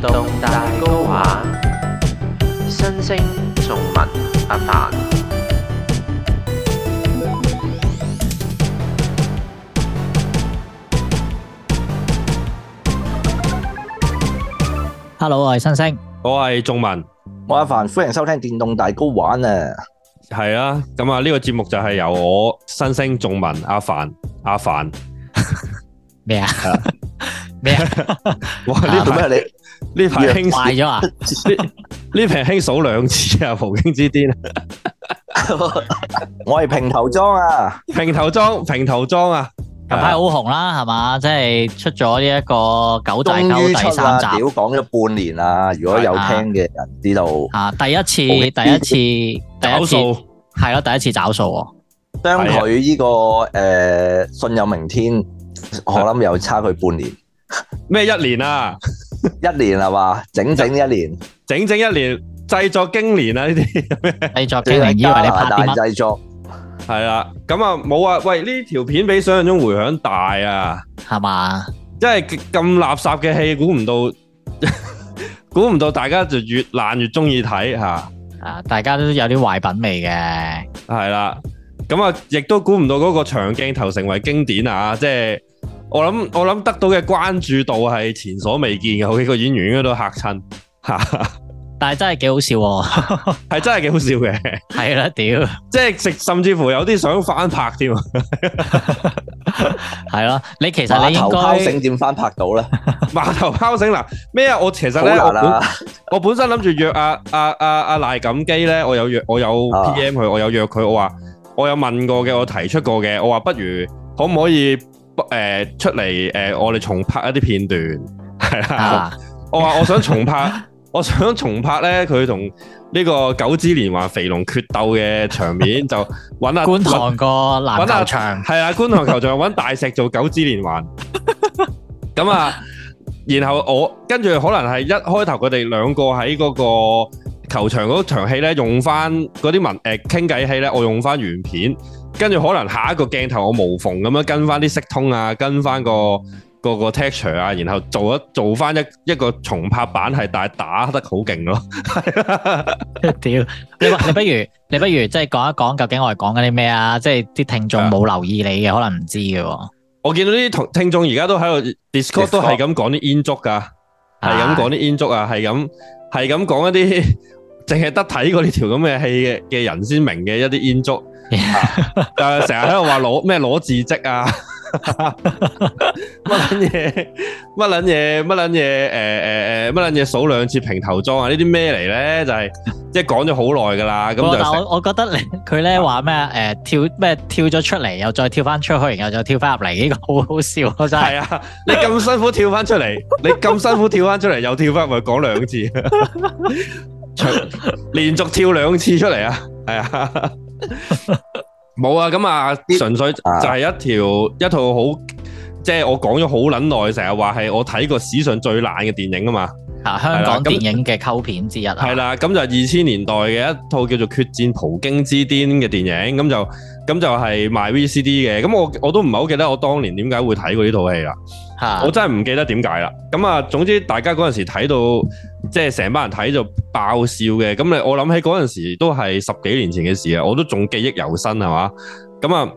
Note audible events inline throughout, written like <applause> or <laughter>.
電動大 GO 玩，新星仲文阿凡。Hello，我係新星，我係仲文，我阿凡，歡迎收聽電動大 GO 玩啊！係啊，咁啊，呢個節目就係由我新星仲文阿凡阿凡咩啊咩啊哇呢度咩你？呢排興咗啊？呢瓶興數兩次啊，葡京之巔 <laughs> <laughs> 啊！我 <laughs> 係平頭裝啊，平頭裝平頭裝啊！近排好紅啦，係嘛？即係出咗呢一個九大九第三集，屌講咗半年啦。如果有聽嘅人知道啊，啊，第一次浮京 第一次，第一次找數係咯，第一次找數，哦，將佢呢個誒、呃，信有明天，我諗又差佢半年咩？ <laughs> 一年啊！一年係嘛？整整一年，整整一年製作經年啊！呢啲製作經年，以為你拍大製作係啦，咁啊冇啊，喂！呢條片比想象中回響大啊，係嘛？即係咁垃圾嘅戲，估唔到，估唔到大家就越爛越中意睇吓。啊，大家都有啲壞品味嘅，係啦。咁啊，亦都估唔到嗰個長鏡頭成為經典啊！即係。我諗我諗得到嘅關注度係前所未見嘅，好幾個演員應該都嚇親吓， <laughs> 但係真係幾好笑嘅，係 <laughs> 真係幾好笑嘅，係 <laughs> 啦了，屌，即係甚至乎有啲想翻拍添，係 <laughs> 咯， <laughs> 你其實你應該，馬頭炮醒點翻拍到咧？馬 <laughs> 頭炮醒嗱咩啊？我其實咧，我本我本身諗住約阿阿阿阿賴錦基咧，我有約，我有 PM 佢，我有約佢，我話我有問過嘅，我提出過嘅，我話不如可唔可以？誒、呃，出嚟誒、呃，我哋重拍一啲片段係啦。啊、我話我想重拍， <laughs> 我想重拍咧，佢同呢個九子連環肥龍決鬥嘅場面，就揾阿、啊、 <laughs> 觀塘個籃球場係啊， <laughs> 觀塘球場揾大石做九子連環。咁 <laughs> 啊，然後我跟住可能係一開頭佢哋兩個喺嗰個球場嗰場戲咧，用翻嗰啲文誒傾偈戲咧，呃、戲我用翻原片。跟住可能下一個鏡頭，我無縫咁樣跟翻啲色 tone 啊，跟翻個個個 texture 啊，然後做一做翻一一個重拍版係，但係打得好勁咯。屌，你話你不如你不如即係講一講究竟我哋講緊啲咩啊？即係啲聽眾冇留意你嘅，可能唔知嘅。我見到啲同聽眾而家都喺度 Discord 都係咁講啲煙足噶，係咁講啲煙足啊，係咁係咁講一啲淨係得睇過呢條咁嘅戲嘅嘅人先明嘅一啲煙足。但係成日喺度話攞咩攞字跡啊？乜撚嘢、乜撚嘢、乜撚嘢？誒、誒、誒，乜撚嘢？數 <laughs> 兩、欸、欸、次平頭裝啊？呢啲咩嚟咧？就係即係講咗好耐噶啦。咁就是，嗯就是，我我覺得你，佢咧話咩誒跳咩跳咗出嚟，又再跳翻出去，然後就跳翻入嚟，呢個好好笑啊！真係。啊！你咁辛苦跳翻出嚟， <laughs> 你咁辛苦跳翻出嚟， <laughs> 又跳翻嚟講兩次， <laughs> 連續跳兩次出嚟啊！係啊。冇 <laughs> <laughs> 啊，咁啊，純粹就係一條、啊、一套好，即、就、係、是、我講咗好捻耐，成日話係我睇過史上最爛嘅電影啊嘛，啊香港電影嘅溝片之一啊，係啦、啊，咁就係二千年代嘅一套叫做《決戰葡京之巔》嘅電影，咁就。咁就係賣 VCD 嘅，咁我我都唔係好記得我當年點解會睇過呢套戲啦，的我真係唔記得點解啦。咁啊，總之大家嗰陣時睇到，即係成班人睇就爆笑嘅。咁你我諗起嗰陣時都係十幾年前嘅事啊，我都仲記憶猶新係嘛？咁啊，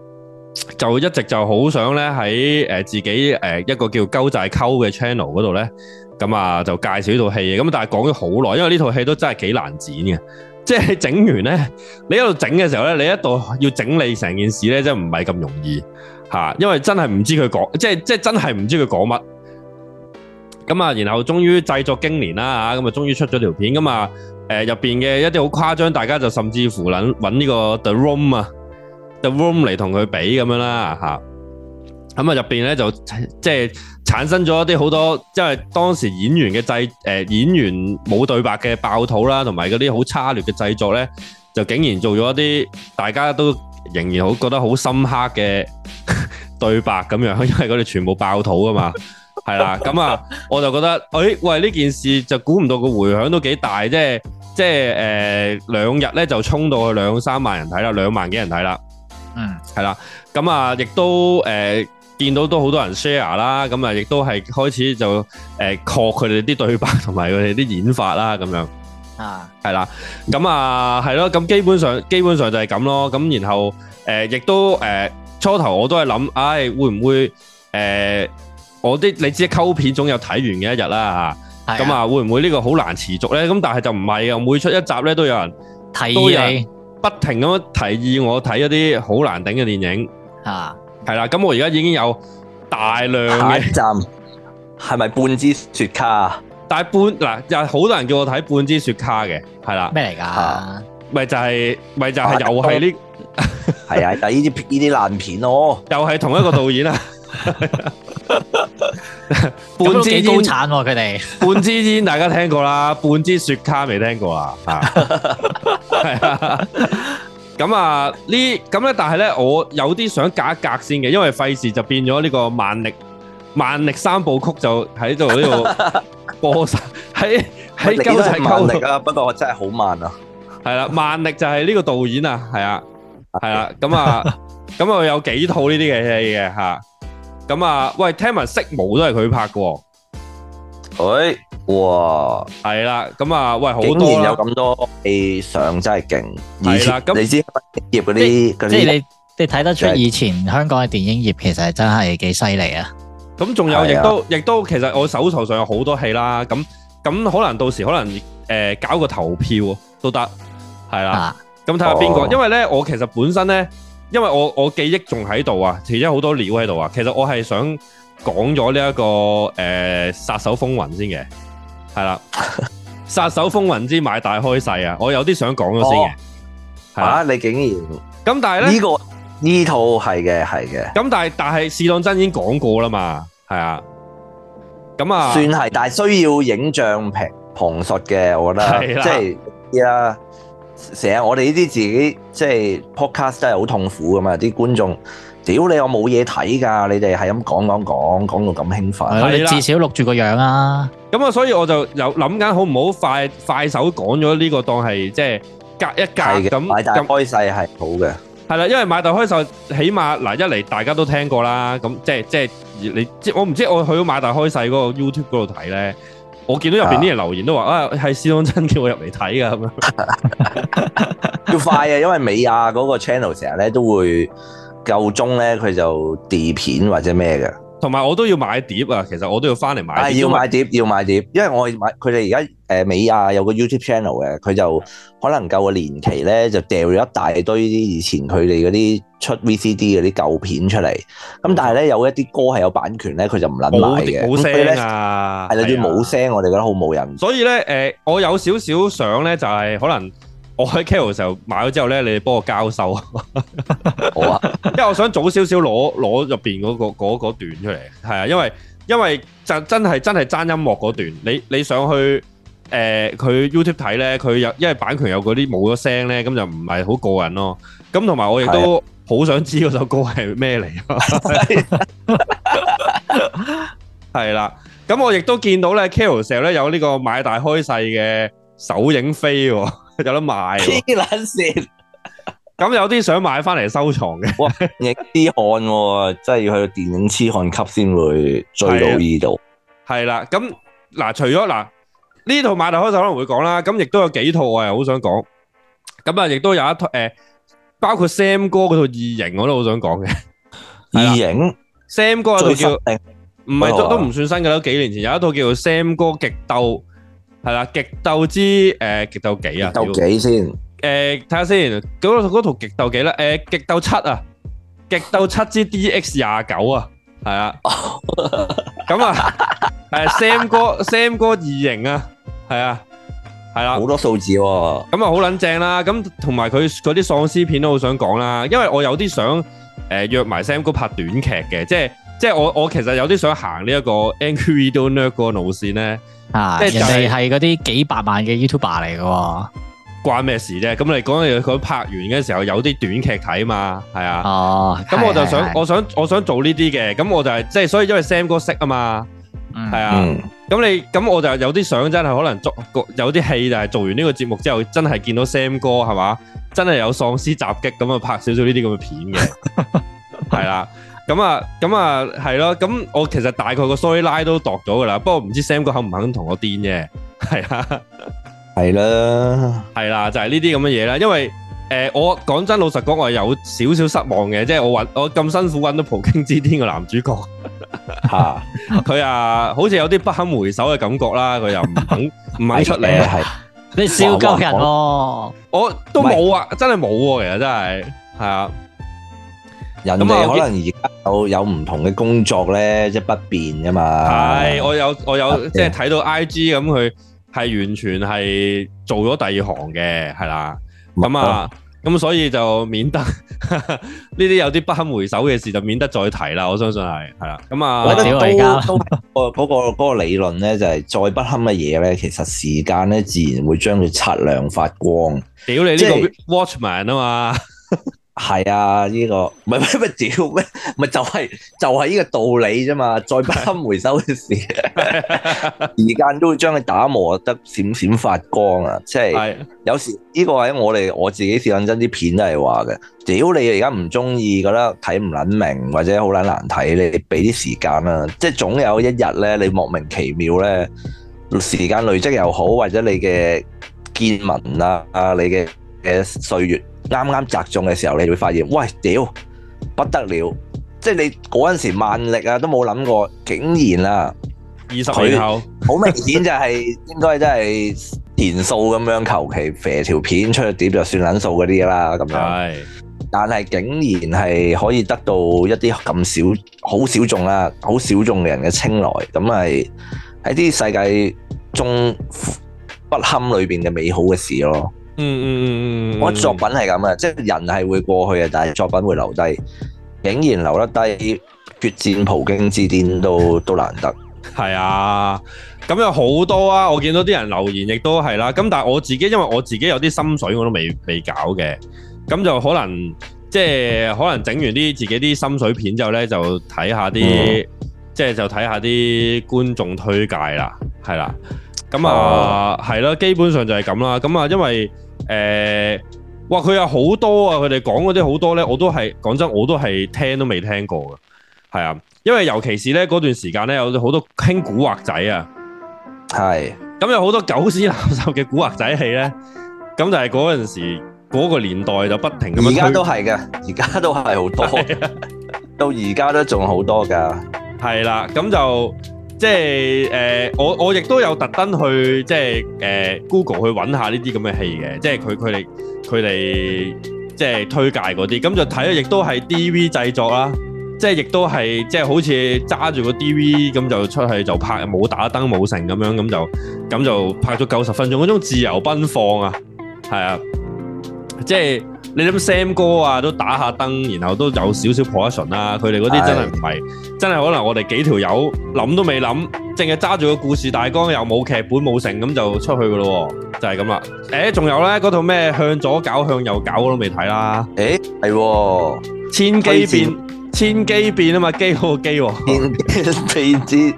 就一直就好想咧喺誒自己誒一個叫做鳩寨溝嘅 channel 嗰度咧，咁啊就介紹呢套戲嘅。咁但係講咗好耐，因為呢套戲都真係幾難剪嘅。即係整完咧，你喺度整嘅時候咧，你一度要整理成件事咧，即係唔係咁容易吓、啊，因為真係唔知佢講，即係即係真係唔知佢講乜。咁啊，然後終於製作經年啦吓，咁啊終於出咗條片咁啊，誒、呃、入邊嘅一啲好誇張，大家就甚至乎揾揾呢個 The Room 啊，The Room 嚟同佢比咁樣啦吓，咁啊，啊，啊入邊咧就即係。產生咗一啲好多，因為當時演員嘅製誒演員冇對白嘅爆肚啦，同埋嗰啲好差劣嘅製作呢，就竟然做咗一啲大家都仍然好覺得好深刻嘅對白咁樣，因為嗰啲全部爆肚啊嘛，係啦， <laughs> 咁啊，我就覺得，哎、欸，喂，呢件事就估唔到個迴響都幾大，即係即係誒、呃、兩日呢，就衝到去兩三萬人睇啦，兩萬幾人睇啦，嗯，係啦，咁啊，亦都誒。呃見到都好多人 share 啦，咁啊，亦都係開始就誒，確佢哋啲對白同埋佢哋啲演法啦，咁樣啊，係啦，咁啊，係咯，咁基本上基本上就係咁咯，咁然後誒，亦都誒，初頭我都係諗，唉，會唔會誒，我啲你知溝片總有睇完嘅一日啦，咁啊，會唔會呢個好難持續咧？咁但係就唔係啊，每出一集咧都有人提議你，不停咁樣提議我睇一啲好難頂嘅電影啊。係啦，咁我而家已經有大量嘅站，係咪半支雪卡啊？但係半嗱又係好多人叫我睇半支雪卡嘅，係啦。咩嚟噶？咪、啊、就係、是、咪就係又係呢？係啊， <laughs> 啊，就呢啲呢啲爛片咯， <laughs> 又係同一個導演 <laughs> <laughs> <laughs> 啊。 <laughs> 半支煙都幾高產喎，佢哋。半支煙大家聽過啦，半支雪卡未聽過啊？啊！咁啊，呢咁咧，但係咧，我有啲想隔一隔先嘅，因為費事就變咗呢個萬力萬力三部曲就喺度呢度播晒，喺喺糾纏勾力啊！不過我真係好慢啊，係啦，萬力就係呢個導演啊，係啊，係啦，咁啊，咁啊有幾套呢啲嘅戲嘅吓，咁啊，喂，聽聞色魔都係佢拍嘅，佢。哇，係啦，咁啊，喂，竟然有咁多戲上，真係勁！係啦，咁你知業嗰啲，即係你，你睇得出以前香港嘅電影業其實真係幾犀利啊！咁仲有，亦都亦都，其實我手頭上有好多戲啦，咁咁可能到時可能誒搞個投票都得，係啦，咁睇下邊個。因為咧，我其實本身咧，因為我我記憶仲喺度啊，其實有好多料喺度啊，其實我係想講咗呢一個誒殺手風雲先嘅。係啦，殺手風雲之買大開勢啊！我有啲想講咗先嘅，啊！你竟然咁，但係咧呢個呢套係嘅係嘅，咁但係但係試當真已經講過啦嘛，係啊，咁啊，算係，但係需要影像平旁述嘅，我覺得即係啊，成日我哋呢啲自己即係 podcast 真係好痛苦噶嘛，啲觀眾屌你我冇嘢睇噶，你哋係咁講講講講到咁興奮，你至少錄住個樣啊！咁啊、嗯，所以我就又諗緊，好唔好快快手講咗呢個當係即係隔一屆嘅咁。的樣買大開細係好嘅，係啦，因為買大開細起碼嗱、啊、一嚟大家都聽過啦，咁、嗯、即係即係你即係我唔知我去到買大開細嗰個 YouTube 嗰度睇咧，我見到入邊啲人留言都話啊，係司、啊、東真叫我入嚟睇㗎，咁樣 <laughs> <laughs> 要快啊，因為美亞嗰個 channel 成日咧都會夠鐘咧，佢就地片或者咩嘅。同埋我都要買碟啊！其實我都要翻嚟買。係要買碟，要買碟，因為我買佢哋而家誒，美亞有個 YouTube channel 嘅，佢就可能夠個年期咧，就掉咗一大堆啲以前佢哋嗰啲出 VCD 嗰啲舊片出嚟。咁但係咧有一啲歌係有版權咧，佢就唔撚買嘅。冇聲啊！係啊，啲冇聲，我哋覺得好冇人。所以咧，誒，我有少少想咧，就係可能。我喺 Carol 嘅時候買咗之後咧，你哋幫我交收好啊，因為我想早少少攞攞入邊嗰個嗰嗰段出嚟，係啊，因為因為真真係真係爭音樂嗰段，你你上去誒佢 YouTube 睇咧，佢有因為版權有嗰啲冇咗聲咧，咁就唔係好過癮咯。咁同埋我亦都好想知嗰首歌係咩嚟，係啦。咁我亦都見到咧，Carol 嘅時候咧有呢個買大開細嘅首映飛。有得買，黐捻線。咁有啲想買翻嚟收藏嘅，逆啲汗，真係要去電影痴漢級先會追到呢度。係啦，咁嗱，除咗嗱呢套買就開頭可能會講啦，咁亦都有幾套我又好想講。咁啊，亦都有一套誒，包括 Sam 哥嗰套異形我都好想講嘅。異形，Sam 哥嗰套叫，唔係都唔算新嘅啦，幾年前有一套叫做 Sam 哥極鬥。係啦，極鬥之誒、呃、極鬥幾啊？極鬥幾先？誒睇下先，嗰個嗰套極鬥幾啦、啊？誒、呃、極鬥七啊，極鬥七之 DX 廿九啊，係 <laughs> 啊，咁啊誒 Sam 哥 <laughs> Sam 哥二型啊，係啊，係啊！好多數字喎、啊，咁、嗯嗯、啊好撚正啦，咁同埋佢嗰啲喪屍片都好想講啦，因為我有啲想誒、呃、約埋 Sam 哥拍短劇嘅，即係。即係我我其實有啲想行呢一個 Angry、e、Donut 嗰個路線咧，即係人哋係嗰啲幾百萬嘅 YouTuber 嚟嘅，就是就是關咩事啫？咁你講嘢佢拍完嘅時候有啲短劇睇嘛，係啊。哦，咁我就想是是是我想我想，我想做呢啲嘅，咁我就係、是、即係所以因為 Sam 哥識啊嘛，係、嗯、啊。咁、嗯、你咁我就有啲想真係可能做有啲戲就係做完呢個節目之後，真係見到 Sam 哥係嘛，真係有喪屍襲擊咁啊拍少少呢啲咁嘅片嘅，係啦。咁啊，咁啊，係咯，咁我其實大概個 sorry 拉，都度咗噶啦，不過唔知 Sam 哥肯唔肯同我癲啫？係啊，係啦，係啦，就係呢啲咁嘅嘢啦，因為誒，我講真老實講，我有少少失望嘅。即係我搵我咁辛苦搵到普京之巔個男主角，吓，佢啊，好似有啲不肯回首嘅感覺啦，佢又唔肯唔係出嚟啊，係你笑鳩人哦，我都冇啊，真係冇，其實真係係啊。人哋可能而家有有唔同嘅工作咧，即係不便噶嘛。係我有我有的即係睇到 I G 咁佢係完全係做咗第二行嘅，係啦。咁的啊，咁所以就免得呢啲 <laughs> 有啲不堪回首嘅事就免得再提啦。我相信係係啦。咁啊，我覺得都嗰個嗰 <laughs> 個理論咧就係再不堪嘅嘢咧，其實時間咧自然會將佢擦亮發光。屌你呢個 watchman 啊嘛，就是！ <laughs> 係啊，呢、這個唔係咩咩屌咩，咪 <laughs> 就係、是、就係、是、呢、就是、個道理啫嘛。再不堪回收嘅事，時間 <laughs> <laughs> 都會將佢打磨得閃閃發光啊！即係 <laughs> 有時呢個係我哋我自己試認真啲片都係話嘅。屌你而家唔中意，覺得睇唔捻明或者好捻難睇，你俾啲時間啦。即係總有一日咧，你莫名其妙咧，時間累積又好，或者你嘅見聞啊，你嘅嘅歲月。啱啱砸中嘅時候，你會發現，喂，屌不得了！即係你嗰陣時萬力啊，都冇諗過，竟然啊，二十幾口，好明顯就係應該真係填數咁樣，求其肥條片出咗碟就算撚數嗰啲啦，咁樣。係，但係竟然係可以得到一啲咁少、好小眾啊、好小眾嘅人嘅青睞，咁係喺啲世界中不堪裏邊嘅美好嘅事咯。嗯嗯嗯嗯，我作品係咁啊，即係人係會過去嘅，但係作品會留低，竟然留得低《決戰葡京之巔》都都難得。係啊，咁有好多啊，我見到啲人留言亦都係啦。咁但係我自己，因為我自己有啲心水，我都未未搞嘅，咁就可能即係可能整完啲自己啲心水片之後呢，就睇下啲即係就睇下啲觀眾推介啦，係啦。咁啊，係啦，基本上就係咁啦。咁啊，因為。誒，哇！佢有好多啊，佢哋講嗰啲好多咧，我都係講真，我都係聽都未聽過噶，係啊，因為尤其是咧嗰段時間咧，有好多興古惑仔啊，係，咁有好多狗屎垃圾嘅古惑仔戲咧，咁就係嗰陣時嗰個年代就不停咁樣，而家都係嘅，而家都係好多，到而家都仲好多噶，係啦，咁就。即係誒、呃，我我亦都有特登去即係誒、呃、Google 去揾下呢啲咁嘅戲嘅，即係佢佢哋佢哋即係推介嗰啲，咁就睇啦，亦都係 DV 製作啦，即係亦都係即係好似揸住個 DV 咁就出去就拍，冇打燈冇成咁樣，咁就咁就拍咗九十分鐘嗰種自由奔放啊，係啊，即係。你諗 Sam 哥啊，都打下燈，然後都有少少 person 啦，啊，佢哋嗰啲真係唔係，是的 真係可能我哋幾條友諗都未諗，淨係揸住個故事大綱，又冇劇本冇成，咁就出去噶咯，哦，就係咁啦。誒，仲有呢？嗰套咩向左搞向右搞我都未睇啦。誒，係千機變，千機變啊嘛，機賀機變變變變，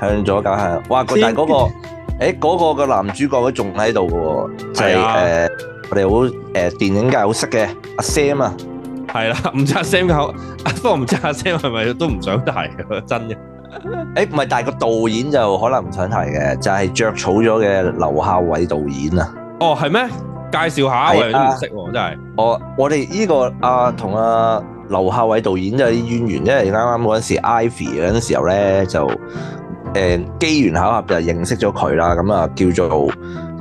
向左搞向，哇，但係嗰、那個誒嗰千、欸那個嘅男主角都仲喺度噶，就係、是的我哋好誒，電影界好識嘅阿 Sam 啊，係啦，唔知阿 Sam 嘅阿方唔知阿 Sam 係咪都唔想提嘅真嘅。誒，唔係，但係個導演就可能唔想提嘅，就係着草咗嘅劉孝偉導演啊。哦，係咩？介紹下我哋都唔識喎，真係。我我哋呢個阿同阿劉孝偉導演就啲淵源，因為啱啱嗰陣時 Ivy 嗰陣時候咧就誒機緣巧合就認識咗佢啦。咁啊叫做。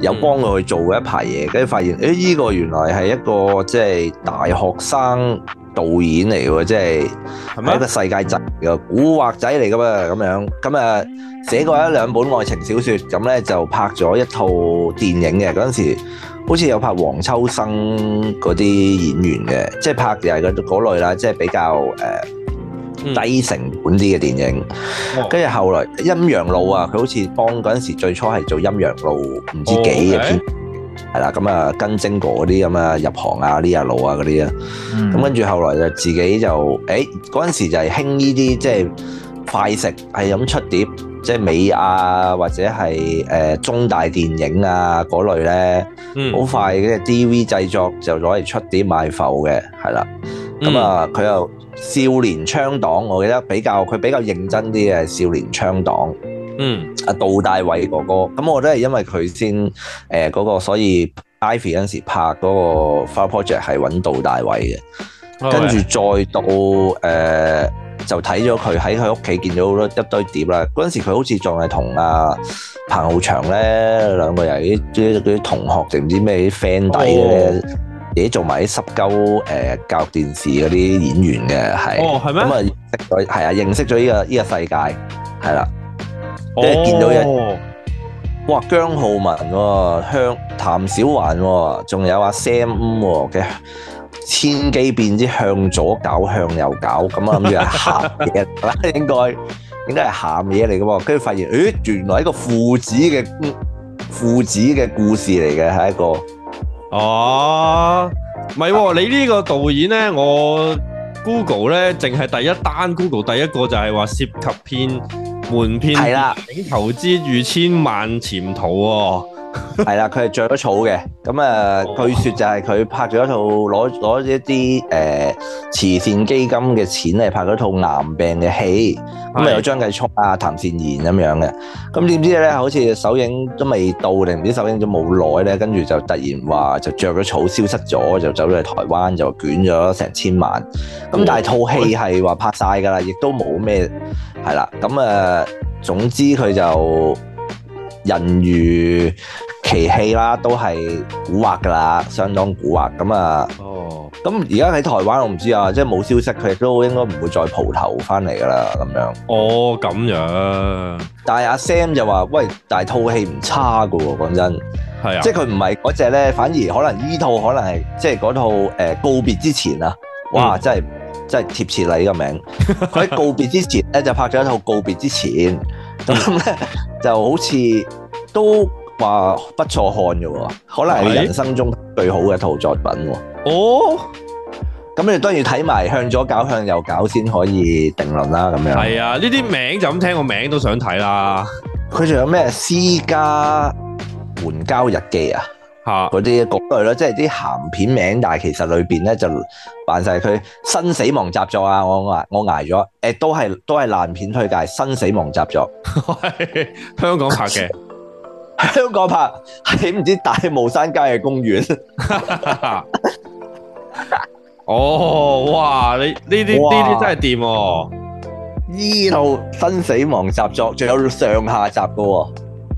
有幫佢去做一排嘢，跟住發現誒呢、哎這個原來係一個即係、就是、大學生導演嚟嘅，即係一個世界仔嘅古惑仔嚟嘅噉樣，咁誒寫過一兩本愛情小説，咁咧就拍咗一套電影嘅嗰陣時，好似有拍黃秋生嗰啲演員嘅，即係拍嘅係嗰嗰類啦，即、就、係、是、比較誒。呃低成本啲嘅電影、跟住、哦、後來陰陽路啊，佢好似幫嗰陣時最初係做陰陽路唔知幾嘅片，係啦、哦，咁、okay? 啊跟精過啲咁啊入行啊呢啊路啊嗰啲啊，咁跟住後來就自己就誒嗰陣時就係興呢啲即係快食，係咁出碟，即、就、係、是、美亞或者係誒、呃、中大電影啊嗰類咧，好、嗯、快嘅 DV 製作就攞嚟出碟賣浮嘅，係啦。咁啊，佢又、嗯、少年槍黨，我記得比較佢比較認真啲嘅少年槍黨。嗯，阿杜大偉哥哥，咁我覺得係因為佢先誒嗰個，所以 Ivy 嗰陣時拍嗰個 Fire Project 係揾杜大偉嘅，跟住再到誒、呃、就睇咗佢喺佢屋企見到好多一堆碟啦。嗰陣時佢好似仲係同阿彭浩翔咧兩個人啲啲嗰啲同學定唔知咩啲 friend 底嘅咧。自己做埋啲濕鳩誒、呃、教育電視嗰啲演員嘅係，咁啊識係啊認識咗呢、啊呢個依、呢個世界係啦，跟住、啊哦、見到一，哇姜浩文喎、啊，向譚小環喎、啊，仲有阿、啊、Sam 嘅、啊、千機變之向左搞向右搞，咁啊諗住係鹹嘢啦，應該應該係鹹嘢嚟嘅，跟住發現誒原來一個父子嘅父子嘅故事嚟嘅係一個。哦，唔係、啊啊，你呢個導演呢？我 Google 呢，淨係第一單，Google 第一個就係話涉及騙、瞞騙，係投資逾千萬潛逃、啊。係啦，佢係着咗草嘅，咁啊，據說就係佢拍咗一套攞攞一啲誒、呃、慈善基金嘅錢嚟，拍咗套癌病嘅戲，咁啊的有張繼聰啊、談善言咁樣嘅，咁點知咧好似首映都未到，定唔知首映咗冇耐咧，跟住就突然話就着咗草消失咗，就走咗去台灣，就捲咗成千萬，咁但係套戲係話拍晒㗎啦，亦都冇咩係啦，咁啊總之佢就。人如其戲啦，都係古惑噶啦，相當古惑咁啊。嗯、哦。咁而家喺台灣，我唔知啊，即係冇消息，佢亦都應該唔會再蒲頭翻嚟噶啦咁樣。哦，咁樣。但係阿 Sam 就話，喂，但係套戲唔差噶喎，講真。係啊的。即係佢唔係嗰隻咧，反而可能依套可能係即係嗰套誒告別之前啊，哇！啊、真係真係貼切你、呢個名。佢喺告別之前咧就拍咗一套告別之前，咁咧。 <laughs> 嗯 <laughs> 就好似都話不錯看嘅喎，可能係人生中最好嘅一套作品喎。哦，咁你當然要睇埋向左搞向右搞先可以定論啦。咁樣係啊，呢啲名就咁聽個名都想睇啦。佢仲有咩《私家援交日記》啊？吓，嗰啲局類咯，即係啲鹹片名，但係其實裏邊咧就扮晒佢新死亡習作啊！我我我挨咗，誒，都係都係爛片推介，新死亡習作。 <laughs> 香港拍嘅， <laughs> 香港拍喺唔知大帽山郊野公園。 <laughs> <laughs> 哦，哇！你呢啲呢啲真係掂啊。呢套新死亡習作仲有上下集噶哦。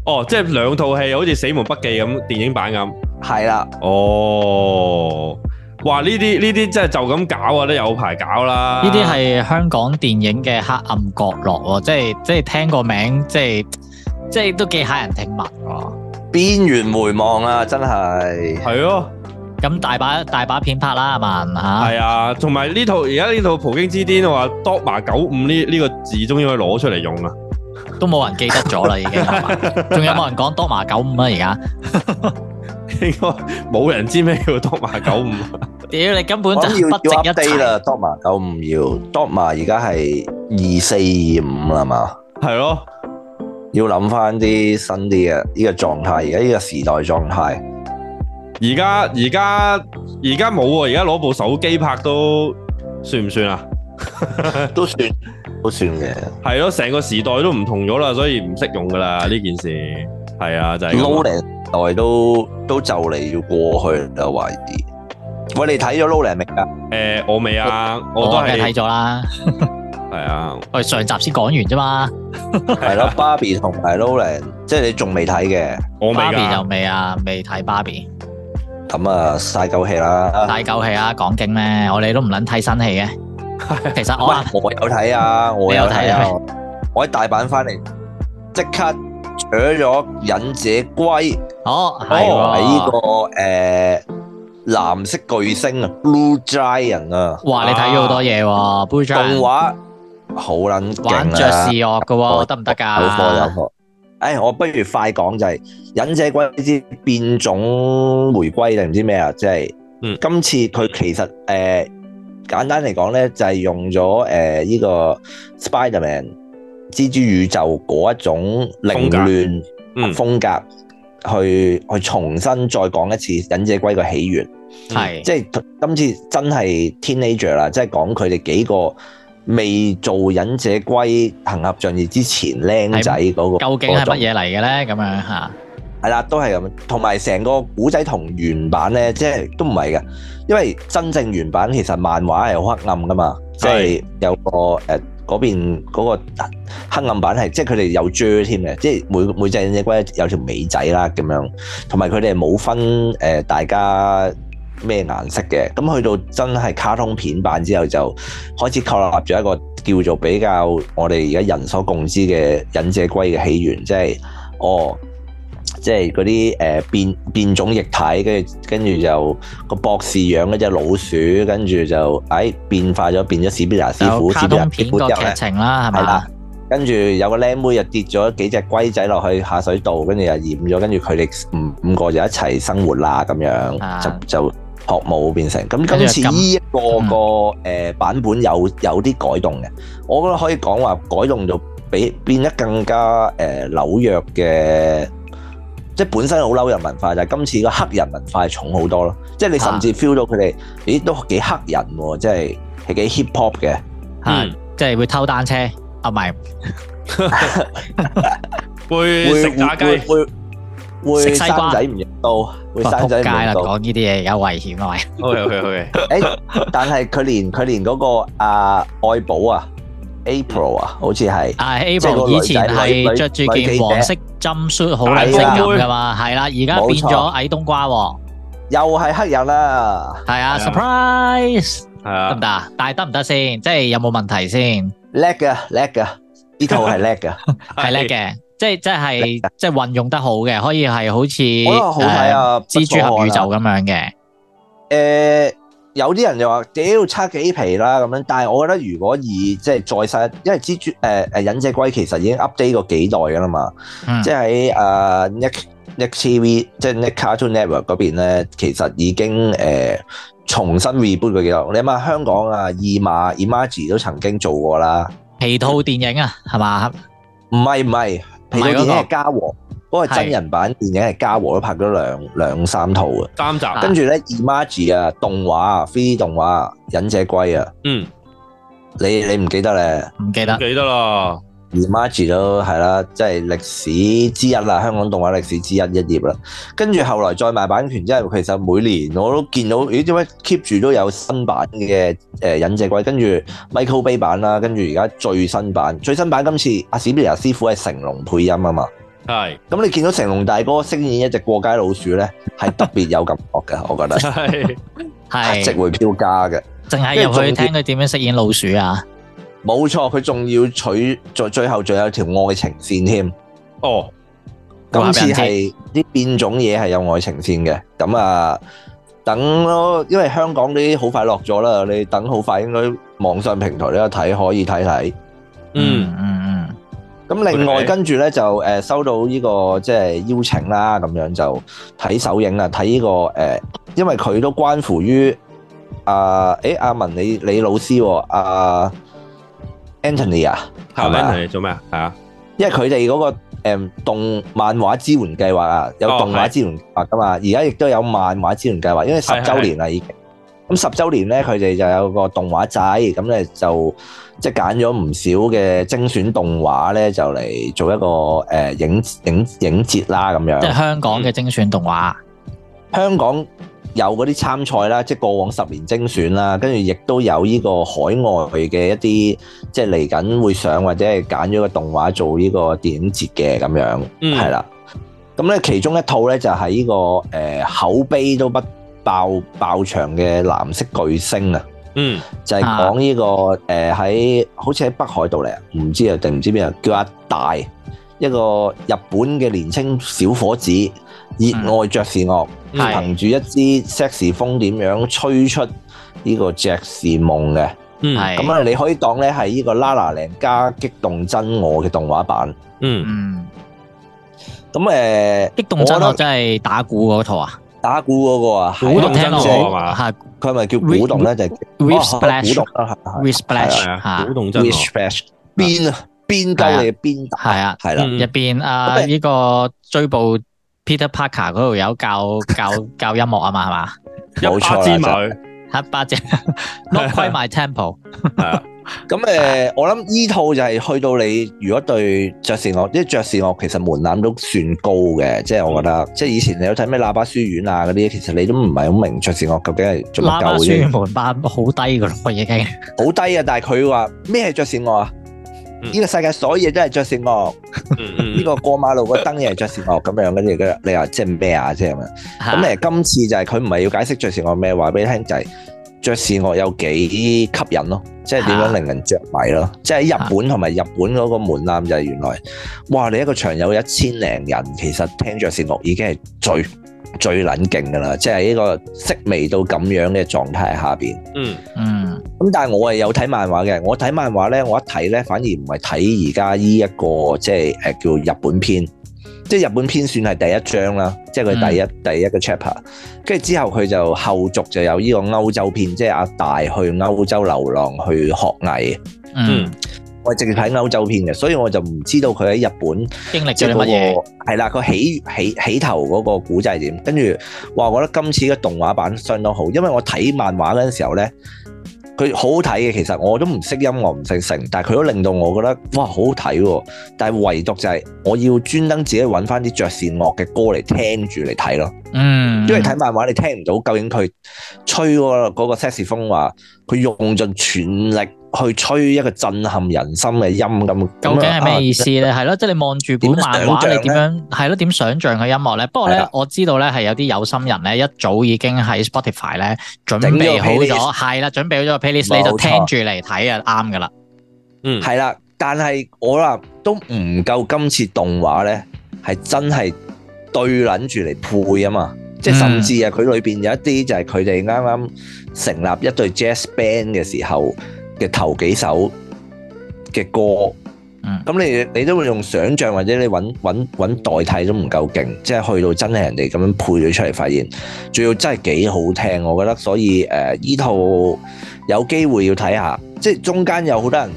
哦，即係兩套戲，好似《死亡筆記》咁電影版咁。係啦了。哦，哇！呢啲呢啲真係就咁搞啊，都有排搞啦。呢啲係香港電影嘅黑暗角落喎、哦，即係即係聽個名，即係即係都幾駭人聽聞㗎。邊緣、哦、回望啊，真係。係咯。咁大把大把片拍啦，係嘛嚇？係啊，同埋呢套而家呢套《葡京之巔》話 Dogma 95呢呢個字終於可以攞出嚟用啊！都冇人記得咗啦，已經，係嘛。仲有冇人講 Dogma 95啊？而家應該冇人知咩叫 Dogma 95。屌，你根本就不值一提啦！Dogma 95要 Dogma，而家係二四二五啦嘛。係咯，要諗翻啲新啲嘅呢個狀態，而家呢個時代狀態。而家而家而家冇喎，而家攞部手機拍都算唔算啊？都算。都算嘅，係咯，成個時代都唔同咗啦，所以唔適用噶啦呢件事。係啊，就係。Lowland 都都就嚟要過去啦，懷疑。喂，你睇咗 Lowland 未啊？誒，我未啊，我都係睇咗啦。係啊，喂，上集先講完啫嘛。係咯，Barbie 同埋 Lowland，即係你仲未睇嘅？我未啊，未睇 Barbie。咁啊，嘥鳩氣啦。嘥鳩氣啊，講勁咩？我哋都唔捻睇新戲嘅。其實我我有睇啊，我有睇啊，我喺大阪翻嚟即刻取咗忍者龜。哦，係喎，睇個誒藍色巨星啊，Blue Giant 啊。哇，你睇咗好多嘢喎，Blue Giant 動畫好捻勁啊，玩爵士樂嘅喎，得唔得噶？有貨，有貨。誒，我不如快講就係忍者龜係變種回歸定唔知咩啊？即係，嗯，今次佢其實誒。簡單嚟講咧，就係、是、用咗誒呢個 Spiderman 蜘蛛宇宙嗰一種凌亂風格、風格、嗯、去去重新再講一次忍者龜嘅起源，係是即係今次真係 Teenager 啦，即係講佢哋幾個未做忍者龜行俠仗義之前僆仔嗰個究竟係乜嘢嚟嘅咧？咁樣吓。係啦，都係咁，同埋成個古仔同原版呢，即係都唔係嘅，因為真正原版其實漫畫係好黑暗噶嘛，即係的有個誒嗰、呃、邊嗰個黑暗版係，即係佢哋有遮添嘅，即係每每隻忍者龜有條尾仔啦咁樣，同埋佢哋冇分誒、呃、大家咩顏色嘅，咁去到真係卡通片版之後就開始建立咗一個叫做比較我哋而家人所共知嘅忍者龜嘅起源，即、就、係、是、哦。即係嗰啲誒變變種液體，跟住跟住就個博士養一隻老鼠，跟住就誒變化咗變咗史碧亞師傅，比接住變咗咧。有個劇情啦，係咪？跟住有個靚妹又跌咗幾隻龜仔落去下水道，跟住又染咗，跟住佢哋五五個就一齊生活啦，咁樣、啊、就就學舞變成咁。今、啊、次呢、這、一個、嗯、個誒版本有有啲改動嘅，我覺得可以講話改動就比變得更加誒紐約嘅。即係本身好嬲人文化，但係今次個黑人文化係重好多咯。即係你甚至 feel 到佢哋，咦都幾黑人喎！即係係幾 hip hop 嘅，嚇，即係會偷單車，啊唔係，會食炸雞，會食西瓜仔唔認到，會生仔唔認到。講呢啲嘢有危險啊，係。Okay okay okay！誒，但係佢連佢連嗰個啊愛寶啊。April 啊，好似係啊，April 以前係着住件黃色針衫，好靚性感噶嘛，係啦，而家變咗矮冬瓜喎，又係黑人啦，係啊，surprise，得唔得？但係得唔得先？即係有冇問題先？叻噶，叻噶，呢套係叻噶，係叻嘅，即係即係即係運用得好嘅，可以係好似蜘蛛俠宇宙咁樣嘅，誒。有啲人就話屌差幾皮啦，咁樣，但係我覺得如果以即係再細，因為蜘蛛誒誒忍者龜其實已經 update 過幾代嘅啦嘛，嗯、即係喺誒 n e x t Nick TV 即係 n e x t Cartoon Network 嗰邊咧，其實已經誒、uh, 重新 reboot 過幾多，你諗下香港啊，二馬二馬子都曾經做過啦，皮套電影啊係嘛？唔係唔係皮套電影嘉禾、那個，嗰個真人版電影係嘉禾都拍咗兩,兩三套啊，三集。跟住咧，Imagi 啊，動畫啊，3D 動畫啊，忍者龜啊，嗯，你你唔記得咧？唔記得，唔記得啦。Imagi 都係啦，即係歷史之一啦，香港動畫歷史之一一頁啦。跟住後來再賣版權，即係其實每年我都見到，咦點解 keep 係，咁你見到成龍大哥飾演一隻過街老鼠咧，係特別有感覺嘅，我覺得係係值回票價嘅。淨係入去聽佢點樣飾演老鼠啊？冇錯，佢仲要取在後仲有條愛情線添。哦，今次係啲變種嘢係有愛情線嘅。咁啊，等咯，因為香港呢啲好快落咗啦，你等好快應該網上平台都有睇，可以睇睇。嗯嗯嗯。咁另外跟住咧就誒收到依個即係邀請啦，咁樣就睇首映啦，睇依個誒，因為佢都關乎於啊，誒阿文你你老師阿 Anthony 啊，阿 Anthony 做咩啊？係啊，因為佢哋嗰個誒動漫畫支援計劃啊，有動畫支援計劃噶嘛，而家亦都有漫畫支援計劃，因為十週年啦已經。咁十週年咧，佢哋就有個動畫仔，咁咧就。即係揀咗唔少嘅精選動畫咧，就嚟做一個誒、呃、影影影節啦咁樣。即係香港嘅精選動畫。嗯、香港有嗰啲參賽啦，即係過往十年精選啦，跟住亦都有呢個海外嘅一啲，即係嚟緊會上或者係揀咗個動畫做呢個電影節嘅咁樣。嗯，係啦。咁咧其中一套咧就係、是、呢、這個誒、呃、口碑都不爆爆場嘅藍色巨星啊！嗯，就係講呢個誒喺、啊呃、好似喺北海道嚟，唔知啊定唔知邊啊，叫阿大一個日本嘅年青小伙子，熱愛爵士樂，憑住、嗯嗯、一支色士風點樣吹出呢個爵士夢嘅，係咁啊，嗯、你可以當咧係呢個《La La Land》加激動真我嘅動畫版嗯，嗯，咁誒，呃、激動真我真係打鼓嗰套啊。打鼓嗰個啊，鼓動真我係嘛，佢係咪叫鼓動咧？就係哦，鼓動啊，係係，鼓動真我。邊啊邊計嚟邊打，係啊係啦。入邊啊呢個追捕 Peter Parker 嗰度有教教教音樂啊嘛，係嘛，一阿之母。黑八隻，Not quite my tempo。係啊，咁誒，我諗依套就係去到你，如果對爵士樂，即係爵士樂其實門檻都算高嘅。即係我覺得，即係以前你有睇咩喇叭書院啊嗰啲，其實你都唔係好明爵士樂究竟係做乜鳩嘅。喇叭書院門檻好低嘅咯，已經好低啊！ <laughs> 但係佢話咩係爵士樂啊？呢個世界所有嘢都係爵士樂，呢、嗯嗯、 <laughs> 個過馬路個燈又係爵士樂咁樣，跟住嗰，你話即係咩啊？即係咪？咁誒，今次就係佢唔係要解釋爵士樂咩，話俾你聽就係爵士樂有幾吸引咯，即係點樣令人着迷咯？啊、即係喺日本同埋日本嗰個門檻就係原來，哇！你一個場有一千零人，其實聽爵士樂已經係最。最冷勁噶啦，即係呢個色味到咁樣嘅狀態下邊、嗯。嗯嗯。咁但係我係有睇漫畫嘅，我睇漫畫咧，我一睇咧反而唔係睇而家呢一個即係誒、呃、叫日本篇，即係日本篇算係第一章啦，即係佢第一、嗯、第一、第一個 chapter，跟住之後佢就後續就有呢個歐洲篇，即係阿大去歐洲流浪去學藝。嗯。嗯我淨係睇歐洲片嘅，所以我就唔知道佢喺日本經歷咗乜嘢。係啦，佢起起起頭嗰個故仔係點？跟住，哇！我覺得今次嘅動畫版相當好，因為我睇漫畫嗰陣時候咧，佢好睇嘅。其實我都唔識音樂，唔識成，但係佢都令到我覺得哇，好好睇喎！但係唯獨就係我要專登自己揾翻啲爵士樂嘅歌嚟聽住嚟睇咯。嗯、mm，hmm. 因為睇漫畫你聽唔到究竟佢吹嗰個 saxophone 話，佢用盡全力。去吹一個震撼人心嘅音，咁，究竟係咩意思咧？係咯、啊，即係、就是、你望住本漫畫，你點樣係咯？點想象嘅音樂咧？不過咧，的我知道咧，係有啲有心人咧一早已經喺 Spotify 咧準備好咗，係啦，準備好咗個 playlist play 錯就聽住嚟睇啊，啱㗎啦。嗯，係啦，但係我話都唔夠今次動畫咧係真係對撚住嚟配啊嘛，即係甚至啊，佢裏邊有一啲就係佢哋啱啱成立一隊 jazz band 嘅時候。嘅頭幾首嘅歌，咁、嗯、你你都會用想像或者你揾揾揾代替都唔夠勁，即係去到真係人哋咁樣配咗出嚟，發現仲要真係幾好聽，我覺得，所以誒依、呃、套有機會要睇下，即係中間有好多人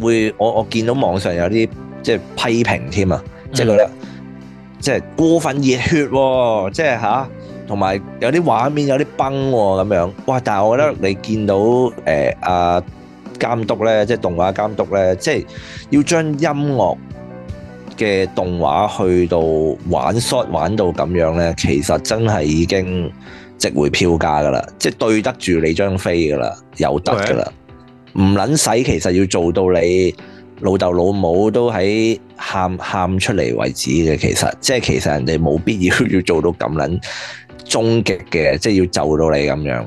會，我我見到網上有啲即係批評添啊，即係覺得、嗯、即係過分熱血、哦，即係嚇。啊同埋有啲畫面有啲崩喎、啊、咁樣，哇！但係我覺得你見到誒、呃、啊監督咧，即係動畫監督咧，即係要將音樂嘅動畫去到玩 shot 玩到咁樣咧，其實真係已經值回票價㗎啦，即係對得住你張飛㗎啦，有得㗎啦，唔撚使。其實要做到你老豆老母都喺喊喊出嚟為止嘅，其實即係其實人哋冇必要要做到咁撚。終極嘅，即係要就到你咁樣，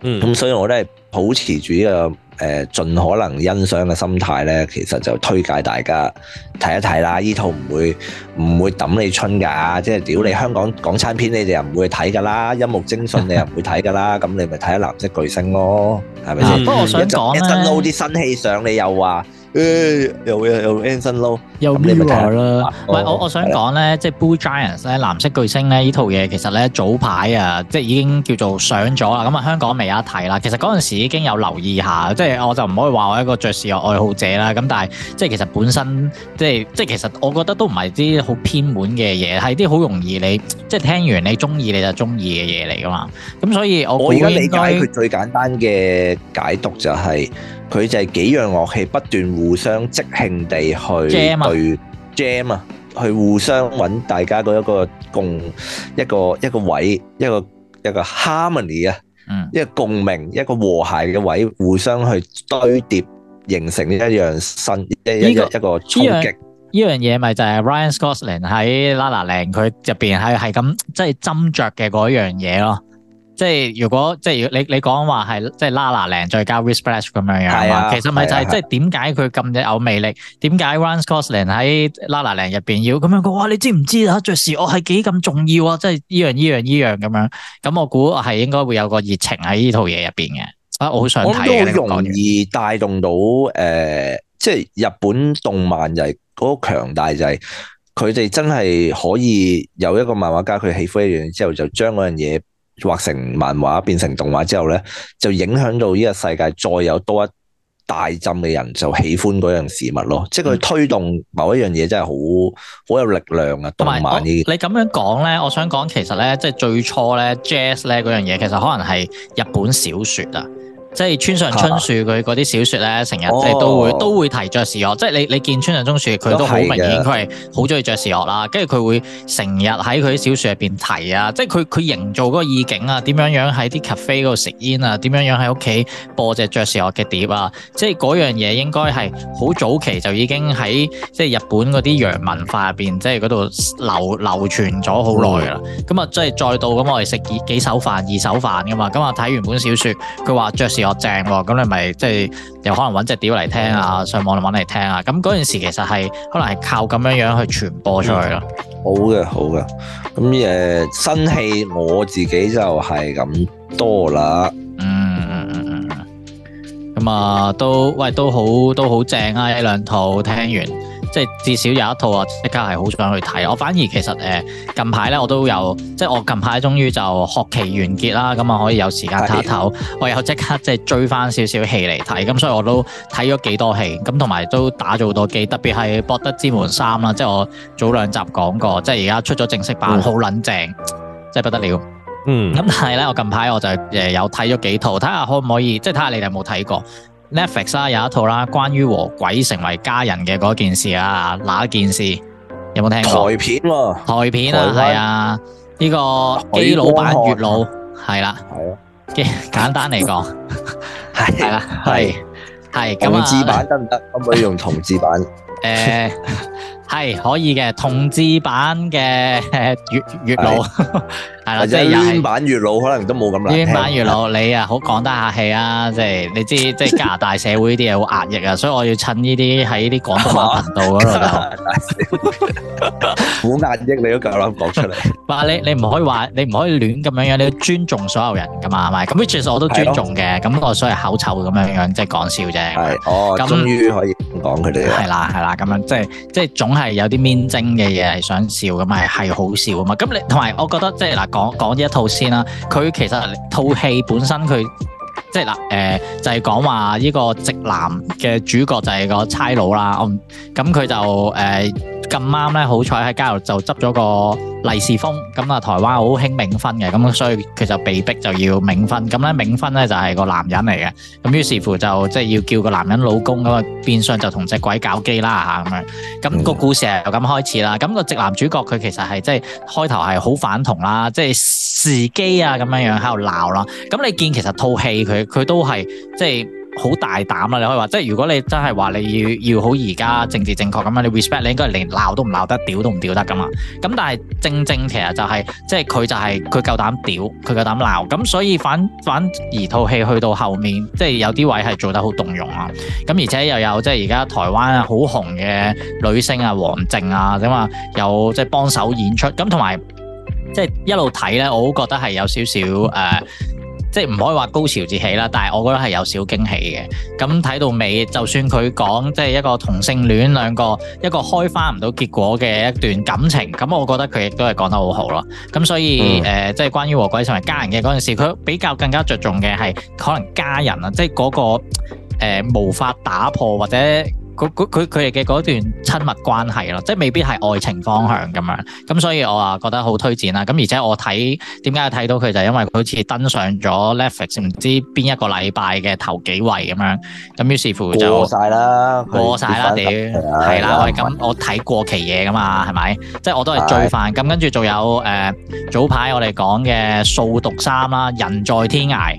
嗯，咁所以我都係保持住呢、這個誒盡、呃、可能欣賞嘅心態咧，其實就推介大家睇一睇啦。呢套唔會唔會抌你春噶，即係屌你香港港產片你哋又唔會睇噶啦，音 <laughs> 樂精訊你又唔會睇噶啦，咁你咪睇藍色巨星咯，係咪先？不過、啊嗯、我想講咧，一陣撈啲新戲上，你又話。又又又 Anson Lo，又 new 來啦。唔係，我好我想講咧，對了 即係 Blue Giants 咧，藍色巨星咧，呢套嘢其實咧早排啊，即係已經叫做上咗啦。咁、嗯、啊，香港未有得睇啦。其實嗰陣時已經有留意下，即係、嗯、我就唔可以話我一個爵士樂愛好者啦。咁、嗯、但係即係其實本身，即係即係其實我覺得都唔係啲好偏門嘅嘢，係啲好容易你即係聽完你中意你就中意嘅嘢嚟噶嘛。咁所以我如果理解佢最簡單嘅解讀就係。佢就係幾樣樂器不斷互相即興地去 jam 啊，對 jam 啊，去互相揾大家嗰一個共一個一個位一個一個 harmony 啊，一個共鳴一個和諧嘅位，互相去堆疊形成呢一樣新一一個一個衝擊。呢樣嘢咪就係 Ryan Gosling 喺《La La Land》佢入邊係係咁即係斟酌嘅嗰樣嘢咯。即係如果即係你你講話係即係 Lala 零再加 Whisper 咁樣樣啊，其實咪就係、是啊、即係點解佢咁有魅力？點解 r a n s c o r s o n 喺 Lala 零入邊要咁樣講？哇！你知唔知啊？爵士我係幾咁重要啊？即係呢樣呢樣呢樣咁樣。咁我估係應該會有個熱情喺呢套嘢入邊嘅。啊，我好想睇，好容易帶動到誒、呃，即係日本動漫就係嗰個強大就係佢哋真係可以有一個漫畫家佢喜歡一樣之後就將嗰樣嘢。畫成漫畫變成動畫之後咧，就影響到呢個世界再有多一大浸嘅人就喜歡嗰樣事物咯，即係佢推動某一樣嘢真係好好有力量啊！嗯、動漫呢啲，你咁樣講咧，我想講其實咧，即係最初咧，Jazz 咧嗰樣嘢其實可能係日本小說啊。即係村上春樹佢啲小說咧，成日即係都會、哦、都會提爵士樂，即係你你見村上春樹佢都好明顯佢係好中意爵士樂啦。跟住佢會成日喺佢啲小說入邊提啊，即係佢佢營造個意境啊，點樣樣喺啲 cafe 度食煙啊，點樣樣喺屋企播隻爵士樂嘅碟啊。即係樣嘢應該係好早期就已經喺即係日本啲洋文化入邊即係度流流傳咗好耐啦。咁啊，即係、哦、再到咁我哋食幾手飯二手飯噶嘛。咁啊睇完本小說佢話爵士。又正喎，咁你咪即係又可能揾隻碟嚟聽啊，上網嚟揾嚟聽啊，咁嗰陣時其實係可能係靠咁樣樣去傳播出去咯。好嘅，好嘅，咁誒新戲我自己就係咁多啦。嗯嗯嗯嗯，咁啊都喂都好都好正啊，呢兩套聽完。即係至少有一套啊，即刻係好想去睇。我反而其實誒近排咧，我都有即係我近排終於就學期完結啦，咁啊可以有時間攤抖，的我又即刻即係追翻少，少少戲嚟睇。咁所以我都睇咗幾多戲，咁同埋都打咗好多機，特別係《博德之門三》啦，即係我早兩集講過，即係而家出咗正式版，好撚正，即係不得了。嗯。咁但係咧，我近排我就誒有睇咗幾套，睇下可唔可以，即係睇下你哋有冇睇過。Netflix 啊，有一套啦，關於和鬼成為家人嘅嗰件事啊，那件事有冇聽過？台片喎，台片啊，係啊，呢個基佬版月老係啦，係啊，簡單嚟講係係係，同志版得唔得？可唔可以用同志版？誒，係可以嘅，同志版嘅月月老。係啦，即係越版月老，可能都冇咁難。板越版月老，你啊好講得客氣啊！即係 <laughs> 你知，即係加拿大社會啲嘢好壓抑啊，所以我要趁呢啲喺呢啲廣東話度嗰度好壓抑，你都夠膽講出嚟？唔你你唔可以話你唔可以亂咁樣樣，你要尊重所有人噶嘛，係咪？咁 w h i 我都尊重嘅，咁的我所以口臭咁樣樣即係講笑啫。係哦，那終於可以講佢哋。係啦係啦，咁樣即係即係總係有啲面精嘅嘢係想笑噶嘛，係好笑啊嘛。咁你同埋我覺得即係嗱。講呢一套先啦，佢其實套戲本身佢即係嗱誒，就係講話呢個直男嘅主角就係個差佬啦，嗯咁佢就誒咁啱咧，呃、呢好彩喺街度就執咗個。利是風咁啊！台灣好興冥婚嘅，咁所以佢就被逼就要冥婚。咁咧冥婚咧就係個男人嚟嘅，咁於是乎就即係要叫個男人老公啊嘛，變相就同隻鬼搞基啦吓，咁樣。咁、那個故事就咁開始啦。咁、那個直男主角佢其實係即係開頭係好反同啦，即係時機啊咁樣樣喺度鬧啦。咁你見其實套戲佢佢都係即係。好大膽啊，你可以話，即係如果你真係話你要要好而家政治正確咁樣，你 respect 你應該係連鬧都唔鬧得，屌都唔屌得噶嘛。咁但係正正其實就係、是，即係佢就係佢夠膽屌，佢夠膽鬧。咁所以反反而套戲去到後面，即係有啲位係做得好動容啊。咁而且又有即係而家台灣好紅嘅女星啊，王靜啊，啫嘛，有即係幫手演出。咁同埋即係一路睇呢，我都覺得係有少少誒。呃即係唔可以話高潮迭起啦，但係我覺得係有少驚喜嘅。咁睇到尾，就算佢講即係一個同性戀兩個一個開花唔到結果嘅一段感情，咁我覺得佢亦都係講得好好咯。咁所以誒、嗯呃，即係關於和鬼成為家人嘅嗰件事，佢比較更加着重嘅係可能家人啊，即係嗰、那個誒、呃、無法打破或者，佢佢哋嘅嗰段親密關係咯，即係未必係愛情方向咁樣，咁、嗯、所以我啊覺得好推薦啦。咁而且我睇點解睇到佢就是、因為佢好似登上咗 Netflix 唔知邊一個禮拜嘅頭幾位咁樣，咁於是乎就過曬啦，過晒啦屌，係對啦喂，咁啦是我睇過期嘢噶嘛，係咪？即係我都係罪犯。咁跟住仲有誒早排我哋講嘅《掃毒三》啦，《人在天涯》，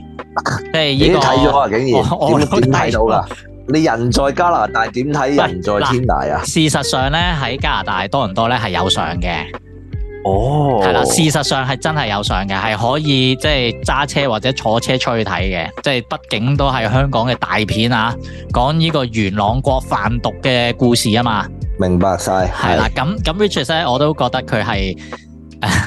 即係呢個睇咗啊，竟然點睇我到㗎？ <laughs> 你人在加拿大點睇人在，天涯加拿大啊、哦？事實上咧喺加拿大多倫多咧係有上嘅。哦，係啦。事實上係真係有上嘅，係可以即係揸車或者坐車出去睇嘅。即係畢竟都係香港嘅大片啊，講呢個元朗國販毒嘅故事啊嘛。明白晒，係啦。咁咁 r i c h 咧我都覺得佢係。 <laughs>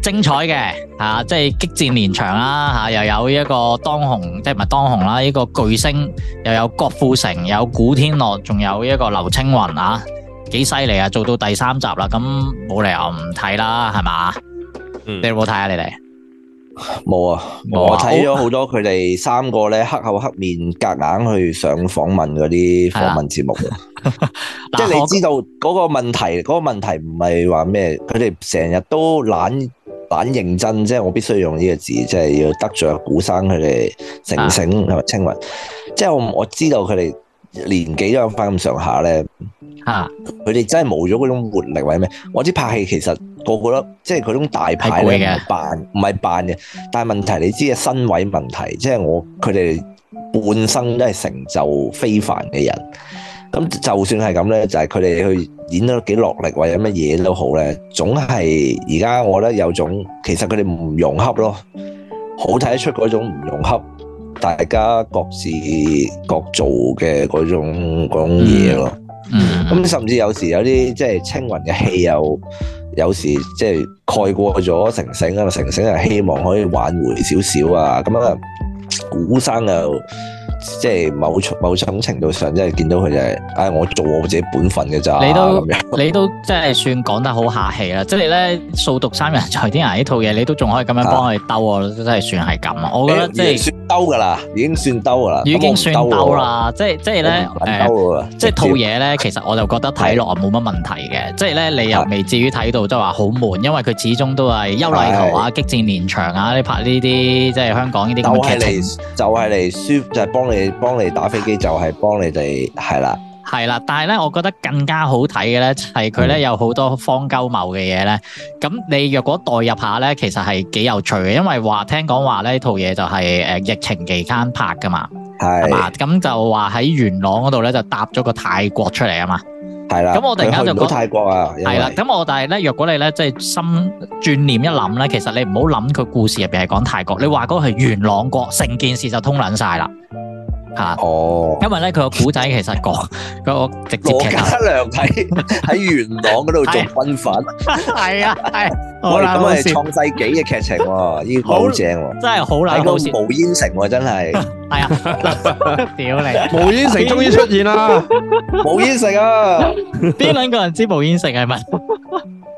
精彩嘅嚇、啊，即係激戰連場啦嚇、啊，又有一個當紅即係唔係當紅啦，呢個巨星又有郭富城，又有古天樂，仲有一個劉青雲啊。幾犀利啊！做到第三集啦，咁冇理由唔睇啦，係嘛？嗯、你有冇睇啊？嗯、你哋們冇啊？我睇咗好多佢哋三個咧，黑口黑面，夾硬去上訪問嗰啲訪問節目，嘅對了。即 <laughs> 係你知道嗰個問題，嗰、那個問題唔係話咩？佢哋成日都懶。板認真，即係我必須用呢個字，即係要得罪古生佢哋成成，係咪青雲？即係我我知道佢哋年紀都有翻咁上下咧，嚇佢哋真係冇咗嗰種活力或者咩？我知拍戲其實個個都即係嗰種大牌嚟扮，唔係扮嘅。但係問題你知啊，身位問題，即係我佢哋半生都係成就非凡嘅人。咁就算係咁咧，就係佢哋去演得幾落力，或者乜嘢都好咧，總係而家我覺得有種其實佢哋唔融洽咯，好睇得出嗰種唔融洽，大家各自各做嘅嗰種嗰種嘢咯。嗯、mm，咁、hmm. 甚至有時有啲即係青雲嘅戲又，有時即係蓋過咗城城啊，城城係希望可以挽回少少啊，咁樣，古生又。即係某某種程度上，即係見到佢就係，唉，我做我自己本分嘅咋，你都你都即係算講得好客氣啦，即係咧掃毒三人在天涯呢套嘢，你都仲可以咁樣幫佢兜啊，真係算係咁啊！我覺得即係算兜噶啦，已經算兜啦，已經算兜啦，即係即係咧，即係套嘢咧，其實我就覺得睇落冇乜問題嘅，即係咧你又未至於睇到即係話好悶，因為佢始終都係優麗圖啊、激戰連場啊，你拍呢啲即係香港呢啲咁嘅劇情，就係嚟就係嚟舒就係幫。我哋幫你打飛機就係幫你哋係啦，係啦，但係咧，我覺得更加好睇嘅咧係佢咧有好多荒鳩謬嘅嘢咧，咁你若果代入下咧，其實係幾有趣嘅，因為話聽講話呢套嘢就係、是、誒、呃、疫情期間拍噶嘛，係嘛的，咁就話喺元朗嗰度咧就搭咗個泰國出嚟啊嘛。係啦，咁我突然間就講到泰國啊，係啦，咁我但係咧，若果你咧即係心轉念一諗咧，其實你唔好諗佢故事入邊係講泰國，你話嗰個係元朗國，成件事就通捻晒啦。吓，哦，因為咧佢個古仔其實講嗰個直接劇情，羅嘉良喺喺元朗嗰度做軍粉，係啊，係，我哋咁我哋創世紀嘅劇情，好正，真係好難到事，無煙城真係，係啊，屌你，無煙城終於出現啦，無煙城啊，邊兩個人知無煙城係咪？ <laughs>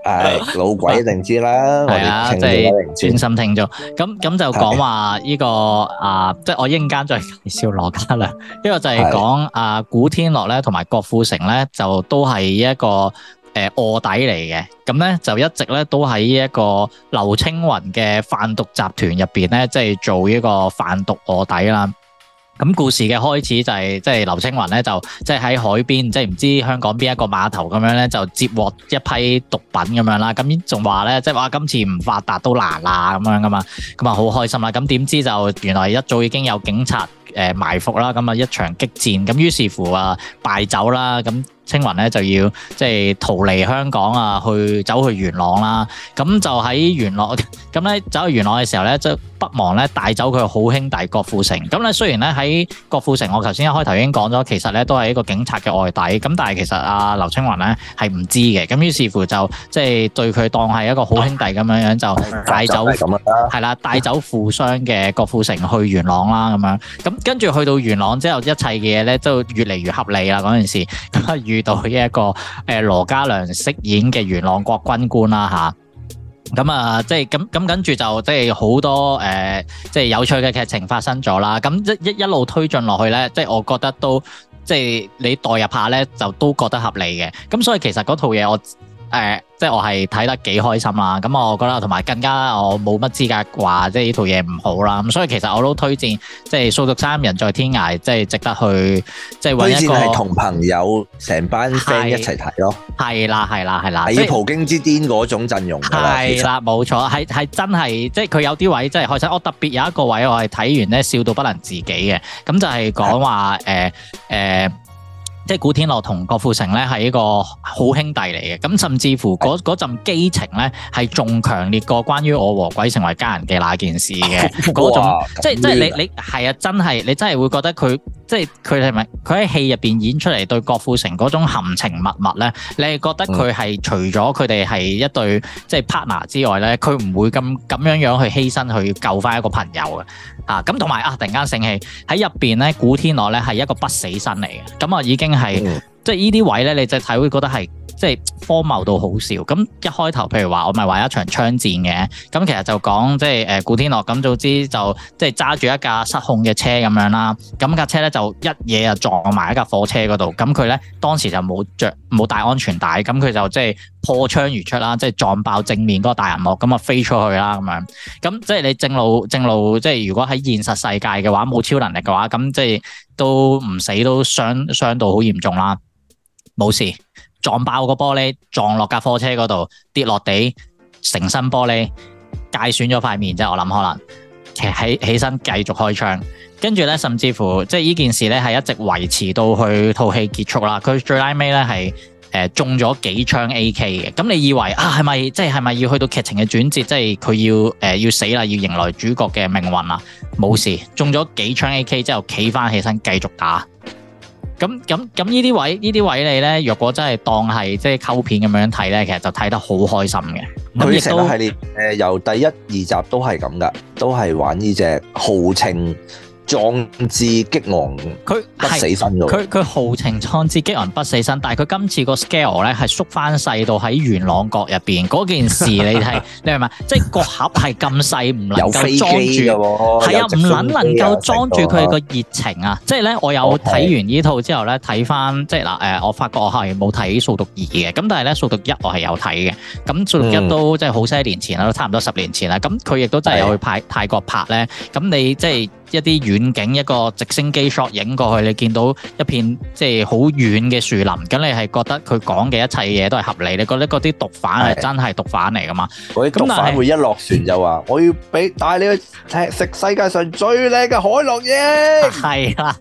係 <laughs> 老鬼定知啦。係啊，即係專心聽咗。咁 <laughs> 咁就講話呢個啊，即係我一陣間再介紹羅嘉良，呢個就係講阿古天樂咧，同埋郭富城咧，就都係一個誒卧底嚟嘅。咁咧就一直咧都喺呢一個劉青雲嘅販毒集團入邊咧，即係做呢一個販毒卧底啦。咁故事嘅開始就係即係劉青雲咧，就即係喺海邊，即係唔知香港邊一個碼頭咁樣咧，就接獲一批毒品咁樣啦。咁仲話咧，即係話今次唔發達都難啦咁樣㗎嘛，咁啊好開心啦。咁點知就原來一早已經有警察。誒埋伏啦，咁啊一場激戰，咁於是乎啊敗走啦，咁青雲咧就要即係逃離香港啊，去走去元朗啦，咁就喺元朗，咁 <laughs> 咧走去元朗嘅時候咧，就不忘咧帶走佢好兄弟郭富城，咁咧雖然咧喺郭富城，我頭先一開頭已經講咗，其實咧都係一個警察嘅臥底，咁但係其實阿劉青雲咧係唔知嘅，咁於是乎就即係、就是、對佢當係一個好兄弟咁樣樣就帶走，係啦、啊，帶走富商嘅郭富城去元朗啦，咁樣咁。跟住去到元朗之後，一切嘅嘢咧都越嚟越合理啦。嗰陣時咁啊，遇到一個誒、呃、羅家良飾演嘅元朗國軍官啦吓，咁啊，啊，即係咁咁跟住就即係好多誒，即係、呃、有趣嘅劇情發生咗啦。咁一一一路推進落去咧，即係我覺得都即係你代入下咧，就都覺得合理嘅。咁所以其實嗰套嘢我。誒、呃，即係我係睇得幾開心啦，咁我覺得同埋更加我冇乜資格話即係呢套嘢唔好啦，咁所以其實我都推薦，即係《掃毒3人在天涯》，即係值得去，即係搵一個係同朋友成班 friend 一齊睇咯。係啦係啦係啦，啦啦啦係葡京之巔嗰種陣容。係啦，冇錯，係係真係，即係佢有啲位真係開心，我特別有一個位我係睇完咧笑到不能自己嘅，咁就係講話誒誒。的即係古天樂同郭富城咧，係一個好兄弟嚟嘅。咁甚至乎嗰嗰陣基情咧，係仲強烈過關於我和鬼成為家人嘅那件事嘅、哦、種。即係樣即係你你係啊，真係你真係會覺得佢即係佢係咪佢喺戲入邊演出嚟對郭富城嗰種含情脈脈咧？你係覺得佢係除咗佢哋係一對即係、就是、partner 之外咧，佢唔、嗯、會咁咁樣樣去犧牲去救翻一個朋友啊？啊！咁同埋啊，突然間醒起，喺入邊咧，古天樂咧係一個不死身嚟嘅，咁啊已經係、嗯、即係呢啲位咧，你就睇會覺得係。即係荒謬到好笑，咁一開頭譬如話我咪話一場槍戰嘅，咁其實就講即係誒古天樂咁，早知就即係揸住一架失控嘅車咁樣啦，咁架車咧就一嘢就撞埋一架火車嗰度，咁佢咧當時就冇著冇帶安全帶，咁佢就即係破窗而出啦，即係撞爆正面嗰個大銀幕，咁啊飛出去啦咁樣，咁即係你正路正路即係如果喺現實世界嘅話冇超能力嘅話，咁即係都唔死都傷傷到好嚴重啦，冇事。撞爆個玻璃，撞落架貨車嗰度跌落地，成身玻璃界損咗塊面啫。我諗可能其實起起身繼續開槍，跟住呢，甚至乎即係呢件事呢，係一直維持到去套戲結束啦。佢最拉尾呢，係、呃、誒中咗幾槍 AK 嘅。咁你以為啊係咪即係係咪要去到劇情嘅轉折，即係佢要誒、呃、要死啦，要迎來主角嘅命運啊？冇事，中咗幾槍 AK 之後企返起身繼續打。咁咁咁呢啲位呢啲位你咧，若果真係當係即係溝片咁樣睇咧，其實就睇得好開心嘅。咁亦都係列誒、呃、由第一二集都係咁㗎，都係玩呢隻豪情。壯志激昂，佢他不死身，佢佢豪情壯志激昂不死身，但係佢今次個 scale 咧係縮翻細到喺元朗角入邊嗰件事你，你係 <laughs> 你明嘛？即係個盒係咁細，唔能夠裝住，係 <laughs> 啊，唔能夠裝住佢個熱情啊！即係咧，我有睇完呢套之後咧，睇翻即係嗱，誒、呃，我發覺我係冇睇《掃毒二》嘅，咁但係咧《掃毒一》我係有睇嘅，咁《掃毒一》都即係好些年前啦，差唔多十年前啦，咁佢亦都真係去泰泰國拍咧，咁你即係。一啲遠景，一個直升機 shot 影過去，你見到一片即係好遠嘅樹林，咁你係覺得佢講嘅一切嘢都係合理？你覺得嗰啲毒販係真係毒販嚟噶嘛？嗰啲毒販會一落船就話：是我要帶你去食世界上最靚嘅海螺耶！係啦。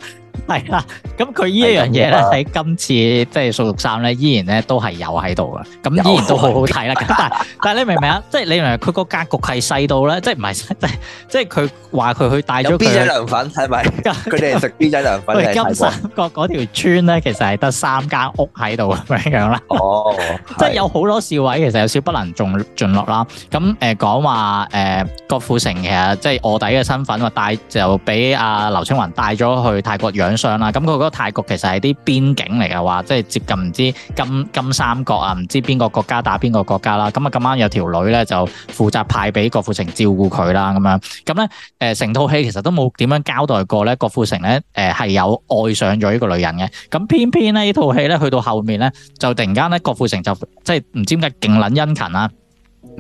係啦，咁佢呢一樣嘢咧喺今次即係掃毒3咧，依然咧都係有喺度嘅。咁依然 <laughs> 都好好睇啦。咁但係，但係你明唔 <laughs> 明啊？即係你明唔明？佢個格局係細到咧，即係唔係即係佢話佢去帶咗佢有 B 仔涼粉係咪？佢哋係食 B 仔涼粉嚟睇 <laughs> <laughs> 金三角嗰條村咧， <laughs> 其實係得三間屋喺度咁樣樣啦。哦， <laughs> okay. <laughs> 即係有好多笑位其實有少不能進進落啦。咁誒、呃、講話誒郭富城其實即係臥底嘅身份話帶就俾阿、啊、劉青雲帶咗去泰國養。上啦，咁佢嗰個泰國其實係啲邊境嚟嘅話，即係接近唔知金金三角啊，唔知邊個國家打邊個國家啦。咁啊，咁啱有條女咧就負責派俾郭富城照顧佢啦，咁樣。咁咧，誒，成套戲其實都冇點樣交代過咧，郭富城咧，誒，係有愛上咗呢個女人嘅。咁偏偏咧呢套戲咧去到後面咧，就突然間咧郭富城就即係唔知點解勁捻殷勤啦。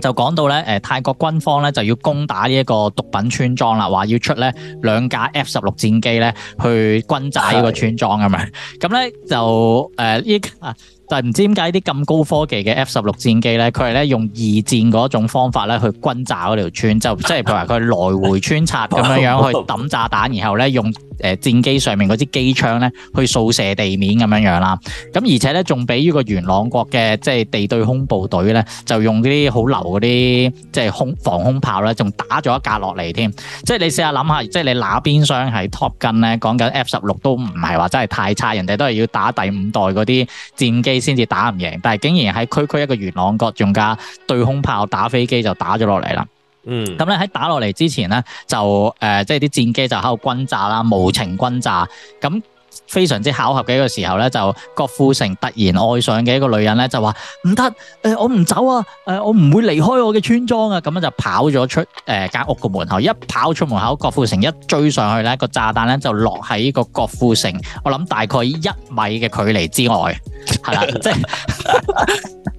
就講到咧，誒泰國軍方咧就要攻打呢一個毒品村莊啦，話要出咧兩架 F 十六戰機咧去轟炸呢個村莊咁樣，咁咧的 <laughs> 就誒依家。呃呢個但係唔知點解啲咁高科技嘅 F 十六戰機咧，佢係咧用二戰嗰種方法咧去轟炸嗰條村，就即係譬如話佢來回穿插咁樣樣去抌炸彈，然後咧用誒戰機上面嗰支機槍咧去掃射地面咁樣樣啦。咁而且咧仲俾呢個元朗國嘅即係地對空部隊咧，就用啲好流嗰啲即係空防空炮咧，仲打咗一架落嚟添。即係你試下諗下，即係你哪邊箱係 Top Gun 咧，講緊 F 十六都唔係話真係太差，人哋都係要打第五代嗰啲戰機。先至打唔贏，但係竟然喺區區一個元朗角，仲加對空炮打飛機就打咗落嚟啦。嗯，咁咧喺打落嚟之前咧，就誒即係啲戰機就喺度轟炸啦，無情轟炸。咁非常之巧合嘅一個時候咧，就郭富城突然愛上嘅一個女人咧，就話唔得，誒我唔走啊，誒我唔會離開我嘅村莊啊，咁樣就跑咗出誒間、呃、屋嘅門口，一跑出門口，郭富城一追上去咧，個炸彈咧就落喺個郭富城，我諗大概一米嘅距離之外，係啦，即係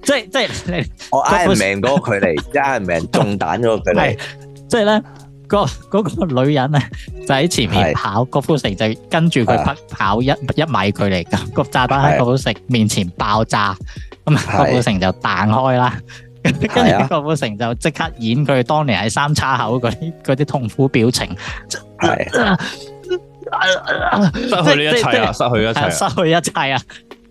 即係即係我挨命嗰個距離，一挨命中彈嗰個距離，即係咧。 <laughs> 個嗰個女人呢，就喺前面跑，郭富是的 城就跟住佢跑一，一、啊、一米距離噶，個炸彈喺郭富城面前爆炸，咁郭富城就彈開啦，跟住郭富城就即刻演佢當年喺三叉口嗰啲啲痛苦表情，係失去一切啊，失去一切，失去一切啊，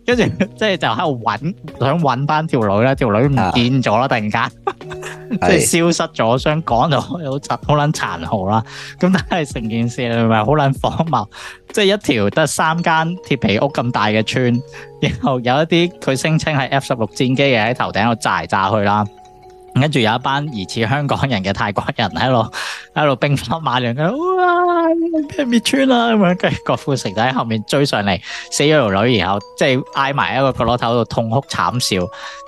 跟住即係就喺度揾，想揾翻條女啦，條女唔見咗啦，突然間。是的 <laughs> <laughs> 即係消失咗，想講就好殘好捻殘酷啦。咁但係成件事係咪好捻荒謬？即係一條得三間鐵皮屋咁大嘅村，然後有一啲佢聲稱係 F 十六戰機嘅喺頭頂度炸嚟炸去啦。跟住有一班疑似香港人嘅泰國人喺度喺度兵荒馬亂嘅哇，要俾人滅村啦、啊、咁樣。跟住郭富城就喺後面追上嚟，死咗條女，然後即係挨埋一個角落頭度痛哭慘笑。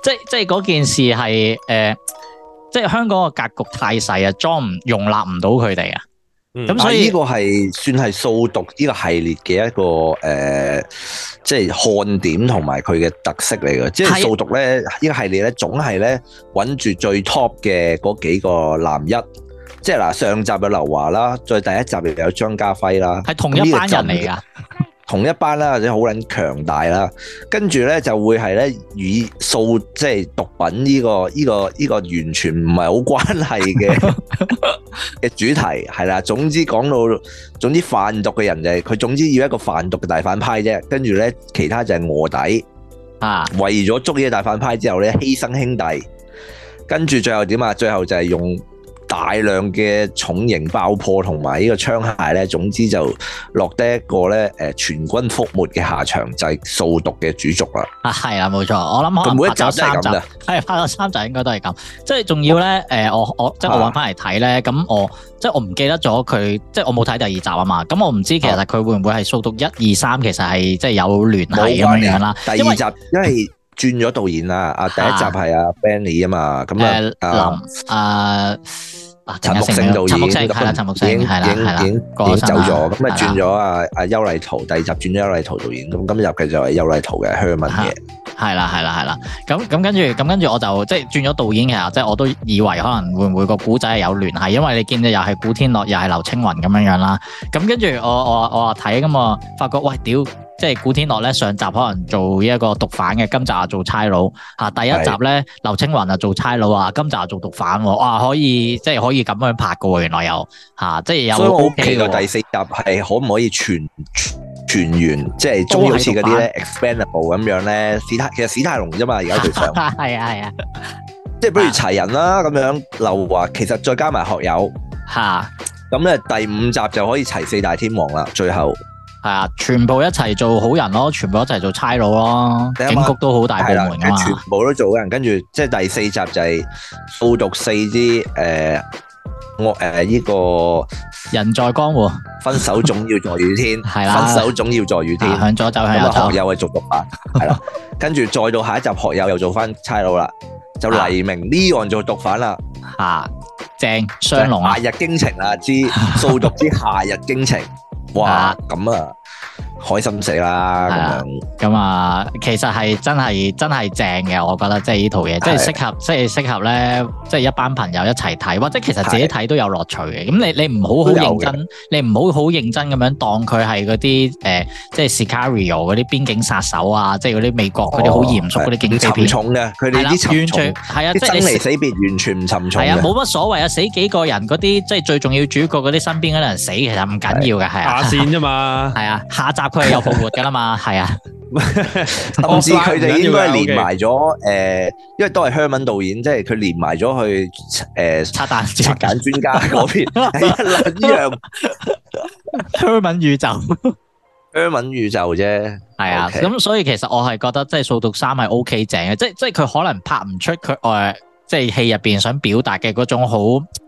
即係即係嗰件事係誒。呃即係香港個格局太細、嗯、啊，裝唔容納唔到佢哋啊。咁所以呢個係算係掃毒呢個系列嘅一個誒、呃，即係看點同埋佢嘅特色嚟嘅。即係掃毒咧，呢是個系列咧總係咧揾住最 top 嘅嗰幾個男一，即係嗱上集嘅劉華啦，再第一集又有張家輝啦，係同一班人嚟噶。同一班啦，或者好撚強大啦，跟住咧就會係咧以掃即係毒品呢個、呢個、呢個完全唔係好關係嘅嘅 <laughs> 主題，係啦。總之講到總之販毒嘅人就係、係、佢，總之要一個販毒嘅大反派啫。跟住咧其他就係臥底啊，為咗捉呢個大反派之後咧犧牲兄弟，跟住最後點啊？最後就係用。大量嘅重型爆破同埋呢個槍械咧，總之就落得一個咧誒全軍覆沒嘅下場，就係、是、掃毒嘅主軸啦。啊，係啦，冇錯，我諗拍咗三集，係拍咗三，三集應該都係咁，即係仲要咧誒、啊呃，我我即係我揾翻嚟睇咧，咁我即係我唔記得咗佢，即係我冇睇第二集啊嘛，咁我唔知其實佢會唔會係掃毒一、啊、二三，其實係即係有聯繫咁樣樣啦。第二集因係為，因為轉咗導演啦，阿第一集係阿 Benny 啊嘛，咁啊，啊陳木勝導演啦，陳木勝係啦，係啦，已經走咗，咁咪轉咗阿阿邱麗圖，第二集轉咗邱麗圖導演，咁今日入嘅就係邱麗圖嘅《香蜜》嘅，係啦，係啦，係啦，咁咁跟住，咁跟住我就即係轉咗導演，嘅。其實即係我都以為可能會唔會個古仔係有聯繫，因為你見到又係古天樂，又係劉青雲咁樣樣啦，咁跟住我我我睇咁啊，發覺喂，屌！即係古天樂咧，上集可能做一個毒販嘅，今集做差佬吓。第一集咧，劉是的 青雲啊做差佬啊，今集做毒販，哇、啊、可以即係可以咁樣拍噶，原來有吓、啊，即係有、okay。所以我期待第四集係可唔可以全全，全員，即係中好似嗰啲咧，Expendable 咁樣咧，史泰其實史泰龍啫嘛，而家台上係啊係啊， <laughs> 是的 即係不如齊人啦咁樣，劉華其實再加埋學友吓，咁咧 <laughs> 第五集就可以齊四大天王啦，最後。係啊，全部一齊做好人咯，全部一齊做差佬咯，警局都好大部門全部都做好人，跟住即係第四集就係掃毒四之誒，我誒呢個人在江湖，分手總要在雨天，係啦，分手總要在雨天，向左走向右走，學友係做毒販，係啦，跟住再到下一集學友又做翻差佬啦，就黎明呢樣做毒販啦，啊，正雙龍夏日驚情啊之掃毒之夏日驚情。哇，咁啊！開心死啦，咁啊，其實係真係真係正嘅，我覺得即係呢套嘢，即係適合即係適合咧，即係一班朋友一齊睇，或者其實自己睇都有樂趣嘅。咁你你唔好好認真，你唔好好認真咁樣當佢係嗰啲誒，即係 Sicario 嗰啲邊境殺手啊，即係嗰啲美國佢哋好嚴肅嗰啲警匪片，沉重嘅，佢哋完全係啊，即係生離死別完全唔沉重，係啊，冇乜所謂啊，死幾個人嗰啲，即係最重要主角嗰啲身邊嗰啲人死，其實唔緊要嘅，係啊，下線啫嘛，係啊，下集。佢係又復活噶啦嘛，係啊， <laughs> <laughs> 當時佢哋應該係連埋咗誒，因為都係 Herman 導演，即係佢連埋咗去誒拆彈拆彈專家嗰邊，呢兩 Herman 宇宙，Herman 宇宙啫，係啊，咁 Okay 所以其實我係覺得即係掃毒三係 OK 正嘅，即係、OK、即係佢可能拍唔出佢誒、呃，即係戲入邊想表達嘅嗰種好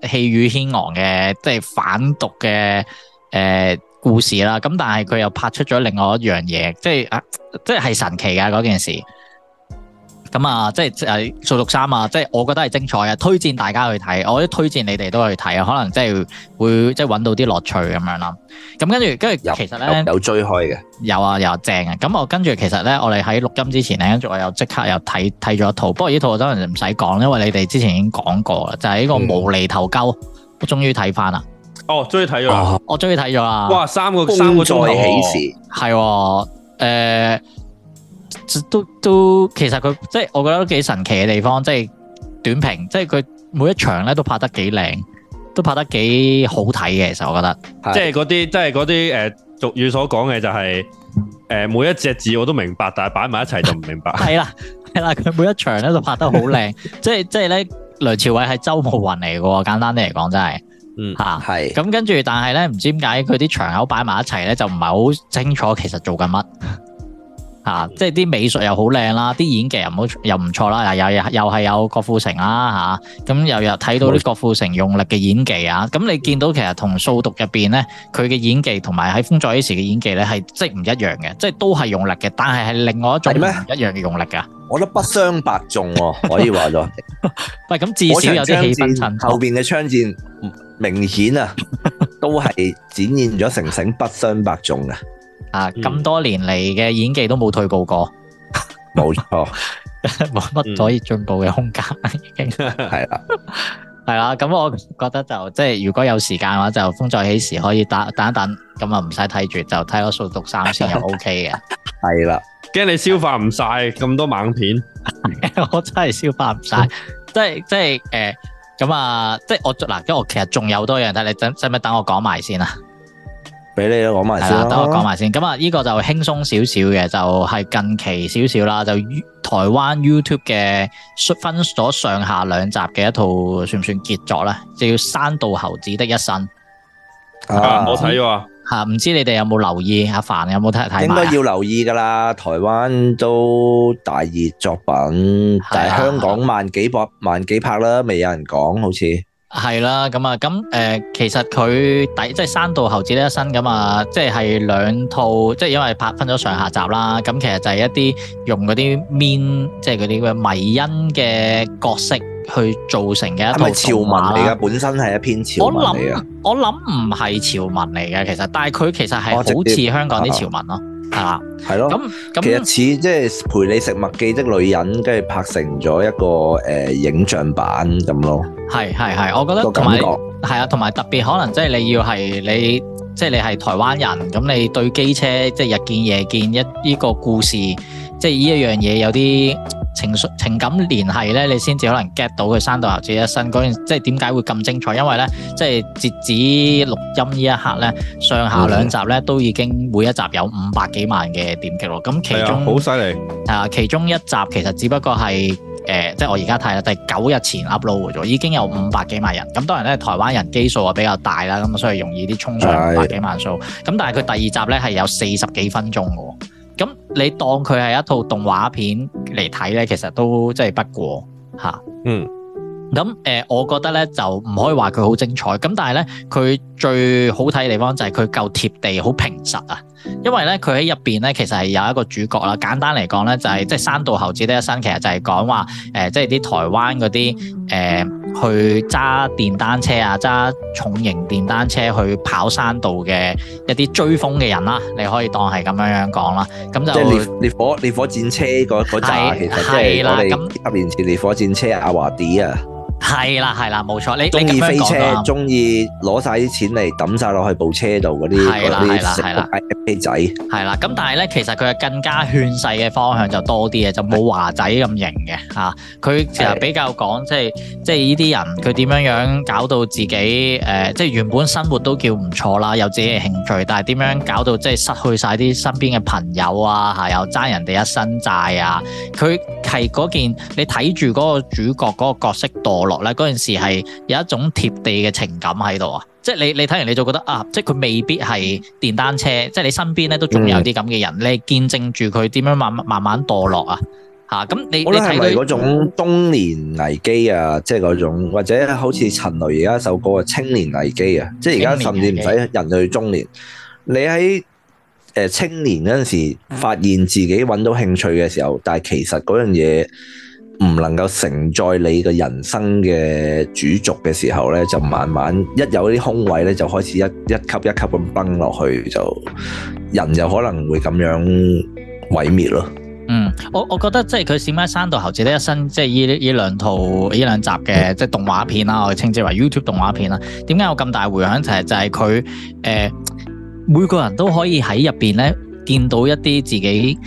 氣宇軒昂嘅，即係反毒嘅誒。呃故事啦，咁但係佢又拍出咗另外一樣嘢，即係啊，即係係神奇嘅嗰件事。咁啊，即係誒掃毒3啊，即係我覺得係精彩啊，推薦大家去睇，我都推薦你哋都去睇啊，可能即係會即係揾到啲樂趣咁樣啦。咁跟住跟住，其實咧有，有追開嘅、啊，有啊，又正啊。咁我跟住其實咧，我哋喺錄音之前咧，跟住我又即刻又睇睇咗一套，不過呢套我真係唔使講，因為你哋之前已經講過啦，就係、是、呢個無厘頭鳩，嗯、我終於睇翻啦。哦，終於睇咗，我終於睇咗啊！哇，三個起時三個鐘嘅喜事係誒，都都其實佢即係我覺得都幾神奇嘅地方，即係短評，即係佢每一場咧都拍得幾靚，都拍得幾好睇嘅。其實我覺得，即係嗰啲即係嗰啲誒俗語所講嘅就係誒，每一隻字我都明白，但係擺埋一齊就唔明白。係啦， <laughs> 係啦，佢每一場咧都拍得好靚，即係即係咧，梁朝偉係周慕雲嚟嘅，簡單啲嚟講，真係。嗯吓係，咁、啊、跟住，但係咧，唔知點解佢啲場口擺埋一齊咧，就唔係好清楚其實做緊乜吓，即係啲美術又好靚啦，啲演技又唔好又唔錯啦，又又又係有郭富城啦、啊、吓，咁、啊啊、又又睇到啲郭富城用力嘅演技啊，咁、嗯啊、你見到其實同掃毒入邊咧，佢嘅演技同埋喺風再起時嘅演技咧係即唔一樣嘅，即係都係用力嘅，但係係另外一種唔嗎一樣嘅用力噶，我覺得不相伯仲喎、啊， <laughs> 可以話咗，喂， <laughs> 咁至少有啲氣氛，後邊嘅槍戰。明顯啊，都係展現咗成成不相伯仲嘅。啊，咁多年嚟嘅演技都冇退步過，冇錯，冇乜可以進步嘅空間。已經係啦，係啦，咁我覺得就即係，如果有時間嘅話，就風再起時可以等等一等，咁啊唔使睇住，就睇咗掃毒3先就 OK 嘅。係啦，驚你消化唔晒咁多猛片，我真係消化唔晒，即係即係誒。咁啊，即係我嗱，因為我其實仲有多樣睇，你等使唔使等我講埋先啊？俾你啦，講埋先，等我講埋先。咁啊，呢、嗯嗯這個就輕鬆少少嘅，就係、是、近期少少啦。就台灣 YouTube 嘅分咗上下兩集嘅一套算算，算唔算傑作咧？叫《山道猴子的一生》啊，冇睇喎。吓，唔知你哋有冇留意阿凡有冇睇睇埋？應該要留意噶啦，台灣都大熱作品，就係香港萬幾百，萬幾拍啦，未有人講好似係啦。咁啊，咁誒、呃，其實佢底即係山道猴子呢一生咁啊，即係兩套，即係因為拍分咗上下集啦。咁其實就係一啲用嗰啲 mean，即係嗰啲咩迷因嘅角色。去造成嘅一套潮文嚟嘅，本身係一篇潮文嚟嘅。我諗，我諗唔係潮文嚟嘅，其實但係佢其實係好似香港啲潮文咯，係啦、哦，係咯。咁其實似即係陪你食麥記的女人，跟住拍成咗一個誒、呃、影像版咁咯。係係係，我覺得同埋係啊，同埋特別可能即係你要係你，即、就、係、是、你係台灣人，咁你對機車即係、就是、日見夜見一呢、這個故事，即係呢一樣嘢有啲。情情感連繫呢，你先至可能 get 到佢山道猴子一生。嗰樣即係點解會咁精彩？因為呢，即係截止錄音呢一刻呢，上下兩集呢都已經每一集有五百幾萬嘅點擊咯。咁、嗯、哼其中好犀利啊！哎、其中一集其實只不過係誒、呃，即係我而家睇啦，第九日前 upload 咗，已經有五百幾萬人。咁當然呢，台灣人基數啊比較大啦，咁所以容易啲衝上五百幾萬數。咁的但係佢第二集呢，係有四十幾分鐘㗎喎。咁你當佢係一套動畫片嚟睇咧，其實都即係不過嚇。啊、嗯。咁誒、呃，我覺得咧就唔可以話佢好精彩。咁但係咧，佢最好睇嘅地方就係佢夠貼地，好平實啊。因為咧，佢喺入邊咧其實係有一個主角啦。簡單嚟講咧，就係即係山道猴子的一生，其實就係講話誒，即係啲台灣嗰啲誒。呃去揸電單車啊，揸重型電單車去跑山道嘅一啲追風嘅人啦，你可以當係咁樣樣講啦，咁就係烈烈火烈火戰車嗰嗰扎，其實即係我哋十年前烈火戰車阿華迪啊。係啦，係啦，冇錯。你中意飛車，中意攞晒啲錢嚟抌晒落去部車度嗰啲，係啦，係啦，係飛仔。係啦，咁但係咧，其實佢係更加勸世嘅方向就多啲嘅，就冇華仔咁型嘅吓。佢其實比較講，即係即係呢啲人，佢點樣樣搞到自己誒，即係原本生活都叫唔錯啦，有自己嘅興趣，但係點樣搞到即係失去晒啲身邊嘅朋友啊，吓又爭人哋一身債啊。佢係嗰件你睇住嗰個主角嗰個角色墮落。嗰陣時係有一種貼地嘅情感喺度啊！即係你你睇完你就覺得啊，即係佢未必係電單車，即係你身邊咧都仲有啲咁嘅人，你見證住佢點樣慢慢慢慢墮落、嗯、啊！嚇咁你你睇佢嗰種中年危機啊，即係嗰種或者好似陳雷而家一首歌嘅青年危機啊，嗯、即係而家甚至唔使人類中年，你喺誒、呃、青年嗰陣時發現自己揾到興趣嘅時候，嗯、但係其實嗰樣嘢。唔能夠承載你嘅人生嘅主軸嘅時候呢，就慢慢一有啲空位呢，就開始一一級一級咁崩落去，就人又可能會咁樣毀滅咯。嗯，我我覺得即係佢閃喺山道猴子的一生，即係呢依兩套呢兩集嘅、嗯、即係動畫片啦，我哋稱之為 YouTube 動畫片啦。點解有咁大回響？其實就係佢誒，每個人都可以喺入邊呢，見到一啲自己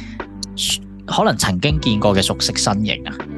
可能曾經見過嘅熟悉身形。啊。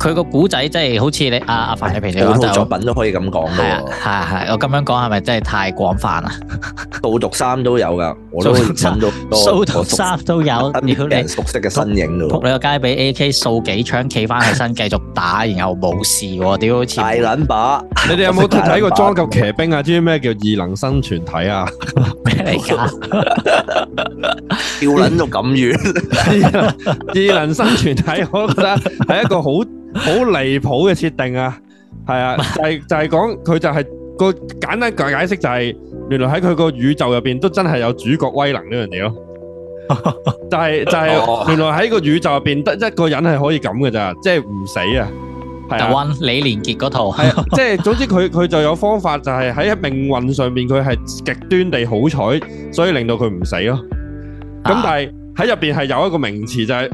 佢個古仔真係好似你阿阿、啊、凡提平你講就是、作品都可以咁講㗎喎，係係我咁樣講係咪真係太廣泛啊？掃毒三都有㗎，我都睇到多。掃毒讀三熟都有，屌你有熟悉嘅身影咯，撲你個街俾 AK 掃幾槍，企翻起身繼續打，然後冇事喎，屌！大撚把，你哋有冇睇過裝甲騎兵啊？知唔知咩叫異能生存體啊？咩嚟㗎？ <laughs> <laughs> 跳撚到咁遠，異 <laughs> 能生存體，我覺得係一個好。好離譜嘅設定啊，係啊，就係就係講佢就係個簡單嘅解釋就係，原來喺佢個宇宙入邊都真係有主角威能呢樣嘢咯。就係就係原來喺個宇宙入邊得一個人係可以咁嘅咋，即係唔死啊。係啊，李連杰嗰套係啊，即係總之佢佢就有方法就係喺命運上面佢係極端地好彩，所以令到佢唔死咯。咁但係喺入邊係有一個名詞就係。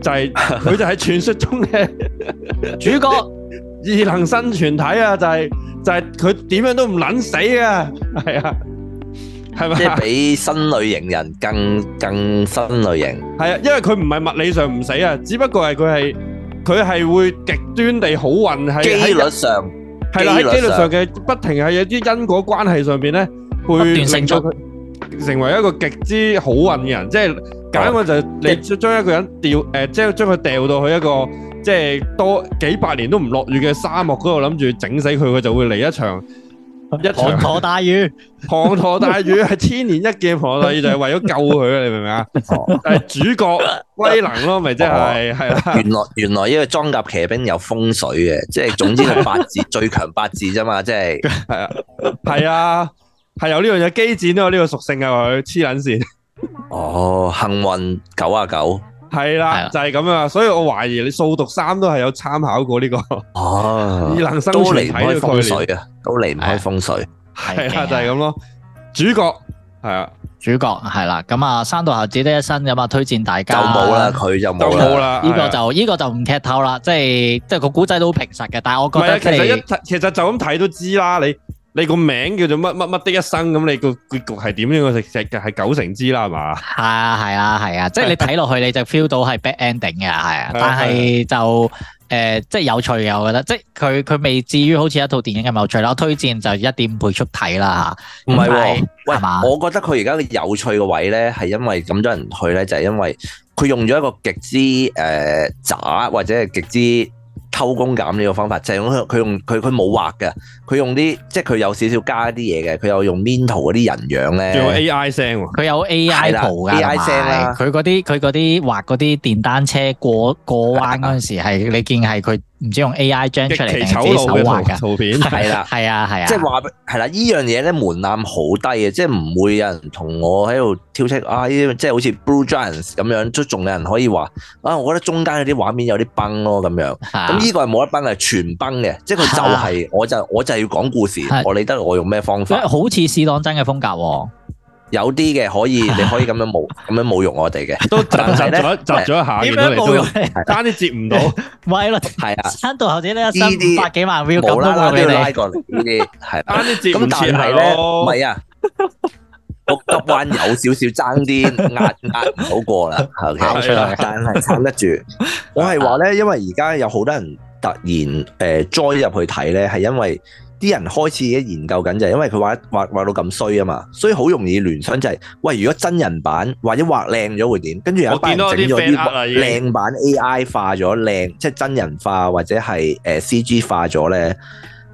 就係佢就係傳說中嘅主角異能生存體啊！就係就係佢點樣都唔撚死嘅，係啊，係咪？即係比新類型人更更新類型。係啊，因為佢唔係物理上唔死啊，只不過係佢係佢係會極端地好運喺機率上，係啦喺幾率上嘅不停係有啲因果關係上面呢，會成就佢成為一個極之好運嘅人，即係。簡單就係你將一個人掉，誒，即係將佢掉到去一個即係多幾百年都唔落雨嘅沙漠嗰度，諗住整死佢，佢就會嚟一場一場大雨，滂沱大雨係千年一見嘅滂沱大雨，就係為咗救佢啊！你明唔明啊？但係主角威能咯，咪即係，係啊！原來原來呢個裝甲騎兵有風水嘅，即係總之係八字最強八字咋嘛，即係係啊，係啊，係有呢樣嘢，機戰都有呢個屬性嘅，佢黐捻線。哦，幸運九啊九，係啦，啦就係咁啊，所以我懷疑你掃毒三都係有參考過呢、這個哦，啊、 <laughs> 二郎生都離唔開風水啊，都離唔開風水，係啊的，就係咁咯，主角係啊，主角係啦，咁啊、嗯，山道猴子呢一生有啊，推薦大家就冇啦，佢就冇啦，呢 <laughs> 個就呢、這個就唔劇透啦，即係即係個古仔都好平實嘅，但係我覺得其實一其實就咁睇都知啦，你。你個名叫做乜乜乜的一生咁，你個結局係點樣？我食石就係九成知啦，係嘛？係啊，係啊，係啊，啊 <laughs> 即係你睇落去，你就 feel 到係 bad ending 嘅，係啊。 <laughs> 但係就誒、呃，即係有趣嘅。我覺得，即係佢佢未至於好似一套電影咁有趣啦。我推薦就一點五倍速睇啦。唔係，啊、吧喂，我覺得佢而家嘅有趣嘅位咧，係因為咁多人去咧，就係、係、因為佢用咗一個極之誒渣、呃、或者係極之。偷工減料個方法，就係佢佢用佢佢冇畫嘅，佢用啲即係佢有少少加一啲嘢嘅，佢有用編圖嗰啲人樣咧，有 AI 聲，佢有 AI 圖㗎嘛，佢嗰啲佢嗰啲畫嗰啲電單車過過彎嗰陣時係 <laughs> 你見係佢。唔知用 AI 將出嚟，奇醜陋嘅圖片，係啦，係啊，係啊，即係話俾，係啦，呢樣嘢咧門檻好低嘅，即係唔會有人同我喺度挑剔。啊，呢即係好似 Blue Giants 咁樣，都仲有人可以話啊，我覺得中間嗰啲畫面有啲崩咯，咁樣，咁呢個係冇得崩，係全崩嘅，即係佢就係，我就我就係要講故事，我理得我用咩方法，因為好似史朗真嘅風格。有啲嘅可以，你可以咁樣侮咁樣侮辱我哋嘅，都窒窒咗一下。點樣侮辱？單啲接唔到，喂，咯。係啊，山道猴子呢一生百幾萬 view，冇啦啦都要拉過嚟呢啲係。單啲接唔到，咁但係咧，唔係啊，骨質、 <laughs> 啊那個、彎有少少爭啲壓壓唔到過啦。係、okay? 是的 <laughs> 但係撐得住。我係話咧，因為而家有好多人突然誒 join、呃、入去睇咧，係因為。啲人開始嘅研究緊就係因為佢畫畫畫到咁衰啊嘛，所以好容易聯想就係、是，喂，如果真人版或者畫靚咗會點？跟住有人一有人整咗啲靚版 AI 化咗靚，即係真人化或者係誒 CG 化咗咧。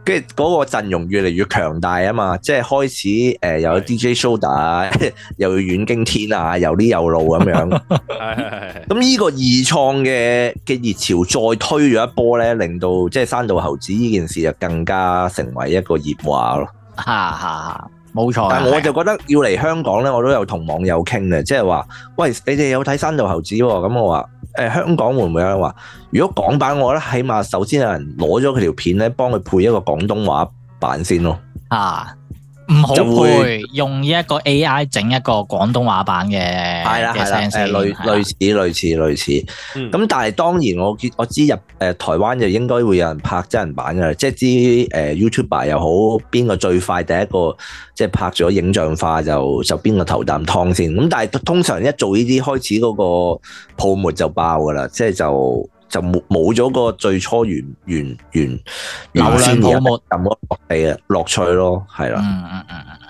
跟住嗰個陣容越嚟越強大啊嘛，即係開始誒、呃、又有 DJ Soda，er，又要阮經天啊，又呢又路咁樣。咁呢 <laughs> 個二創嘅嘅熱潮再推咗一波咧，令到即係山道猴子呢件事就更加成為一個熱話咯。 <laughs> 冇錯，啊，但我就覺得要嚟香港咧，我都有同網友傾嘅，即係話，喂，你哋有睇《山道猴子》哦喎，咁我話，誒香港會唔會有人話，如果港版我覺得起碼首先有人攞咗佢條片咧，幫佢配一個廣東話版先咯，啊！唔好配用呢一個 AI 整一個廣東話版嘅，係啦係啦，係類類似類似類似。咁但係當然我我知入誒台灣就應該會有人拍真人版噶啦，即係啲誒 YouTuber 又好，邊個最快第一個即係拍咗影像化就就邊個頭啖湯先。咁但係通常一做呢啲開始嗰個泡沫就爆噶啦，即係就。就冇冇咗個最初原原原原先嘅咁多係啊樂趣咯，係啦。嗯嗯嗯嗯嗯。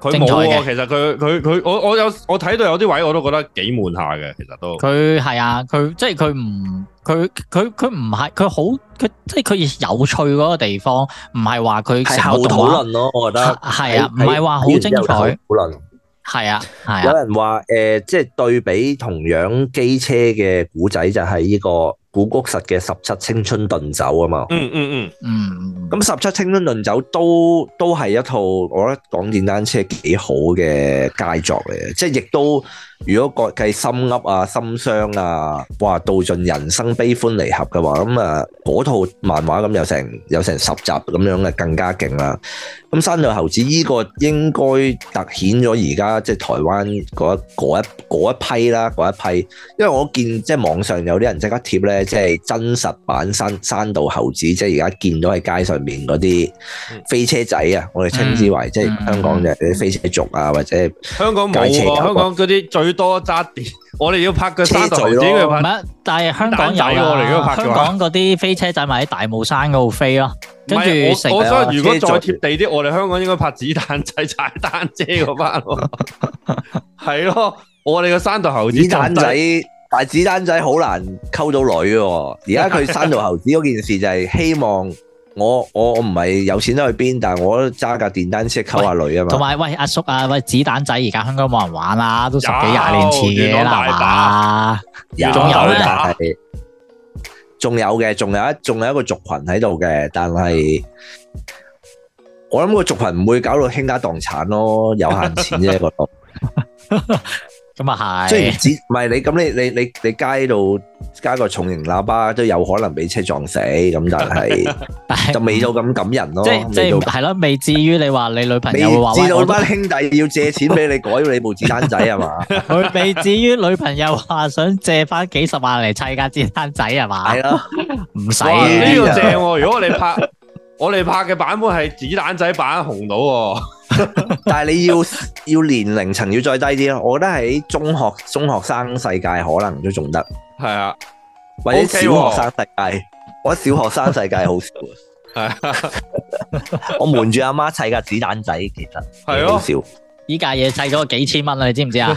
佢冇喎，其實佢佢佢我我有我睇到有啲位我都覺得幾悶下嘅，其實都。佢係啊，佢即係佢唔佢佢佢唔係佢好佢即係佢有趣嗰個地方，唔係話佢係冇討論咯，我覺得係啊，唔係話好精彩。係啊，係啊，有人話誒、呃，即係對比同樣機車嘅古仔就係呢、這個。古谷實嘅《十七青春遁走》啊嘛，嗯嗯嗯嗯，咁《十七青春遁走》都都係一套我覺得講電單車幾好嘅佳作嘅，即係亦都如果計心噏啊、心傷啊、話道盡人生悲歡離合嘅話，咁啊嗰套漫畫咁有成有成十集咁樣嘅，更加勁啦。咁《山道猴子》呢個應該凸顯咗而家即係台灣嗰一嗰一嗰一批啦，嗰一批，因為我見即係網上有啲人即刻貼咧。即係真實版山山道猴子，即係而家見到喺街上面嗰啲飛車仔啊！我哋稱之為即係香港嘅嗰啲飛車族啊，或者香港冇，香港嗰啲最多揸電，我哋要拍個山道，主要拍但係香港有我哋咗拍嘅，香港嗰啲飛車仔咪喺大帽山嗰度飛咯。跟住，我想如果再貼地啲，我哋香港應該拍子彈仔踩單車嗰班咯。係咯，我哋嘅山道猴子仔。但係子彈仔好難溝到女嘅，而家佢生到猴子嗰件事就係希望我我唔係有錢得去邊，但係我揸架電單車溝下女啊嘛。同埋喂阿叔啊，喂、呃、子彈仔而家香港冇人玩啦，都十幾廿年前嘅啦，仲有，有，有但係仲有嘅，仲有一仲有一個族群喺度嘅，但係我諗個族群唔會搞到傾家蕩產咯，有限錢啫度。 <laughs> 咁啊係，即係只唔係你咁你你你你街度加個重型喇叭都有可能俾車撞死，咁但係就未到咁感人咯。即係即係係咯，未至於你話你女朋友話，知道班兄弟要借錢俾你改你部子彈仔係嘛？佢未至於女朋友話想借翻幾十萬嚟砌架子彈仔係嘛？係咯，唔使呢個正。如果我哋拍我哋拍嘅版本係子彈仔版紅到。 <laughs> 但係你要要年齡層要再低啲咯，我覺得喺中學中學生世界可能都仲得，係啊，或者小學生世界， <laughs> 我覺得小學生世界好少， <laughs> 我瞞住阿媽砌架子彈仔，其實係少。依架嘢砌咗幾千蚊啊，你知唔知啊？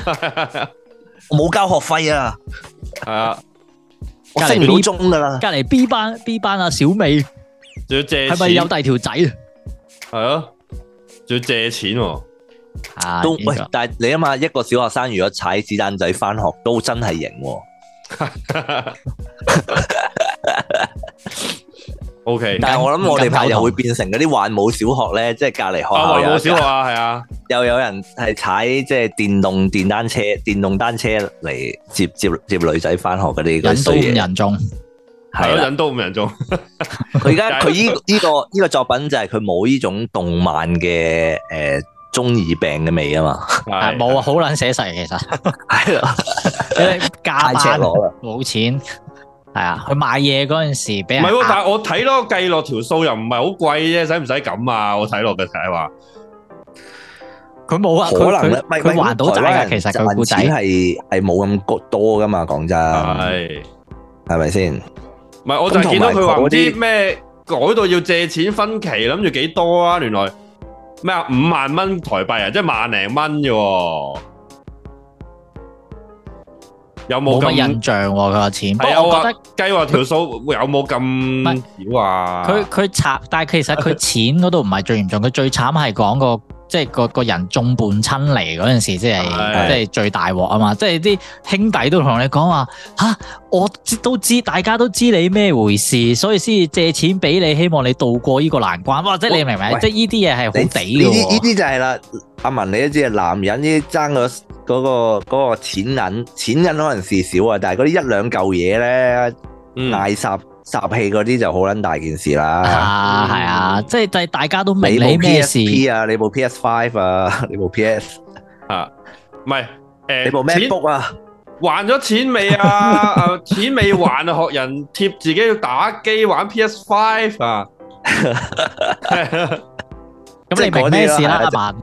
我冇交學費啊，係 <laughs> 啊，我升唔到中噶啦，隔籬 B 班 B 班阿、啊、小美，要借，係咪有第二條仔啊？係啊。仲要借錢喎、哦，啊、都喂，但係你諗下，一個小學生如果踩子彈仔翻學，都真係型。O K，但係我諗我哋怕又會變成嗰啲患武小學咧， <laughs> 即係隔籬學校有患、啊、小學啊，係啊，又有人係踩即係電動電單車、電動單車嚟接接接女仔翻學嗰啲人多人眾。係咯，忍多五廿鐘。佢而家佢依依個依個作品就係佢冇依種動漫嘅誒中二病嘅味啊嘛，係冇啊，好捻寫實其實。係啊，加班攞啦，冇錢係啊，佢買嘢嗰陣時俾人。唔係喎，但係我睇咯，計落條數又唔係好貴啫，使唔使咁啊？我睇落嘅係話，佢冇啊，佢可能咪佢還到啦。其實個仔係係冇咁多噶嘛，講真係，係咪先？唔係，我就係見到佢話嗰啲咩改到要借錢分期，諗住幾多啊？原來咩啊？五萬蚊台幣啊，即係萬零蚊嘅喎。有冇咁印象？佢話錢，不過我覺得計話條數會有冇咁少啊？佢佢慘，但係其實佢錢嗰度唔係最嚴重，佢最慘係講個。即係個個人眾叛親離嗰陣時，即係即係最大鑊啊嘛！的即係啲兄弟都同你講話吓，我都知大家都知你咩回事，所以先借錢俾你，希望你渡過呢個難關。哇、啊！即係你明唔明？喂即係呢啲嘢係好地嘅。依啲就係啦，阿文你都知啊，男人依爭、那個嗰個嗰個錢銀，錢銀可能事少啊，但係嗰啲一兩嚿嘢咧，廿十、嗯。雜氣嗰啲就好撚大件事啦！啊，係啊，即係大大家都明你咩事。你部 P S P 啊，你部 P S Five 啊，你部 P S 啊，唔係誒，你部 MacBook 啊？還咗錢未啊？誒，錢未還啊？學人貼自己去打機玩 P S Five 啊？咁你明咩事啦，阿伯？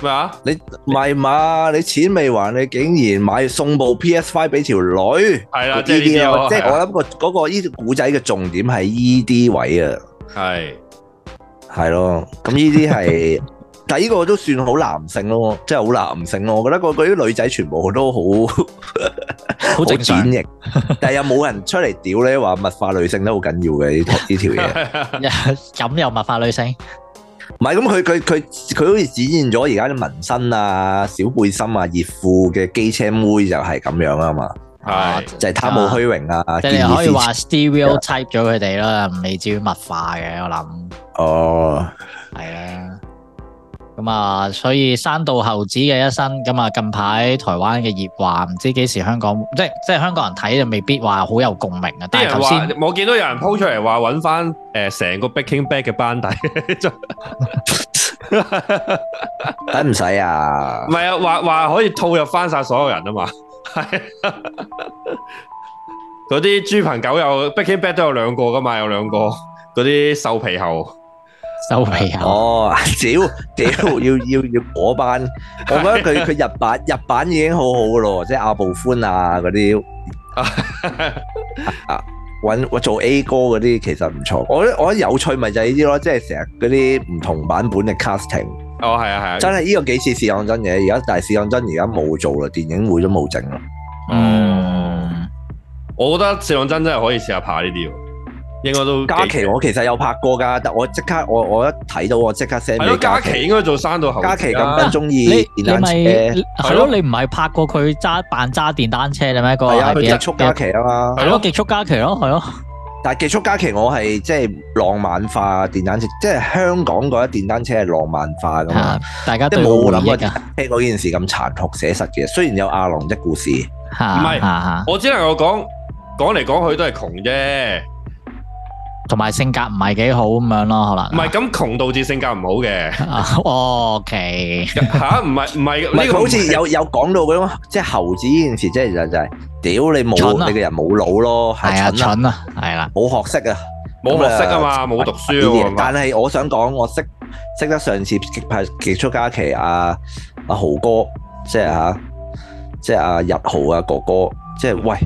咩啊？你唔係嘛？你錢未還，你竟然買送部 PS5 俾條女？係啦，即係啲嘢。即係我諗個嗰個依古仔嘅重點係依啲位啊。係係咯。咁依啲係，但係依個都算好男性咯，即係好男性咯。我覺得個嗰啲女仔全部都好好典型。但係又冇人出嚟屌你，話物化女性都好緊要嘅呢呢條嘢。咁又物化女性？唔係，咁佢佢佢佢好似展現咗而家啲紋身啊、小背心啊、熱褲嘅機車妹就係咁樣啊嘛，係是就係貪慕虛榮啊，即係、啊啊就是、你可以話 stereotype 咗佢哋啦，唔、啊、理至於物化嘅我諗，哦，係啊。咁啊、嗯，所以山道猴子嘅一生，咁、嗯、啊近排台灣嘅熱話，唔知幾時香港，即係即係香港人睇就未必話好有共鳴啊。但係頭先我見到有人 po 出嚟話揾翻誒成個 Breaking Bad 嘅班底，得唔使啊？唔係啊，話話可以套入翻晒所有人啊嘛。係嗰啲豬朋狗友 Breaking Bad 都有兩個噶嘛，有兩個嗰啲瘦皮猴。收皮啊！哦，屌屌，要要要嗰班，我覺得佢佢日版日版已經好好噶咯，即係阿部寬啊嗰啲啊，揾我做 A 哥嗰啲其實唔錯。我覺得我覺得有趣咪就係呢啲咯，即係成日嗰啲唔同版本嘅 casting。哦，係啊係啊，真係呢個幾似試當真嘅。而家但係試當真，而家冇做啦，電影會都冇整啦。嗯，我覺得試當真真係可以試下拍呢啲。應該都嘉琪，我其實有拍過噶但我即刻我我一睇到我即刻 send 你。係咯，嘉琪應該做山道猴。嘉琪咁中意電單車，你你咪係咯？你唔係拍過佢揸扮揸電單車嘅咩？個係極速嘉琪啊嘛。係咯，極速嘉琪咯，係咯。但係極速嘉琪我係即係浪漫化電單車，即係香港嗰啲電單車係浪漫化噶。大家都冇諗過聽過呢件事咁殘酷寫實嘅，雖然有阿郎的故事，唔係我只能我講講嚟講去都係窮啫。同埋性格唔係幾好咁樣咯，可能唔係咁窮導致性格唔好嘅。O K 吓，唔係唔係唔係好似有有講到嗰種，即係猴子呢件事，即係就係屌你冇你個人冇腦咯，係啊，蠢啊，係啦，冇學識啊，冇學識噶嘛，冇讀書。但係我想講，我識識得上次拍極速假期啊，阿豪哥即係吓，即係阿日豪啊哥哥，即係喂。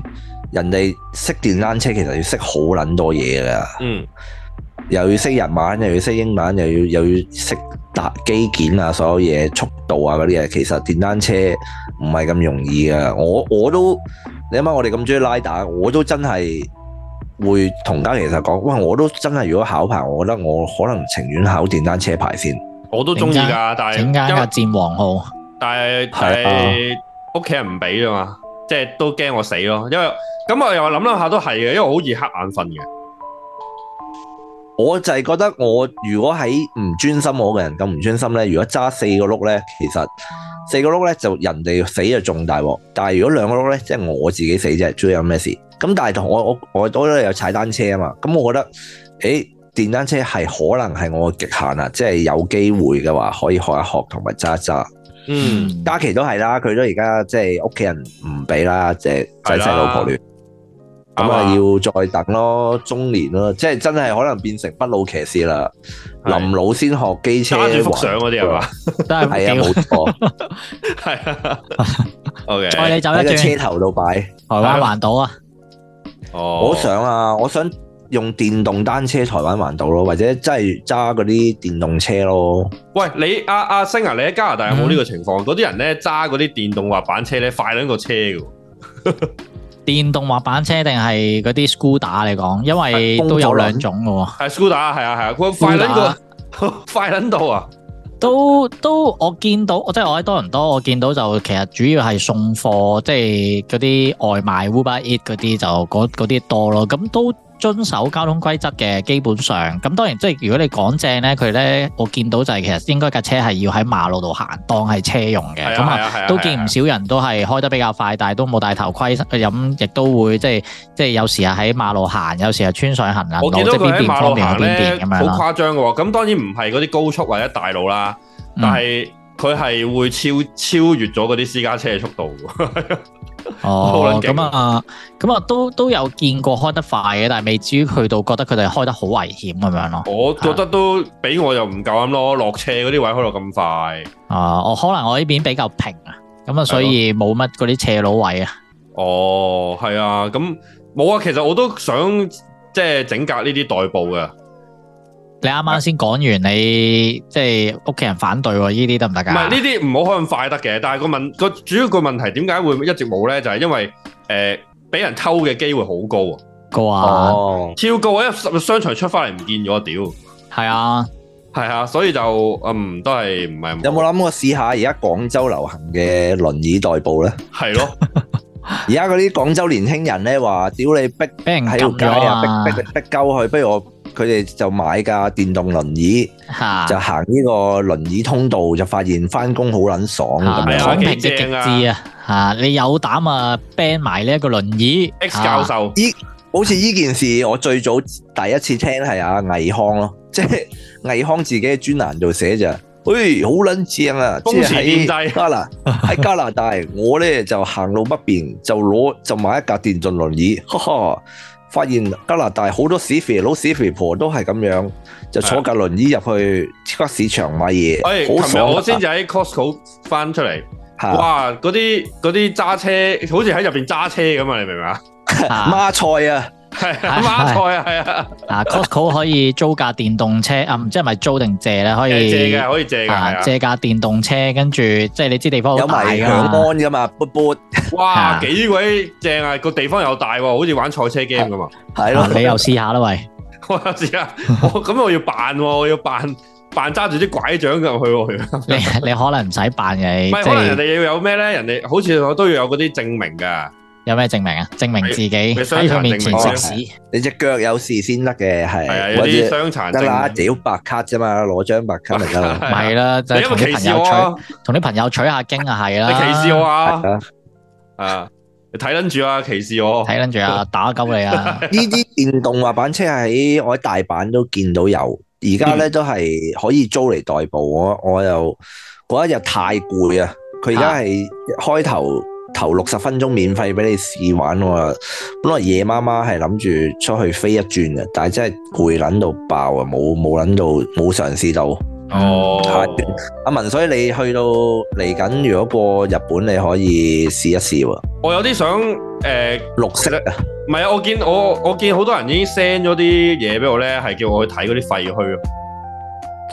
人哋識電單車其實要識好撚多嘢㗎，嗯，又又要識日文，又要識英文，又要又要識搭機件啊，所有嘢速度啊嗰啲嘢，其實電單車唔係咁容易㗎。我我都你啱啱我哋咁中意拉打，我都真係會同家其實講，喂，我都真係如果考牌，我覺得我可能情願考電單車牌先。我都中意㗎，但係因為戰王號，但係係屋企人唔俾啊嘛。即係都驚我死咯，因為咁我又諗諗下都係嘅，因為好易黑眼瞓嘅。我就係覺得我如果喺唔專心，我個人咁唔專心咧，如果揸四個碌咧，其實四個碌咧就人哋死就重大鑊，但係如果兩個碌咧，即係我自己死啫，最有咩事？咁但係同我我我，我都有踩單車啊嘛，咁我覺得誒電單車係可能係我極限啦，即係有機會嘅話可以學一學同埋揸一揸。嗯，假期都係啦，佢都而家即係屋企人唔俾啦，即係仔細老婆亂，咁啊要再等咯，中年咯，即係真係可能變成不老騎士啦，臨老先學機車，揸住幅相嗰啲係嘛，真係冇錯，係，OK，我哋走一轉車頭度擺台灣環島啊，哦，好想啊，我想。用電動單車台灣環島咯，或者真係揸嗰啲電動車咯。喂，你阿阿、啊啊、星啊，你喺加拿大有冇呢個情況？嗰啲、嗯、人咧揸嗰啲電動滑板車咧，快撚過車㗎。 <laughs> 電動滑板車定係嗰啲 scooter 你講，因為都有兩種嘅喎。scooter，係啊係啊，啊，快撚過，Soda? <laughs> 快撚到啊！都都，我見到，即我即係我喺多倫多，我見到就其實主要係送貨，即係嗰啲外賣 Uber Eat 嗰啲就嗰啲多咯。咁都。遵守交通規則嘅基本上，咁當然即係如果你講正呢，佢呢、嗯，我見到就係、是、其實應該架車係要喺馬路度行，當係車用嘅。咁啊，都見唔少人都係開得比較快，但係都冇戴頭盔，咁亦都會即係即係有時係喺馬路行，有時係穿上行啊。我見到喺馬路行咧好誇張嘅喎，咁當然唔係嗰啲高速或者大路啦，但係佢係會超超越咗嗰啲私家車嘅速度。 <laughs> <noise> 哦，咁、哦、啊，咁、嗯、啊、嗯，都都有見過開得快嘅，但係未至於去到覺得佢哋開得好危險咁樣咯。嗯、我覺得都比我又唔夠膽咯，落斜嗰啲位開到咁快。啊、嗯，我、哦、可能我呢邊比較平啊，咁、嗯、啊，所以冇乜嗰啲斜路位、哦哦、啊。哦，係啊，咁冇啊，其實我都想即係整架呢啲代步嘅。你啱啱先講完，你即係屋企人反對喎，呢啲得唔得㗎？唔係呢啲唔好開咁快得嘅，但係個問個主要個問題點解會一直冇咧？就係因為誒俾人偷嘅機會好高啊，高啊，超高啊！一入商場出翻嚟唔見咗，屌！係啊，係啊，所以就嗯都係唔係？有冇諗過試下而家廣州流行嘅輪椅代步咧？係咯，而家嗰啲廣州年輕人咧話：屌你逼，逼人撻啊，逼逼逼鳩佢，不如我。佢哋就買架電動輪椅，啊、就行呢個輪椅通道，就發現翻工好撚爽咁樣，好正啊！嚇，啊、你有膽啊，ban 埋呢一個輪椅？X 教授，依、啊、好似呢件事，我最早第一次聽係阿、啊、魏康咯，即係魏康自己專欄度寫咋，誒、哎，好撚正啊！即係喺加拿、喺加拿大， <laughs> 我咧就行路不便，就攞就買一架電動輪椅，哈哈。發現加拿大好多死肥佬、死肥婆都係咁樣，就坐架輪椅入去超級市場買嘢。哎的，琴日我先就喺 Costco 翻出嚟，的哇！嗰啲嗰啲揸車，好似喺入邊揸車咁啊！你明唔明啊？孖 <laughs> 菜啊！係馬賽啊，係啊！啊 Costco 可以租架電動車啊，唔知係咪租定借咧？可以借嘅，可以借嘅。借架電動車，跟住即係你知地方好大噶，好安噶嘛，boot boot 哇，幾鬼正啊！個地方又大，好似玩賽車 game 噶嘛。係咯，你又試下啦，喂！我試下，咁我要扮，我要扮扮揸住啲拐杖入去。你你可能唔使扮嘅，可能人哋要有咩咧？人哋好似我都要有嗰啲證明噶。有咩證明啊？證明自己喺佢面前食屎，你隻腳有事先得嘅，係。係啲傷殘得啦，屌白卡啫嘛，攞張白卡嚟得啦。係啦，就係同啲朋友取，同啲朋友取下經啊，係啦。你歧視我啊？啊，你睇撚住啊？歧視我？睇撚住啊？打鳩你啊？呢啲電動滑板車喺我喺大阪都見到有，而家咧都係可以租嚟代步。我我又嗰一日太攰啊，佢而家係開頭。頭六十分鐘免費俾你試玩喎，本來夜媽媽係諗住出去飛一轉嘅，但係真係攰捻到爆啊，冇冇捻到冇嘗試到。試到哦，阿文，所以你去到嚟緊，如果過日本，你可以試一試喎。我有啲想誒，呃、綠色咧啊，唔係啊，我見我我見好多人已經 send 咗啲嘢俾我咧，係叫我去睇嗰啲廢墟。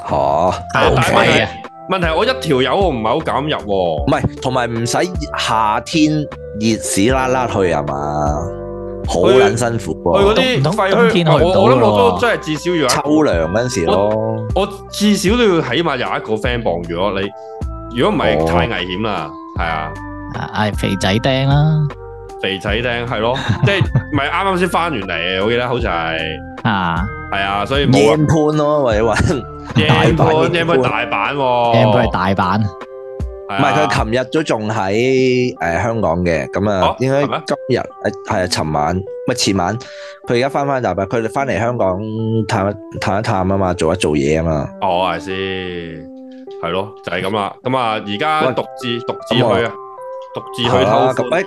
吓，好快問題，我一條友我唔係好敢入喎、喔，唔係同埋唔使夏天熱屎啦啦去係嘛，好捻就辛苦、喔。去嗰啲廢墟，我我諗我都真係、啊、至少要喺秋涼嗰陣時咯我。我至少都要起碼有一個 friend 傍住我，你如果唔係太危險啦，係、哦、啊。唉，肥仔釘啦、啊。肥仔聽係咯，即係咪啱啱先翻完嚟，我記得好似係啊，係啊，所以冇判判咯，或者話判判判判大阪，判判係大阪，唔係佢琴日都仲喺誒香港嘅，咁啊，應該今日誒係啊，尋晚咪前晚，佢而家翻翻嚟，佢哋翻嚟香港探探一探啊嘛，做一做嘢啊嘛，哦係先，係咯，就係咁啦，咁啊而家獨自獨自去啊，獨自去偷判。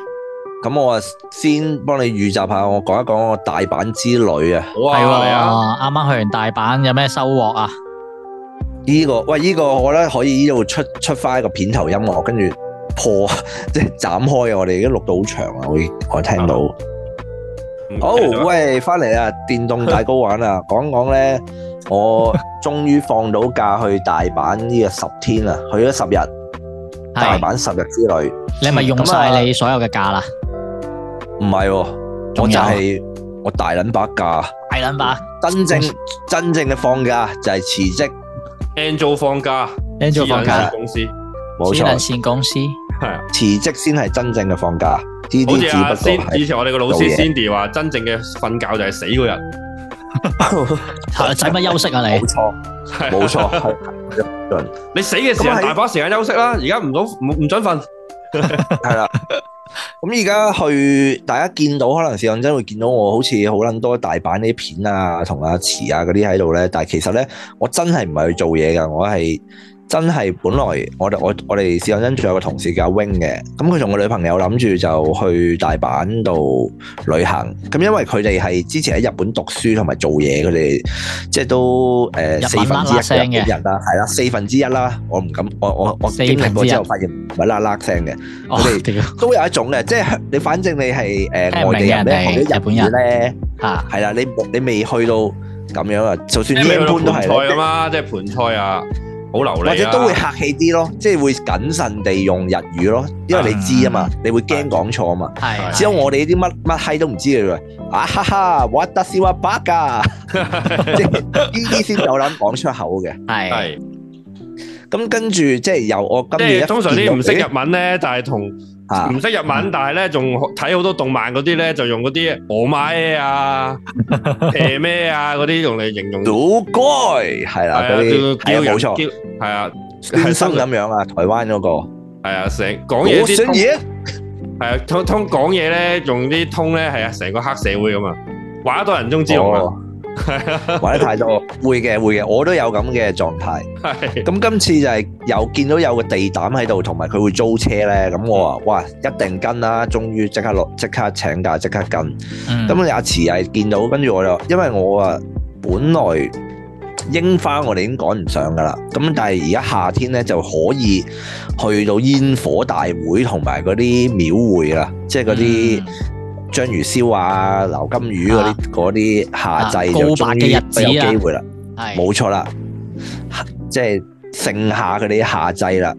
咁我啊，先幫你預習下，我講一講我大阪之旅啊。好啊，啊、哦，啱啱去完大阪，有咩收穫啊？呢、這個喂，呢、這個我覺得可以呢度出出翻一個片頭音樂，跟住破即係斬開啊！我哋而家錄到好長啊，我我聽到。好、嗯，oh, 喂，翻嚟啊，電動大 GO 玩啊，講講咧，我終於放到假去大阪呢個十天啊，去咗十日。是大阪十日之旅，你咪用晒、嗯、你所有嘅假啦。唔係，我就係我大捻把假，大捻把真正真正嘅放假就係辭職。Angel 放假，Angel 放假公司，冇錯，線公司係辭職先係真正嘅放假。好似以前我哋個老師 Cindy 話，真正嘅瞓覺就係死個人，使乜休息啊？你冇錯，冇錯，你死嘅時候大把時間休息啦。而家唔准唔准瞓，係啦。咁而家去，大家見到可能視眼真會見到我好似好撚多大阪啲片啊同阿詞啊嗰啲喺度咧，但係其實咧，我真係唔係去做嘢㗎，我係。真係，本來我我我哋試過，跟住有個同事叫阿 wing 嘅，咁佢同個女朋友諗住就去大阪度旅行。咁因為佢哋係之前喺日本讀書同埋做嘢，佢哋即係都誒四分之一日啦，係啦，四分之一啦。我唔敢，我我我經歷過之後發現唔係啦啦聲嘅。我哋都有一種咧，即係你反正你係誒外地人咧，學啲日本人咧嚇，係啦，你你未去到咁樣啊，就算一般都係啦，即係盤菜啊。好流利啊，或者都會客氣啲咯，即係會謹慎地用日語咯，因為你知啊嘛，嗯、你會驚講錯啊嘛。係係。只有我哋呢啲乜乜閪都唔知嘅喎，啊哈哈，what does h a t bug 啊？即係呢啲先有膽講出口嘅。係。咁跟住即係由我今年，通常啲唔識日文咧，欸、但係同。唔識日文，但係咧仲睇好多動漫嗰啲咧，就用嗰啲俄麥啊、咩啊嗰啲用嚟形容老哥，係啦嗰啲，冇錯，係啊，黑心咁樣啊，台灣嗰個，係啊，成講嘢啲，係啊，通通講嘢咧，用啲通咧，係啊，成個黑社會咁啊，話多人中之龍啊。係啊，玩得 <laughs> 太多，會嘅會嘅，我都有咁嘅狀態。係，咁今次就係有見到有個地膽喺度，同埋佢會租車咧，咁我話哇，一定跟啦！終於即刻落，即刻請假，即刻跟。咁、嗯、阿慈係見到，跟住我就，因為我啊本來櫻花我哋已經趕唔上噶啦，咁但係而家夏天咧就可以去到煙火大會，同埋嗰啲廟會啦，即係嗰啲。嗯章魚燒啊，流金魚嗰啲嗰啲夏祭就終於、啊日啊、有機會啦，冇錯啦，即係、就是、剩下嗰啲夏祭啦。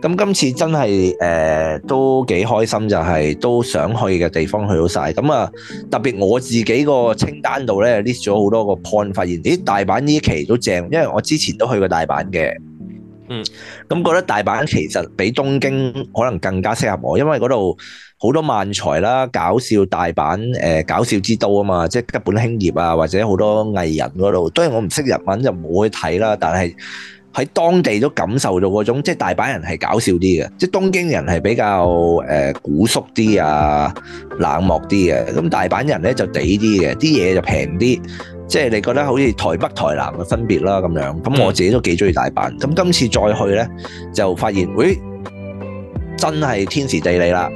咁今次真係誒、呃、都幾開心、就是，就係都想去嘅地方去到晒。咁啊，特別我自己個清單度咧 list 咗好多個 point，發現咦大阪呢期都正，因為我之前都去過大阪嘅。嗯，咁覺得大阪其實比東京可能更加適合我，因為嗰度好多漫才啦，搞笑大阪誒、呃、搞笑之都啊嘛，即係吉本興業啊，或者好多藝人嗰度。當然我唔識日文就唔會去睇啦，但係。喺當地都感受到嗰種，即係大阪人係搞笑啲嘅，即係東京人係比較誒古樸啲啊，冷漠啲嘅。咁大阪人咧就抵啲嘅，啲嘢就平啲，即係你覺得好似台北、台南嘅分別啦咁樣。咁我自己都幾中意大阪。咁今次再去咧，就發現，誒，真係天時地利啦！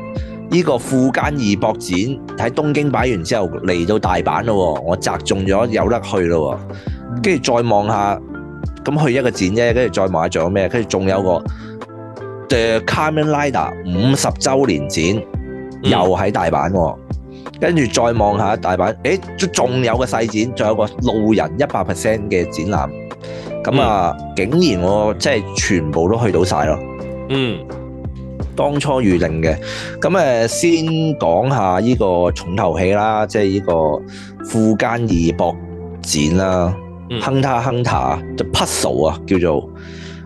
呢個富奸義博展喺東京擺完之後嚟到大阪啦，我砸中咗，有得去啦。跟住再望下。咁去一個展啫，跟住再買咗咩？跟住仲有個 Kamen Rider 五十周年展，又喺大阪喎、哦。嗯、跟住再望下大阪，誒，仲有個細展，仲有個路人一百 percent 嘅展覽。咁、嗯、啊，竟然我、哦、即係全部都去到晒咯。嗯，當初預定嘅。咁、嗯、誒，先講下呢個重頭戲啦，即係呢個富奸義博展啦。hunter hunter 就 puzzle 啊，叫做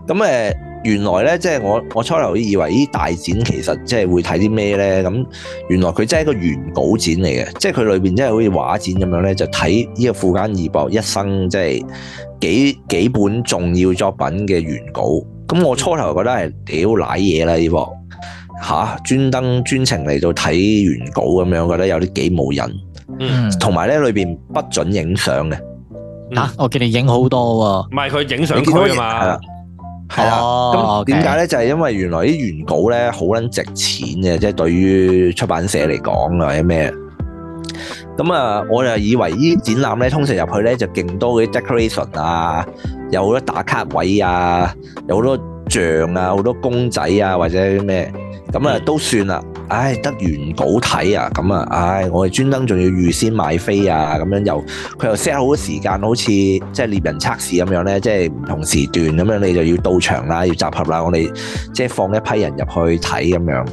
咁誒、嗯，原來咧即係我我初頭以為依大展其實即係會睇啲咩咧？咁原來佢真係一個原稿展嚟嘅，即係佢裏邊真係好似畫展咁樣咧，就睇呢個富樫義博一生即係幾幾本重要作品嘅原稿。咁、嗯、我初頭覺得係屌賴嘢啦，呢個吓專登專程嚟到睇原稿咁樣，覺得有啲幾冇癮，嗯，同埋咧裏邊不准影相嘅。吓、啊！我見你影好多喎、哦，唔係佢影相區啊嘛，係啦、啊，哦，咁點解咧？就係、是、因為原來啲原稿咧好捻值錢嘅，即、就、係、是、對於出版社嚟講或者咩？咁啊，我就以為呢展覽咧，通常入去咧就勁多嗰啲 decoration 啊，有好多打卡位啊，有好多像啊，好多公仔啊，或者咩？咁啊，嗯、都算啦，唉，得完稿睇啊，咁啊，唉，我哋專登仲要預先買飛啊，咁樣又佢又 set 好多時間，好似即係獵人測試咁樣咧，即係唔同時段咁樣，你就要到場啦，要集合啦，我哋即係放一批人入去睇咁樣。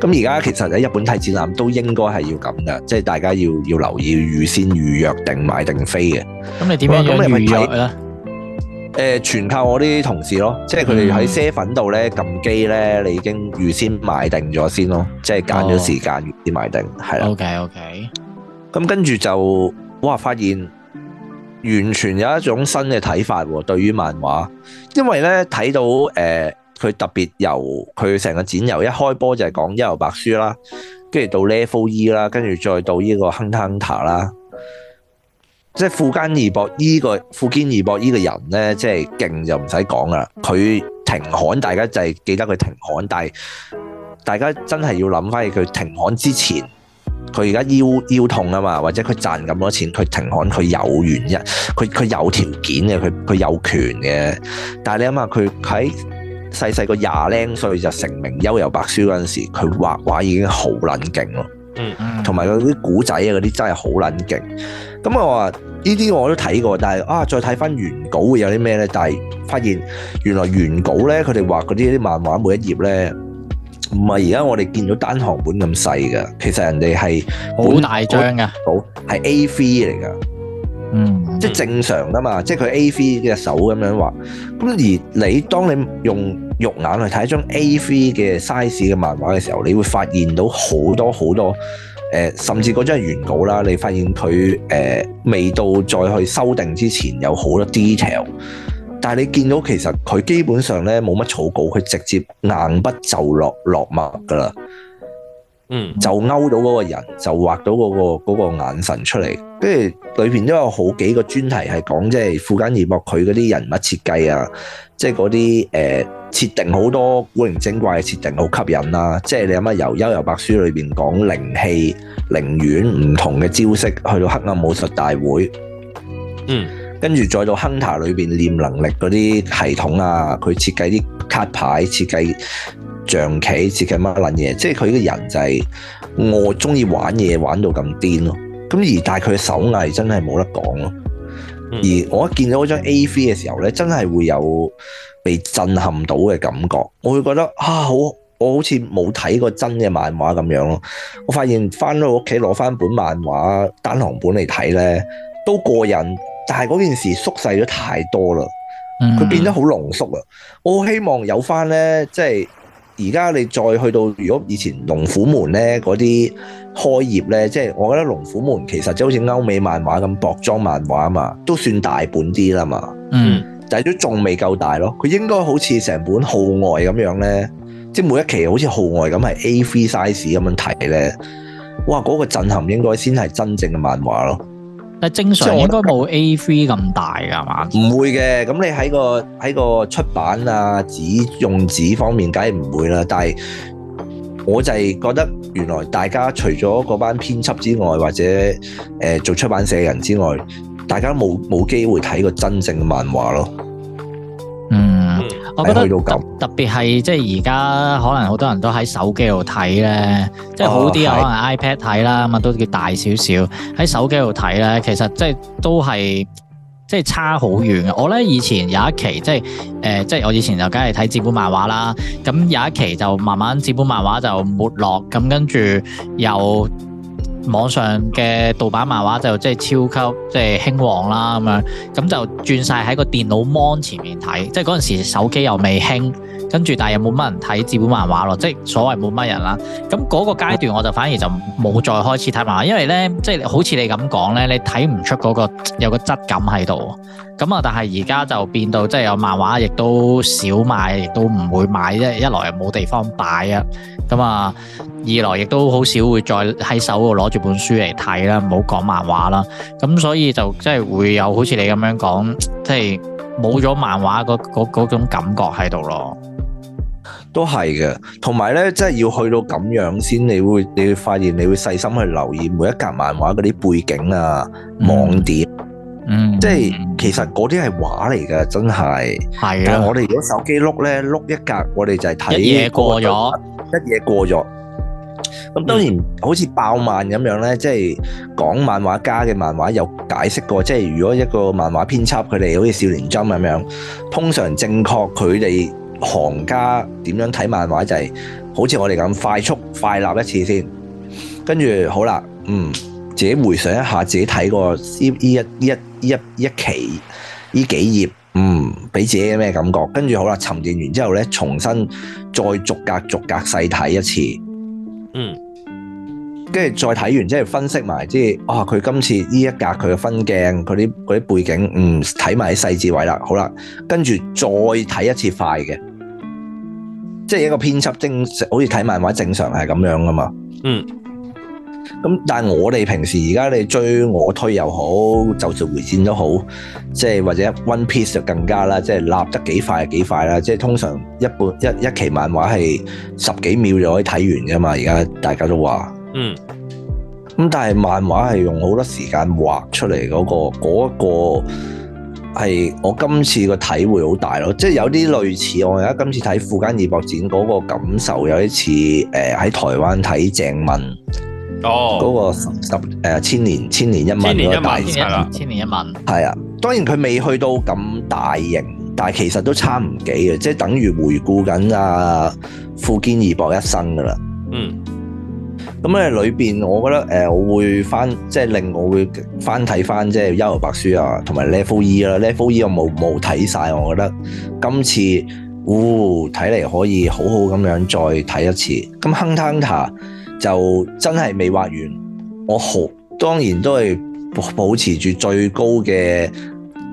咁而家其實喺日本睇展覽都應該係要咁㗎，即係大家要要留意要預先預約定買定飛嘅。咁你點解要預約咧？誒、呃，全靠我啲同事咯，即係佢哋喺啡粉度咧撳機咧，你已經預先買定咗先咯，即係揀咗時間預先買定，係啦。OK OK，咁跟住就哇發現完全有一種新嘅睇法喎，對於漫畫，因為咧睇到誒佢，呃、特別由佢成個展由一開波就係講幽遊白書啦，跟住到 Level E 啦，跟住再到呢個 Hunter Hunter 啦。即係富堅義博呢個富堅義博呢個人咧，即係勁就唔使講啦。佢停刊，大家就係記得佢停刊。但係大家真係要諗翻起，佢停刊之前，佢而家腰腰痛啊嘛，或者佢賺咁多錢，佢停刊佢有原因，佢佢有條件嘅，佢佢有權嘅。但係你諗下，佢喺細細個廿零歲就成名，幽遊白書嗰陣時，佢畫畫已經好撚勁咯。嗯嗯，同埋佢啲古仔啊，嗰啲真係好撚勁。咁我話呢啲我都睇過，但係啊再睇翻原稿會有啲咩咧？但係發現原來原稿咧，佢哋畫嗰啲漫畫每一頁咧，唔係而家我哋見到單行本咁細噶，其實人哋係好大張噶，好係 A3 嚟噶，嗯，即係正常噶嘛，即係佢 A3 嘅手咁樣畫。咁而你當你用肉眼去睇一張 A3 嘅 size 嘅漫畫嘅時候，你會發現到好多好多。誒，甚至嗰張原稿啦，你發現佢誒未到再去修訂之前有好多 detail，但係你見到其實佢基本上咧冇乜草稿，佢直接硬筆就落落墨㗎啦，嗯，就勾到嗰個人，就畫到嗰、嗰個嗰個眼神出嚟，跟住裏邊都有好幾個專題係講即係富堅義博佢嗰啲人物設計啊，即係嗰啲誒。呃設定好多古靈精怪嘅設定，好吸引啦、啊。即係你諗下，由《幽遊白書》裏邊講靈氣、靈丸唔同嘅招式，去到黑暗武術大會，嗯，跟住再到《Hunter》裏邊念能力嗰啲系統啊，佢設計啲卡牌，設計象棋，設計乜撚嘢，即係佢個人就係、是、我中意玩嘢，玩到咁癲咯。咁而但係佢嘅手藝真係冇得講咯、啊。而我一見到嗰張 A3 嘅時候咧，真係會有被震撼到嘅感覺。我會覺得啊，好我，我好似冇睇過真嘅漫畫咁樣咯。我發現翻到屋企攞翻本漫畫單行本嚟睇咧，都過癮，但係嗰件事縮細咗太多啦。佢變得好濃縮啦。我希望有翻咧，即係。而家你再去到，如果以前龍虎門咧嗰啲開業咧，即係我覺得龍虎門其實就好似歐美漫畫咁薄裝漫畫啊嘛，都算大本啲啦嘛。嗯，但係都仲未夠大咯。佢應該好似成本號外咁樣咧，即係每一期好似號外咁係 A3 size 咁樣睇咧，哇！嗰個震撼應該先係真正嘅漫畫咯。但正常應該冇 A3 咁大㗎嘛？唔會嘅，咁你喺個喺個出版啊紙用紙方面，梗係唔會啦。但係我就係覺得，原來大家除咗嗰班編輯之外，或者誒、呃、做出版社嘅人之外，大家冇冇機會睇過真正嘅漫畫咯。我覺得特別係即係而家可能好多人都喺手機度睇咧，哦、即係好啲啊，可能 iPad 睇啦，咁啊的都叫大少少。喺手機度睇咧，其實即係都係即係差好遠嘅。我咧以前有一期即係誒，即係、呃、我以前就梗係睇紙本漫畫啦。咁有一期就慢慢紙本漫畫就沒落，咁跟住又。網上嘅盜版漫畫就即係超級即係興旺啦，咁樣，咁就轉曬喺個電腦 Mon 前面睇，即係嗰陣時手機又未興。跟住，但係又冇乜人睇紙本漫畫咯。即係所謂冇乜人啦。咁嗰個階段，我就反而就冇再開始睇漫畫，因為呢，即係好似你咁講呢，你睇唔出嗰個有個質感喺度。咁啊，但係而家就變到即係有漫畫，亦都少買，亦都唔會買。一一來又冇地方擺啊，咁啊，二來亦都好少會再喺手度攞住本書嚟睇啦。唔好講漫畫啦，咁所以就即係會有好似你咁樣講，即係冇咗漫畫嗰種感覺喺度咯。都係嘅，同埋咧，即係要去到咁樣先，你會你會發現，你會細心去留意每一格漫畫嗰啲背景啊、網點，嗯，即係其實嗰啲係畫嚟嘅，真係。係啊，我哋如果手機碌咧，碌一格，我哋就係睇一嘢過咗，一嘢過咗。咁當然好似爆漫咁樣咧，即係講漫畫家嘅漫畫有解釋過，即係如果一個漫畫編輯佢哋好似少年針咁樣，通常正確佢哋。行家點樣睇漫畫就係、是、好似我哋咁快速快立一次先，跟住好啦，嗯，自己回想一下自己睇過呢一呢一呢一一期呢幾頁，嗯，俾自己咩感覺？跟住好啦，沉澱完之後咧，重新再逐格逐格細睇一次，嗯，跟住再睇完即係分析埋，即係啊，佢今次呢一格佢嘅分鏡、佢啲啲背景，嗯，睇埋啲細節位啦，好啦，跟住再睇一次快嘅。即係一個編輯正，正常，好似睇漫畫正常係咁樣噶嘛。嗯。咁但係我哋平時而家你追我推又好，就算回戰都好，即係或者 One Piece 就更加啦。即係立得幾快就幾快啦。即係通常一本一一期漫畫係十幾秒就可以睇完噶嘛。而家大家都話，嗯。咁但係漫畫係用好多時間畫出嚟嗰個個。嗰個係我今次個體會好大咯，即係有啲類似我而家今次睇富堅義博展嗰個感受有，有一次誒喺台灣睇鄭問》，哦，嗰、那個十誒、啊、千年千年一問嗰個大字係啦，千年一問係啊，當然佢未去到咁大型，但係其實都差唔幾嘅，即係等於回顧緊阿富堅義博一生噶啦，嗯。咁咧，裏邊我覺得誒、呃，我會翻即係、就是、令我會翻睇翻即係《幽遊白書》啊，同埋 Level E 啦。Level E、啊啊啊、我冇冇睇晒，我覺得今次，哇、哦，睇嚟可以好好咁樣再睇一次。咁 Hunter 就真係未畫完，我好當然都係保持住最高嘅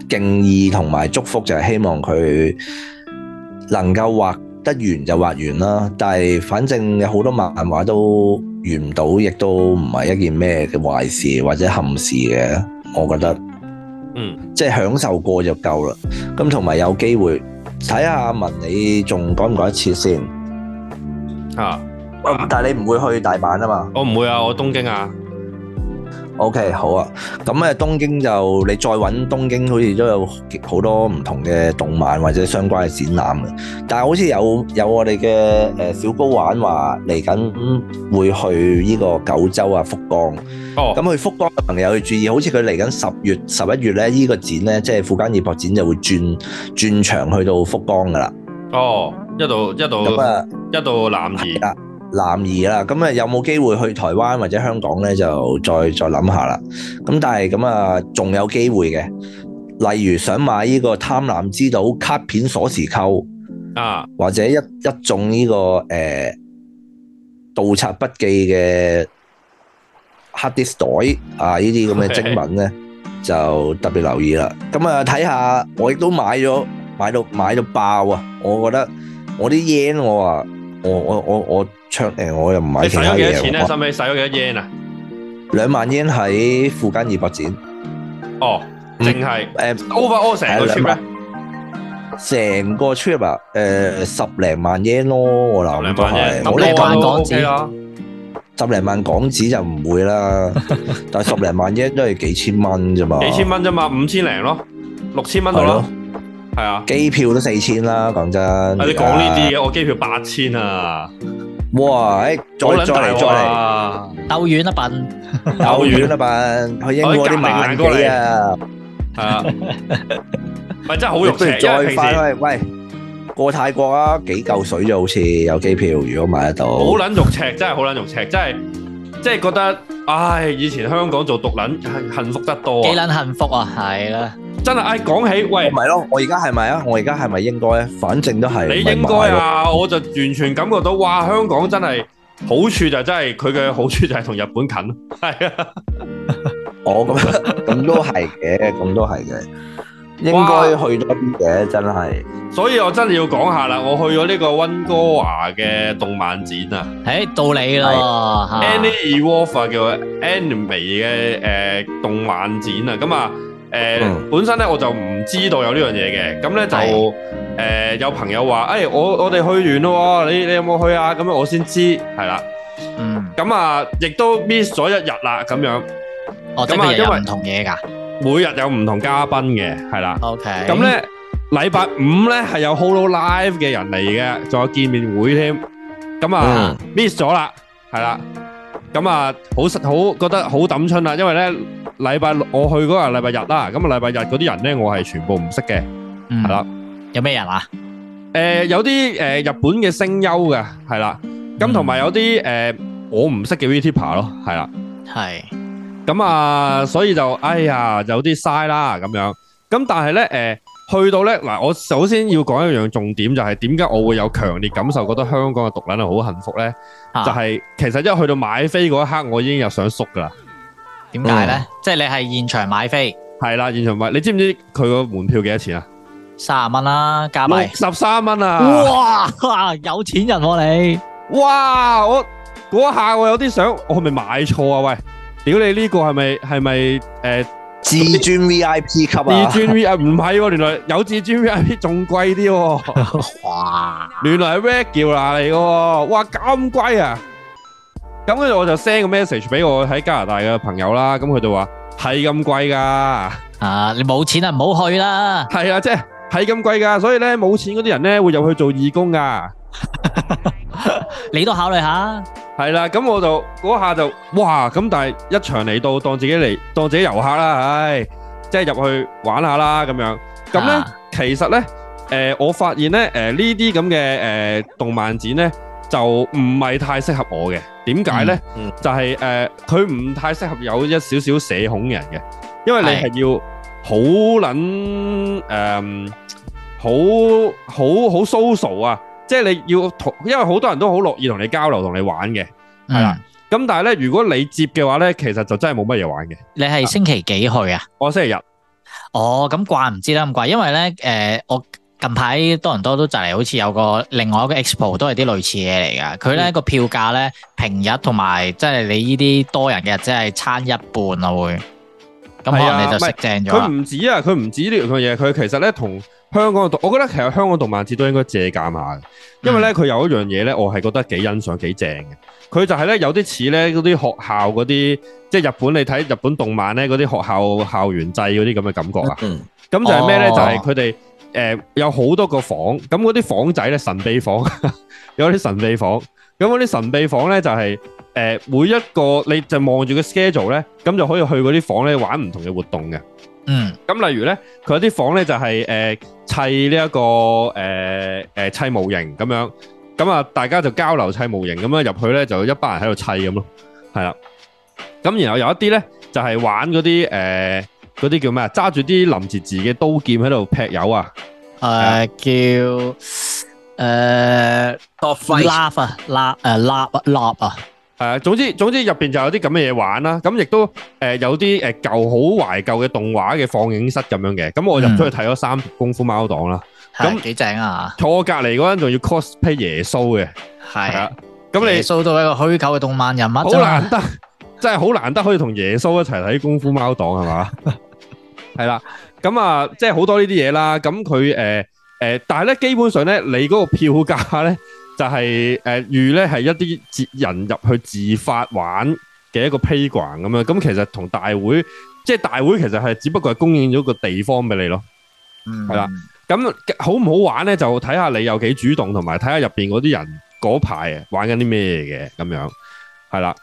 敬意同埋祝福，就係、是、希望佢能夠畫得完就畫完啦。但係反正有好多漫畫都～完唔到，亦都唔係一件咩嘅壞事或者憾事嘅，我覺得，嗯，即係享受過就夠啦。咁同埋有機會睇下阿文，你仲講唔講一次先？啊，但係你唔會去大阪啊嘛？我唔會啊，我東京啊。OK，好啊，咁咧東京就你再揾東京，好似都有好多唔同嘅動漫或者相關嘅展覽嘅。但係好似有有我哋嘅誒小高玩話嚟緊會去呢個九州啊福岡。哦，咁去福岡嘅朋友要注意，好似佢嚟緊十月十一月咧，呢個展咧即係富樫義博展就會轉轉場去到福岡噶啦。哦，一度一度咁啊，一度南二。男兒啦，咁啊有冇機會去台灣或者香港咧？就再再諗下啦。咁但係咁啊，仲有機會嘅。例如想買呢個《貪婪之島》卡片鎖匙扣啊，或者一一種呢個誒盜賊筆記嘅 Hard Disk 袋啊，呢啲咁嘅精品咧，就特別留意啦。咁啊，睇下我亦都買咗，買到買到爆啊！我覺得我啲煙我啊，我我我我。唱誒，我又唔買其他嘢嘅。你使咗幾多錢咧？收尾使咗幾多 yen 啊？兩萬 yen 喺富奸展。哦，淨係誒 over all 成個輸咩？成個出入啊？誒，十零萬 yen 咯，我諗都係。十零萬港紙。十零萬港紙就唔會啦，但係十零萬 yen 都係幾千蚊啫嘛。幾千蚊啫嘛，五千零咯，六千蚊到咯。係啊。機票都四千啦，講真。你講呢啲嘢，我機票八千啊。哇！誒，再再嚟再嚟，鬥遠一笨，鬥遠一笨，去英國啲慢機啊，係啊，唔係真係好肉赤。不如再快喂，過泰國啊，幾嚿水就好似有機票，如果買得到，好撚肉赤，真係好撚肉赤，真係。即係覺得，唉，以前香港做獨撚幸福得多啊！幾撚幸福啊，係啊，真係，唉，講起，喂，唔係咯，我而家係咪啊？我而家係咪應該咧？反正都係，你應該啊！我就完全感覺到，哇，香港真係好處就是、真係，佢嘅好處就係同日本近咯，係啊，我覺得，咁都係嘅，咁都係嘅。應該去多啲嘅，哇真係的。所以我真係要講下啦，我去咗呢個溫哥華嘅動漫展是啊。誒，到你咯，Annie Wolf 叫 Anime 嘅誒動漫展啊。咁啊，誒，本身咧我就唔知道有呢樣嘢嘅。咁咧就誒有朋友話，誒、哎、我我哋去完咯，你你有冇去啊？咁樣我先知係啦。嗯。咁啊，亦、啊、都 miss 咗一日啦，咁樣。哦，咁啊，因為唔同嘢噶。每日有唔同嘉賓嘅，係啦。OK。咁咧禮拜五咧係有 Hololive 嘅人嚟嘅，仲有見面會添。咁啊 miss 咗啦，係啦。咁啊好識好覺得好抌春啦，因為咧禮拜六我去嗰日禮拜日啦。咁啊禮拜日嗰啲人咧我係全部唔識嘅，係啦。有咩人啊？誒，有啲誒日本嘅聲優嘅，係啦。咁同埋有啲誒我唔識嘅 VTuber 咯，係啦。係。咁啊，所以就哎呀，有啲嘥啦咁樣。咁但係咧，誒，去到咧嗱，我首先要講一樣重點，就係點解我會有強烈感受，覺得香港嘅獨撚係好幸福咧？就係其實一去到買飛嗰一刻，我已經有想縮噶啦。點解咧？即係你係現場買飛？係啦，現場買。你知唔知佢個門票幾多錢啊？三十蚊啦，加埋十三蚊啊！哇，有錢人喎你。哇！我嗰下我有啲想，我係咪買錯啊？喂！屌，你呢個係咪係咪，誒至尊 V I P 級啊？至尊 V 啊，唔係，原來有至尊 V I P 仲貴啲，哇！原來係 Red 叫啦嚟嘅，哇，咁貴啊！咁跟住我就 send 個 message 俾我喺加拿大嘅朋友啦，咁佢就話，係咁貴㗎，啊！你冇錢啊，唔好去啦。係啊，即係係咁貴㗎，所以呢冇錢嗰啲人呢會入去做義工㗎。 <laughs> 你都考慮下？係啦，咁我就，嗰下就，哇，咁但係一場嚟到，當自己嚟，當自己遊客啦，即係入去玩下啦，咁樣。咁呢，其實呢，我發現呢，呢啲咁嘅動漫展呢，就唔係太適合我嘅。點解呢？就係，佢唔太適合有一少少社恐嘅人嘅。因為你係要好撚，即係你要同，因為好多人都好樂意同你交流，同你玩嘅，係啦。咁、嗯、但係咧，如果你接嘅話咧，其實就真係冇乜嘢玩嘅。你係星期幾去啊？我星期日。哦，咁怪唔知啦咁怪，因為咧，誒、呃，我近排多倫多都就嚟，好似有個另外一個 expo 都係啲類似嘢嚟噶。佢咧個票價咧平日同埋即係你呢啲多人嘅，即係差一半咯會。咁可能你就食正咗。佢唔止啊，佢唔止呢樣嘢，佢、啊、其實咧同。香港嘅動，我覺得其實香港動漫節都應該借鑑下，因為咧佢有一樣嘢咧，我係覺得幾欣賞幾正嘅。佢就係咧有啲似咧嗰啲學校嗰啲，即係日本你睇日本動漫咧嗰啲學校校園制嗰啲咁嘅感覺啊。咁、嗯、就係咩咧？哦、就係佢哋誒有好多個房，咁嗰啲房仔咧神秘房， <laughs> 有啲神秘房，咁嗰啲神秘房咧就係、是、誒、呃、每一個你就望住個 schedule 咧，咁就可以去嗰啲房咧玩唔同嘅活動嘅。嗯，咁例如咧，佢有啲房咧就係、是、誒、呃、砌呢、這、一個誒誒、呃、砌模型咁樣，咁啊大家就交流砌模型，咁啊入去咧就一班人喺度砌咁咯，係啦。咁然後有一啲咧就係、是、玩嗰啲誒嗰啲叫咩啊？揸住啲林節字嘅刀劍喺度劈友啊！誒、呃、的叫誒 love 啊 love 誒 love love 啊。係啊，總之總之入邊就有啲咁嘅嘢玩啦，咁亦都誒有啲誒舊好懷舊嘅動畫嘅放映室咁樣嘅，咁我入出去睇咗三《功夫貓檔》啦，咁幾正啊！坐我隔籬嗰陣仲要 cosplay 耶穌嘅，係啊，咁你耶穌都係一個虛構嘅動漫人物，好難得，真係好難得可以同耶穌一齊睇《功夫貓檔》係嘛？係啦，咁啊，即係好多呢啲嘢啦，咁佢誒誒，但係咧基本上咧，你嗰個票價咧，就係、是、誒、呃、預咧，係一啲節人入去自發玩嘅一個 playground 咁樣。咁其實同大會，即係大會其實係只不過係供應咗個地方俾你咯，係啦、嗯。咁好唔好玩咧，就睇下你有幾主動，同埋睇下入邊嗰啲人嗰排呀玩緊啲咩嘅咁樣，係啦。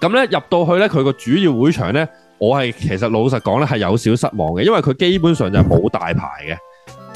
咁咧入到去咧，佢個主要會場咧，我係其實老實講咧係有少少失望嘅，因為佢基本上就係冇大牌嘅。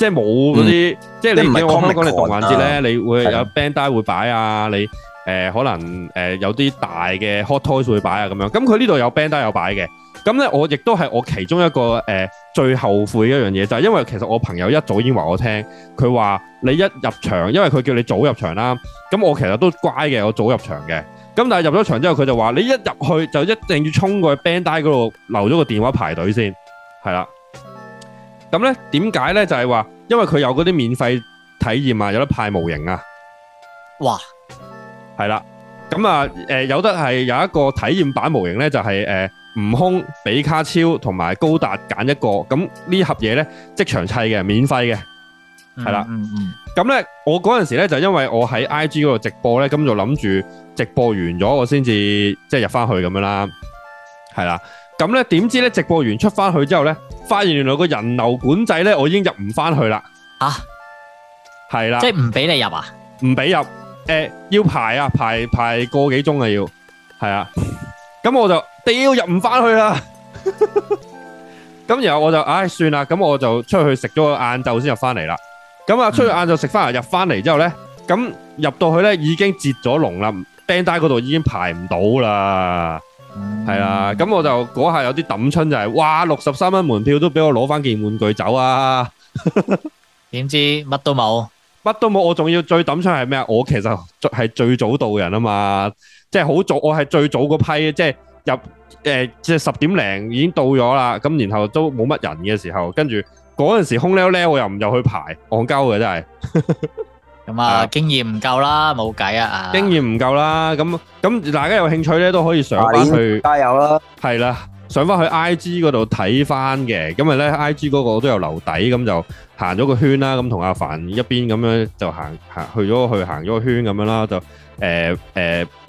即係冇嗰啲，嗯、即係你唔係講你動環節咧，嗯、你會有 Bandai 會擺啊，的你誒、呃、可能誒、呃、有啲大嘅 hot toys 會擺啊咁樣。咁佢呢度有 Bandai 有擺嘅。咁、嗯、咧我亦都係我其中一個誒、呃、最後悔一樣嘢，就係、是、因為其實我朋友一早已經話我聽，佢話你一入場，因為佢叫你早入場啦。咁、嗯、我其實都乖嘅，我早入場嘅。咁、嗯、但係入咗場之後，佢就話你一入去就一定要衝過去 Bandai 嗰度留咗個電話排隊先，係啦。咁咧，點解咧？就係話，因為佢有嗰啲免費體驗啊，有得派模型啊。哇嘩，係啦，咁啊，誒、呃，有得係有一個體驗版模型咧，就係、是、誒、呃，悟空、比卡超同埋高達揀一個，咁呢盒嘢咧，即場砌嘅，免費嘅，係啦。咁咧、嗯嗯嗯，我嗰陣時咧，就因為我喺 I G 嗰度直播咧，咁就諗住直播完咗，我先至即係入翻去咁樣啦，係啦。咁咧，點知咧，直播完出翻去之後咧，發現原來個人流管制咧，我已經入唔翻去啦。啊，係啦，即係唔俾你入啊？唔俾入，誒，要排啊，排排個幾鐘啊，要係啊。咁我就掉入唔翻去啦。咁然後我就唉算啦，咁我就出去食咗個晏晝先入翻嚟啦。咁啊，出去晏晝食翻嚟，入翻嚟之後咧，咁入到去咧，已經截咗龍啦，Bandai 嗰度已經排唔到啦。係啦，咁 <music> 我就嗰下有啲抌春就係，哇，六十三蚊門票都俾我攞翻件玩具走啊！點知乜都冇，乜都冇，我仲要最抌春係咩啊？我其實最係最早到人啊嘛，即係好早，我係最早嗰批，即係入誒，即係十點零已經到咗啦，咁然後都冇乜人嘅時候，跟住嗰陣時空溜溜我又唔入去排，戇鳩嘅，真係。 <music> 咁、嗯、啊，經驗唔夠啦，冇計啊！經驗唔夠啦，咁咁大家有興趣咧，都可以上翻去加油啦。係啦，上翻去 I G 嗰度睇翻嘅，今日咧 I G 嗰個都有留底，咁就行咗個圈啦，咁同阿凡一邊咁樣就行行去咗去行咗個圈咁樣啦，就誒誒、呃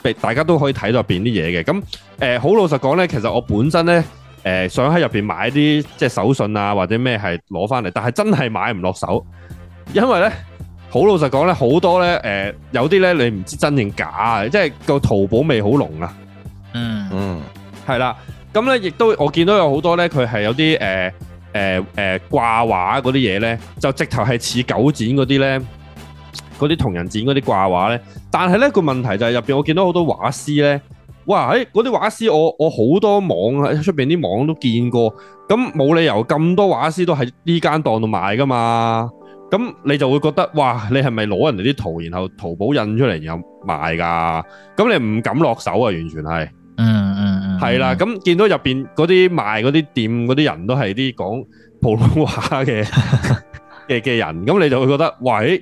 呃，大家都可以睇到入邊啲嘢嘅。咁誒，好、呃、老實講咧，其實我本身咧誒、呃、想喺入邊買啲即係手信啊，或者咩係攞翻嚟，但係真係買唔落手，因為咧。好老實講咧，好多咧，誒、呃、有啲咧，你唔知真定假啊！即係個淘寶味好濃啊，嗯嗯，係啦、嗯。咁咧亦都我見到有好多咧，佢係有啲誒誒誒掛畫嗰啲嘢咧，就直頭係似九展嗰啲咧，嗰啲同人展嗰啲掛畫咧。但係咧個問題就係入邊面我見到好多畫師咧，哇！喺嗰啲畫師我，我我好多網喺出邊啲網都見過，咁冇理由咁多畫師都喺呢間檔度買噶嘛？咁你就會覺得，哇！你係咪攞人哋啲圖，然後淘寶印出嚟然後賣噶？咁你唔敢落手啊！完全係、嗯，嗯嗯，係啦。咁見到入邊嗰啲賣嗰啲店嗰啲人都係啲講普通話嘅嘅嘅人，咁你就會覺得，哇！嘩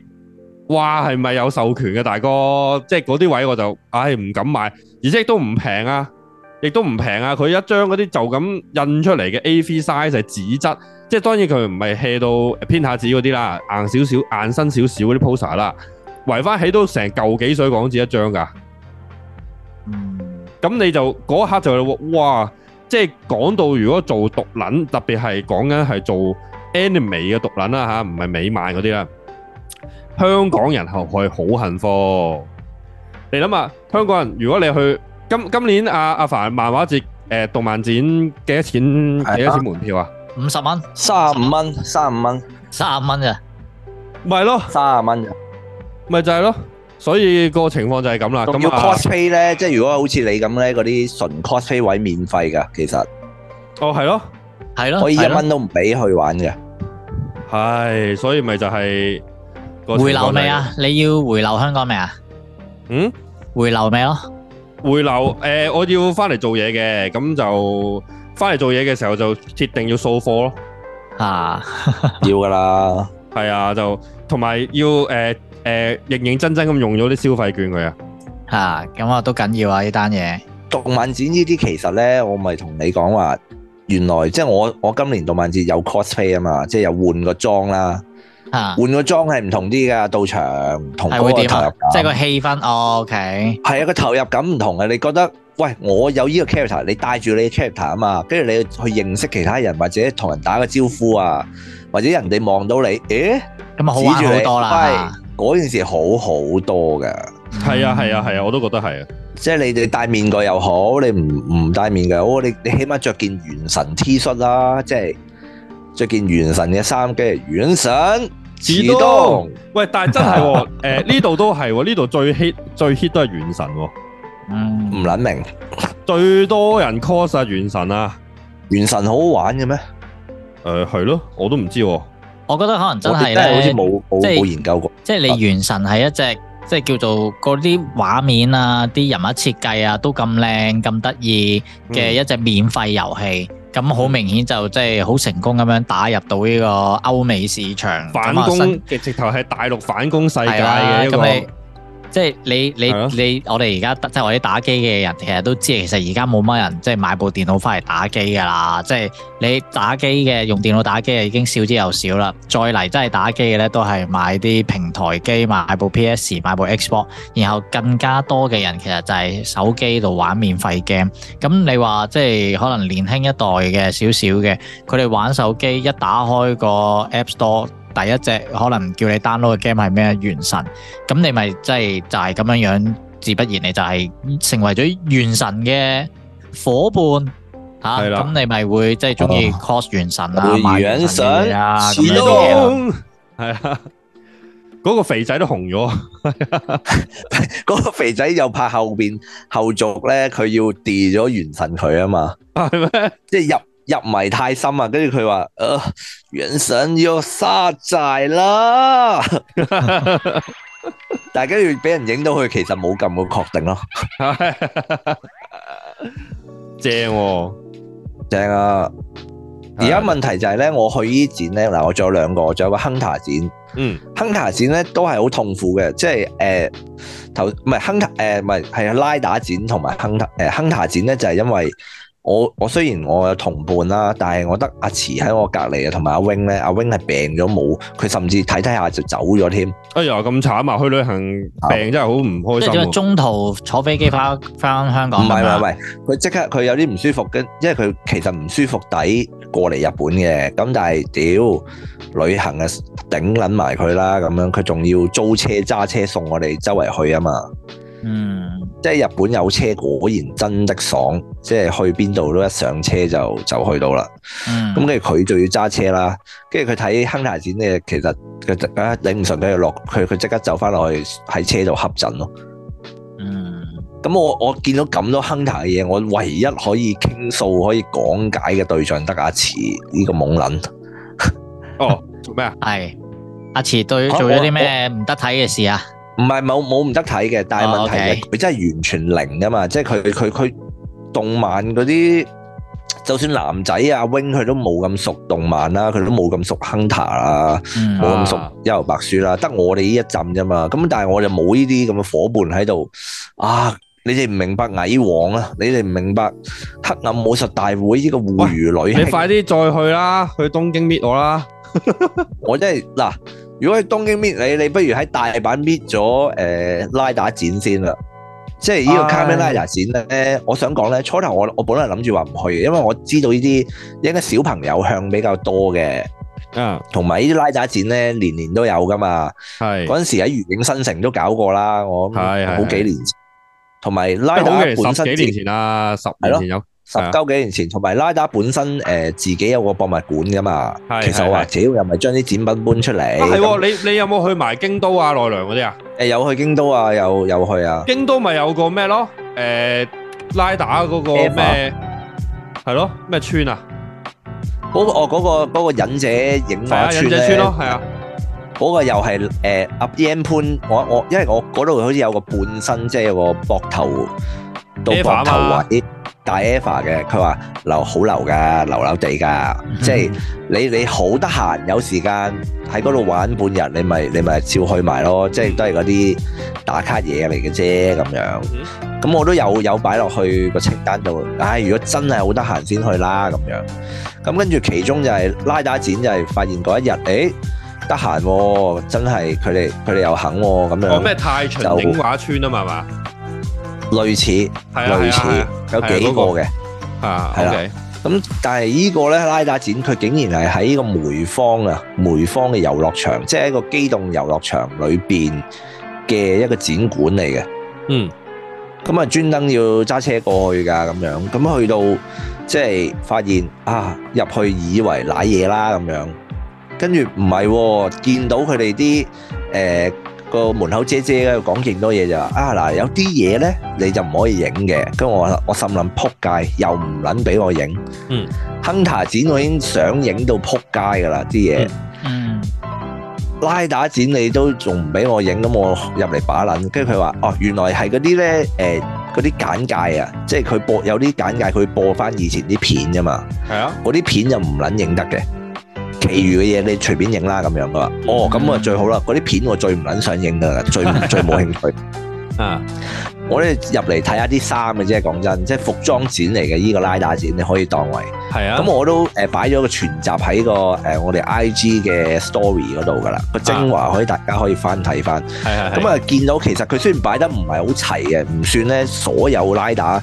哇，係咪有授權嘅、啊、大哥？即係嗰啲位我就，唉，唔敢買，而且亦都唔平啊，亦都唔平啊！佢一張嗰啲就咁印出嚟嘅 AV size 係紙質。即係當然佢唔係 hea 到偏下子嗰啲啦，硬少少、硬身少少嗰啲 poster 啦，圍翻起都成舊幾水港紙一張噶。咁你就嗰刻就哇，即係講到如果做獨撚，特別係講緊係做 anime 嘅獨撚啦吓，唔係美漫嗰啲啦。香港人係好恨貨，你諗下，香港人如果你去今今年阿、啊、阿凡漫畫節誒、呃、動漫展，幾多錢？幾、哎、呀多錢門票啊？五十蚊，三十五蚊，三十五蚊，三啊蚊啫，咪咯，三啊蚊啫，咪就係咯，所以個情況就係咁啦。咁要 cosplay 咧，即係如果好似你咁咧，嗰啲純 cosplay 位免費噶，其實哦係咯，係咯，可以一蚊都唔俾去玩嘅，係，所以咪就係回流未啊？你要回流香港未啊？嗯，回流未咯？回流誒，我要翻嚟做嘢嘅，咁就。翻嚟做嘢嘅時候就設定要掃貨咯，啊，要噶啦，係 <laughs> 啊，就同埋要誒誒、呃呃、認認真真咁用咗啲消費券佢啊，吓，咁啊都緊要啊呢單嘢。動漫展呢啲其實咧，我咪同你講話原來即係我我今年動漫展有 cosplay 啊嘛，即係又換個妝啦，啊，換個妝係唔同啲噶，到場同我個投入，即係個氣氛，OK，係啊，個投入感唔、oh, okay. 同嘅，你覺得？喂，我有呢個 character，你帶住你 character 啊嘛，跟住你去認識其他人或者同人打個招呼啊，或者人哋望到你，誒咁啊好玩好多啦！嗰件事好好多噶，係啊係啊係啊，我都覺得係、嗯、啊。即係你哋戴面具又好，你唔唔戴面具，好，你你起碼着件原神 T 恤啦，即係着件原神嘅衫，跟住原神自動。喂，但係真係誒呢度都係喎、哦，呢度最 hit 最 hit 都係原神喎、哦。唔撚明，嗯、最多人 cos《原神》啊，《原神》好好玩嘅咩？誒、呃，係咯，我都唔知、啊。我覺得可能真係咧，好似冇冇研究過。即係你《原神》係一隻即係叫做嗰啲畫面啊、啲人物設計啊都咁靚、咁得意嘅一隻免費遊戲，咁好、嗯、明顯就即係好成功咁樣打入到呢個歐美市場，反攻嘅直頭係大陸反攻世界嘅因個、啊。即係你你你，你你我哋而家即係我哋打機嘅人，其實都知其實而家冇乜人即係買部電腦翻嚟打機㗎啦。即係你打機嘅用電腦打機啊，已經少之又少啦。再嚟真係打機嘅咧，都係買啲平台機嘛，買部 PS，買部 Xbox。然後更加多嘅人其實就係手機度玩免費 game。咁你話即係可能年輕一代嘅少少嘅，佢哋玩手機一打開個 App Store。第一隻可能叫你 download 嘅 game 係咩？元神咁你咪即係就係咁樣樣，自不然你就係成為咗元神嘅伙伴吓。咁你咪會即係中意 cos 元神啊，玩元神啊，咁樣嘢咯。係啊，嗰個肥仔都紅咗。嗰個肥仔又怕後邊後續咧，佢要 delete 咗元神佢啊嘛。係咩？即係入。入迷太深啊！跟住佢話，誒、呃，原神要下載啦。 <laughs> <laughs> 但係跟住俾人影到佢，其實冇咁嘅確定咯。 <laughs> <laughs> 正、哦、正啊！而家問題就係、是、咧，我去依展咧，嗱，我仲有兩個，仲有個亨達展，嗯，亨達展咧都係好痛苦嘅，即係誒、呃，頭唔係亨達誒，唔係係拉打展同埋亨達誒亨達展咧就係因為。我我雖然我有同伴啦，但係我覺得阿慈喺我隔籬啊，同埋阿 Wing 咧，阿 Wing 係病咗冇？佢甚至睇睇下就走咗添。哎呀，咁慘啊！去旅行病好真係好唔開心，啊。因為中途坐飛機翻翻香港。唔係，嗯，唔係這樣，喂！佢即刻佢有啲唔舒服嘅，因為佢其實唔舒服底過嚟日本嘅。咁但係屌、呃、旅行啊，頂捻埋佢啦，咁樣佢仲要租車揸車送我哋周圍去啊嘛。嗯。即係日本有車果然真的爽，即係去邊度都一上車就就去到啦。咁跟住佢就要揸車啦，跟住佢睇亨泰展嘅，其實佢啊頂唔順都要落，佢佢即刻走翻落去喺車度恰陣咯。嗯，咁我我見到咁多亨泰嘅嘢，我唯一可以傾訴可以講解嘅對象得阿慈呢個懵捻。 <laughs> 哦，做咩啊？係阿慈對做咗啲咩唔得睇嘅事啊？唔係，冇冇唔得睇嘅，但係問題係佢、oh, okay. 真係完全零噶嘛，即係佢佢佢動漫嗰啲，就算男仔啊 wing 佢都冇咁熟動漫啦、啊，佢都冇咁熟 hunter 啦、啊，冇咁、mm hmm. 熟幽遊白書啦、啊，得我哋呢一陣啫嘛。咁但係我就冇呢啲咁嘅伙伴喺度啊！你哋唔明白蟻王啊，你哋唔明白黑暗武術大會呢個戶愚呂，你快啲再去啦，去東京搣我， <laughs> 我啦！我真係嗱。如果喺東京搣你，你不如喺大阪搣咗誒拉打展先啦。即係呢個卡面唉拉打展咧，我想講咧，初頭我我本來諗住話唔去嘅，因為我知道呢啲應該小朋友向比較多嘅。嗯，同埋呢啲拉打展咧，年年都有㗎嘛。係嗰陣時喺愉景新城都搞過啦，我係係好幾年前。同埋拉打本身幾年前啦，十幾年前、啊、十年前有。十九幾年前，同埋拉打本身誒、呃、自己有個博物館噶嘛，是是是其實我話，屌又咪將啲展品搬出嚟。係、啊啊那，你你有冇去埋京都啊奈良嗰啲啊？誒、呃，有去京都啊，有有去啊。京都咪有個咩咯？誒、呃，拉打嗰個咩？係、啊、咯，咩村啊？嗰、那個嗰、那個、那個忍者影畫村咧，係、嗯、啊。嗰、啊啊、個又係誒阿、呃、Yampan，我我，我因為我嗰度好似有個半身，即係個膊頭到膊頭位。啊大 Ever 嘅，佢話留好留㗎，留留地㗎，嗯、即係你你好得閒有時間喺嗰度玩半日，你咪你咪照去埋咯，嗯、即係都係嗰啲打卡嘢嚟嘅啫咁樣。咁、嗯、我都有有擺落去個清單度。唉，如果真係好得閒先去啦咁樣。咁跟住其中就係拉打展，就係發現嗰一日，誒得閒喎，真係佢哋佢哋又肯喎、啊、咁樣。講咩？太秦映畫村啊嘛，係嘛？類似，類似有幾個嘅，係啦，咁但係呢個咧拉打展，佢竟然係喺個梅芳啊梅芳嘅遊樂場，即係一個機動遊樂場裏邊嘅一個展館嚟嘅，嗯，咁啊專登要揸車過去噶，咁樣，咁去到即係發現啊入去以為瀨嘢啦咁樣，跟住唔係，見到佢哋啲誒。個門口姐姐喺度，講勁多嘢就話啊嗱，有啲嘢咧你就唔可以影嘅。跟住我我心諗扑街，又唔捻俾我影。嗯，hunter 展我已經想影到扑街噶啦啲嘢。嗯，拉打展你都仲唔俾我影，咁我入嚟把捻跟住佢話哦，原來係嗰啲咧，誒嗰啲簡介啊，即係佢播有啲簡介，佢播翻以前啲片㗎嘛。係啊，嗰啲片又唔捻影得嘅。其餘嘅嘢你隨便影啦，咁樣噶。哦，咁啊最好啦，嗰啲片我最唔撚想影噶，最 <laughs> 最冇興趣。嗯。 <laughs> 我哋入嚟睇下啲衫嘅啫，講真，即係服裝展嚟嘅依個拉打展，你可以當為係啊。咁我都誒擺咗個全集喺個誒、呃、我哋 IG 嘅 story 度㗎啦，個、啊、精華可以大家可以翻睇翻。係啊，咁啊、嗯，見到其實佢雖然擺得唔係好齊嘅，唔算咧所有拉打，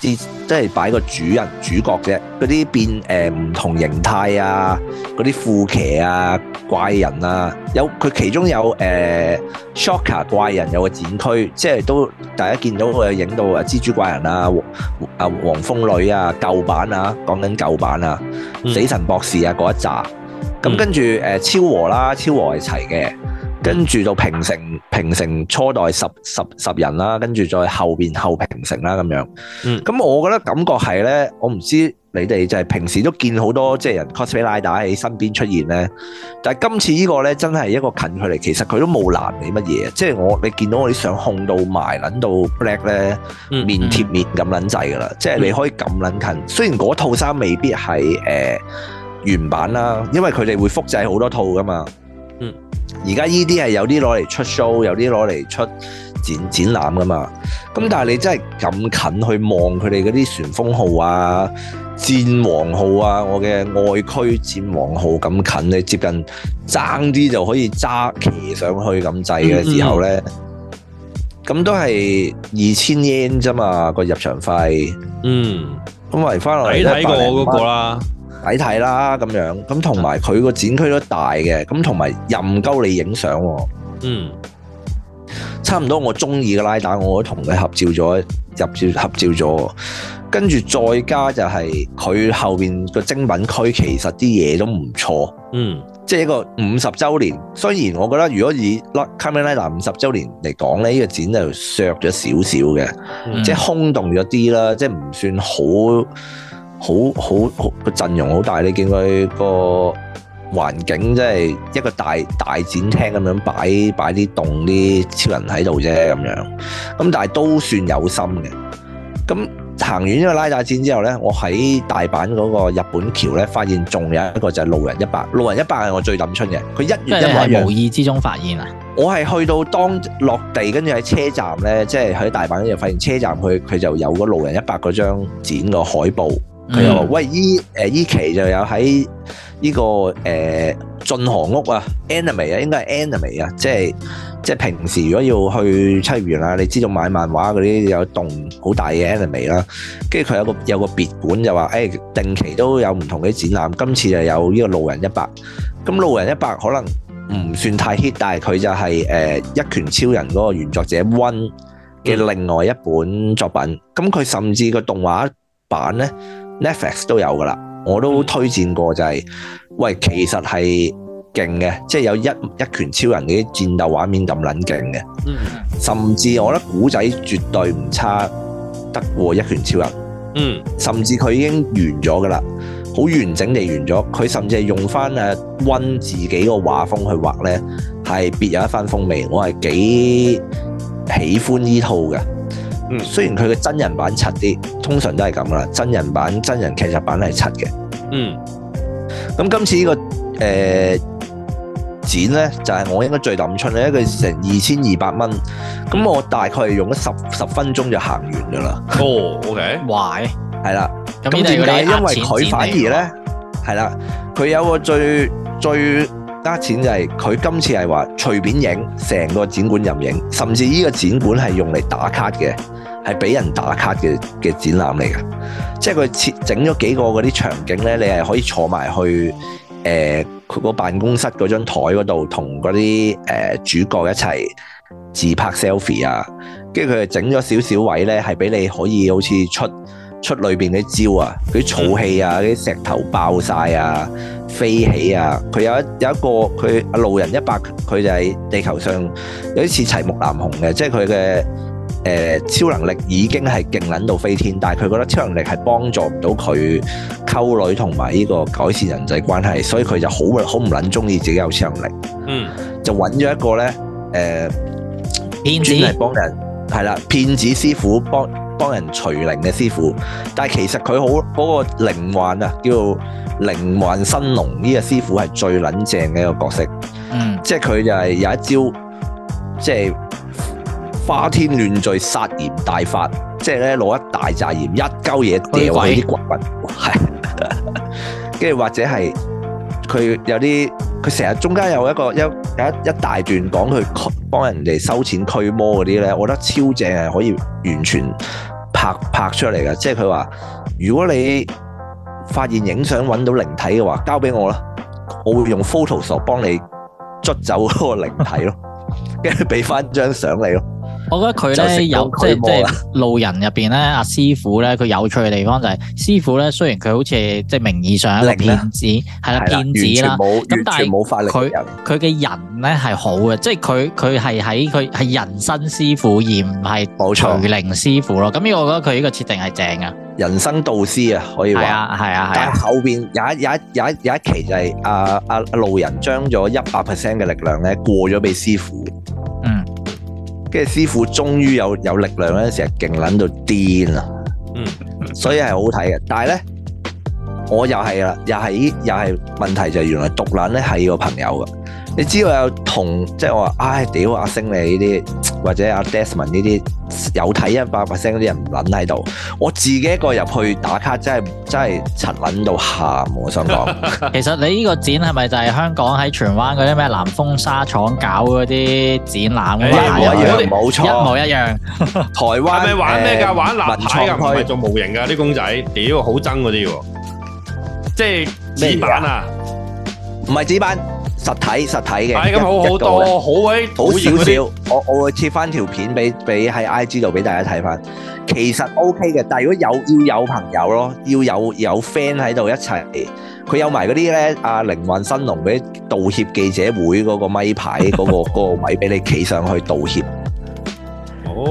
即係擺個主人主角啫，啲變誒唔、呃、同形態啊，啲副騎啊、怪人啊，有佢其中有誒、呃、Shocker 怪人有個展區，即係都大家見。見到佢影到蜘蛛怪人啊，啊，黃，黃蜂女啊，舊版啊，講緊舊版啊，嗯、死神博士啊嗰一集，咁、嗯、跟住誒、呃、昭和啦，昭和係齊嘅，跟住到平成平成初代十十十人啦，跟住再後邊後平成啦咁樣，咁、嗯、我覺得感覺係咧，我唔知。你哋就係平時都見好多即係人 cosplay 拉打喺身邊出現咧，但係今次呢個咧真係一個近距離，其實佢都冇攔你乜嘢，即係我你見到我啲相控到埋，撚到 black 咧，面貼面咁撚滯噶啦，嗯、即係你可以咁撚近。嗯、雖然嗰套衫未必係誒、呃、原版啦，因為佢哋會複製好多套噶嘛，、嗯、嘛。嗯，而家依啲係有啲攞嚟出 show，有啲攞嚟出展展覽噶嘛。咁但係你真係咁近去望佢哋嗰啲旋風號啊！戰王號啊，我嘅外區戰王號咁近你接近爭啲就可以揸騎上去咁制嘅時候咧，咁、嗯嗯、都係二千 yen 啫嘛個入場費。嗯，咁埋翻嚟睇過我嗰個啦、啊，睇睇啦咁樣。咁同埋佢個展區都大嘅，咁同埋任鳩你影相、啊。嗯，差唔多我中意嘅拉打，我都同佢合照咗，入照合照咗。跟住再加就係佢後邊個精品區，其實啲嘢都唔錯。嗯，即係一個五十週年，雖然我覺得如果以《Kamen Rider》五十週年嚟講咧，呢個展就削咗少少嘅，即係空洞咗啲啦，即係唔算好好好好個陣容好大。你見佢個環境即係一個大大展廳咁樣擺擺啲動啲超人喺度啫咁樣，咁但係都算有心嘅。咁行完呢個拉大戰之後呢，我喺大阪嗰個日本橋呢，發現仲有一個就係路人一百。路人一百係我最諗出嘅。佢一月一號無意之中發現啊！我係去到當落地，跟住喺車站呢，即係喺大阪嗰度發現車站佢，佢就有個路人一百嗰張展個海報。佢又話：喂，呢誒呢期就有喺呢個誒進航屋啊，Anime 啊，應該係 Anime 啊，即係即係平時如果要去七月園啊，你知道買漫畫嗰啲有棟好大嘅 Anime 啦。跟住佢有個有個別館就話：誒定期都有唔同嘅展覽，今次就有呢個路人一百。咁路人一百可能唔算太 hit，但係佢就係誒一拳超人嗰個原作者 One 嘅另外一本作品。咁佢甚至個動畫版咧。Netflix 都有㗎喇，我都推薦過就係、是，喂，其實係勁嘅，即係有一一拳超人嗰啲戰鬥畫面咁撚勁嘅，嗯，甚至我覺得古仔絕對唔差，得過一拳超人，嗯，甚至佢已經完咗㗎喇，好完整地完咗，佢甚至係用返誒温自己個畫風去畫咧，係別有一番風味，我係幾喜歡呢套嘅。嗯，雖然佢嘅真人版七啲，通常都係咁啦。真人版、真人劇集版都係七嘅。嗯，咁今次、這個呃、剪呢個誒展咧，就係、是、我應該最諗出嚟一個成二千二百蚊，咁、嗯、我大概用咗十十分鐘就行完㗎喇。哦，OK，快，係啦 <laughs> 哇。咁點解因為佢反而咧係啦，佢、啊、有個最最。加錢就係佢今次係話隨便影，成個展館任影，甚至呢個展館係用嚟打卡嘅，係俾人打卡嘅嘅展覽嚟嘅。即係佢設整咗幾個嗰啲場景咧，你係可以坐埋去誒佢、呃、個辦公室嗰張台嗰度，同嗰啲誒主角一齊自拍 selfie 啊。跟住佢又整咗少少位咧，係俾你可以好似出出裏邊啲招啊，嗰啲草器啊，啲石頭爆晒啊。飛起啊！佢有有一個佢阿路人一百，佢就係地球上有啲似齊木楠雄嘅，即係佢嘅誒超能力已經係勁撚到飛天，但係佢覺得超能力係幫助唔到佢溝女同埋呢個改善人際關係，所以佢就好好唔撚中意自己有超能力。嗯，就揾咗一個咧誒騙子，專係幫人係啦，騙子師傅幫幫人除靈嘅師傅，但係其實佢好嗰個靈幻啊，叫做……凌幻新隆呢，這個師傅係最撚正嘅一個角色，嗯，即係佢就係有一招，即、就、係、是、花天亂墜，撒鹽大法，即係咧攞一大扎鹽一溝嘢掉佢啲骨骨，係、嗯，跟住 <laughs> 或者係佢有啲，佢成日中間有一個一有一一大段講佢幫人哋收錢驅魔嗰啲咧，我覺得超正係可以完全拍拍出嚟噶，即係佢話如果你。發現影相揾到靈體嘅話，交俾我啦，我會用 Photoshop 幫你捉走嗰個靈體咯，跟住俾翻張相你照片咯。我覺得佢咧有即係即係路人入邊咧阿師傅咧，佢有趣嘅地方就係師傅咧，雖然佢好似係即係名義上一個騙子係啦騙子啦，咁但係佢佢嘅人咧係好嘅，即係佢佢係喺佢係人生師傅而唔係除靈師傅咯。咁呢個我覺得佢呢個設定係正啊，人生導師啊，可以話係啊，係啊係。但係後邊有一有有有一期就係阿阿阿路人將咗一百 percent 嘅力量咧過咗俾師傅。跟住師傅終於有，有力量咧，成日勁攬到癲啊！嗯嗯、所以係好睇嘅。但係呢，我又係又係又係問題就係原來獨攬咧要個朋友啊！你知道有同即係我話，唉、哎、屌阿星你呢啲，或者阿 Desmond 呢啲有睇一百 percent 嗰啲人唔撚喺度，我自己一個入去打卡，真係真係柒撚到喊，我想講。 <laughs> 其實你呢個展係咪就係香港喺荃灣嗰啲咩南風沙廠搞嗰啲展覽嘅一模一樣？冇錯，一模一樣。台灣係玩咩㗎？玩南派入去做模型㗎？啲公仔屌好憎嗰啲，即係紙板啊？唔係麼紙板。實體實體嘅，係咁好好多，好鬼位好少少， <laughs> 我我會切翻條片俾俾喺 I G 度俾大家睇翻。其實 OK 嘅，但係如果有要有朋友咯，要有有 friend 喺度一齊，佢有埋嗰啲咧，阿靈幻新隆嗰啲道歉記者會嗰個咪牌嗰、那個嗰 <laughs> 個位俾你企上去道歉，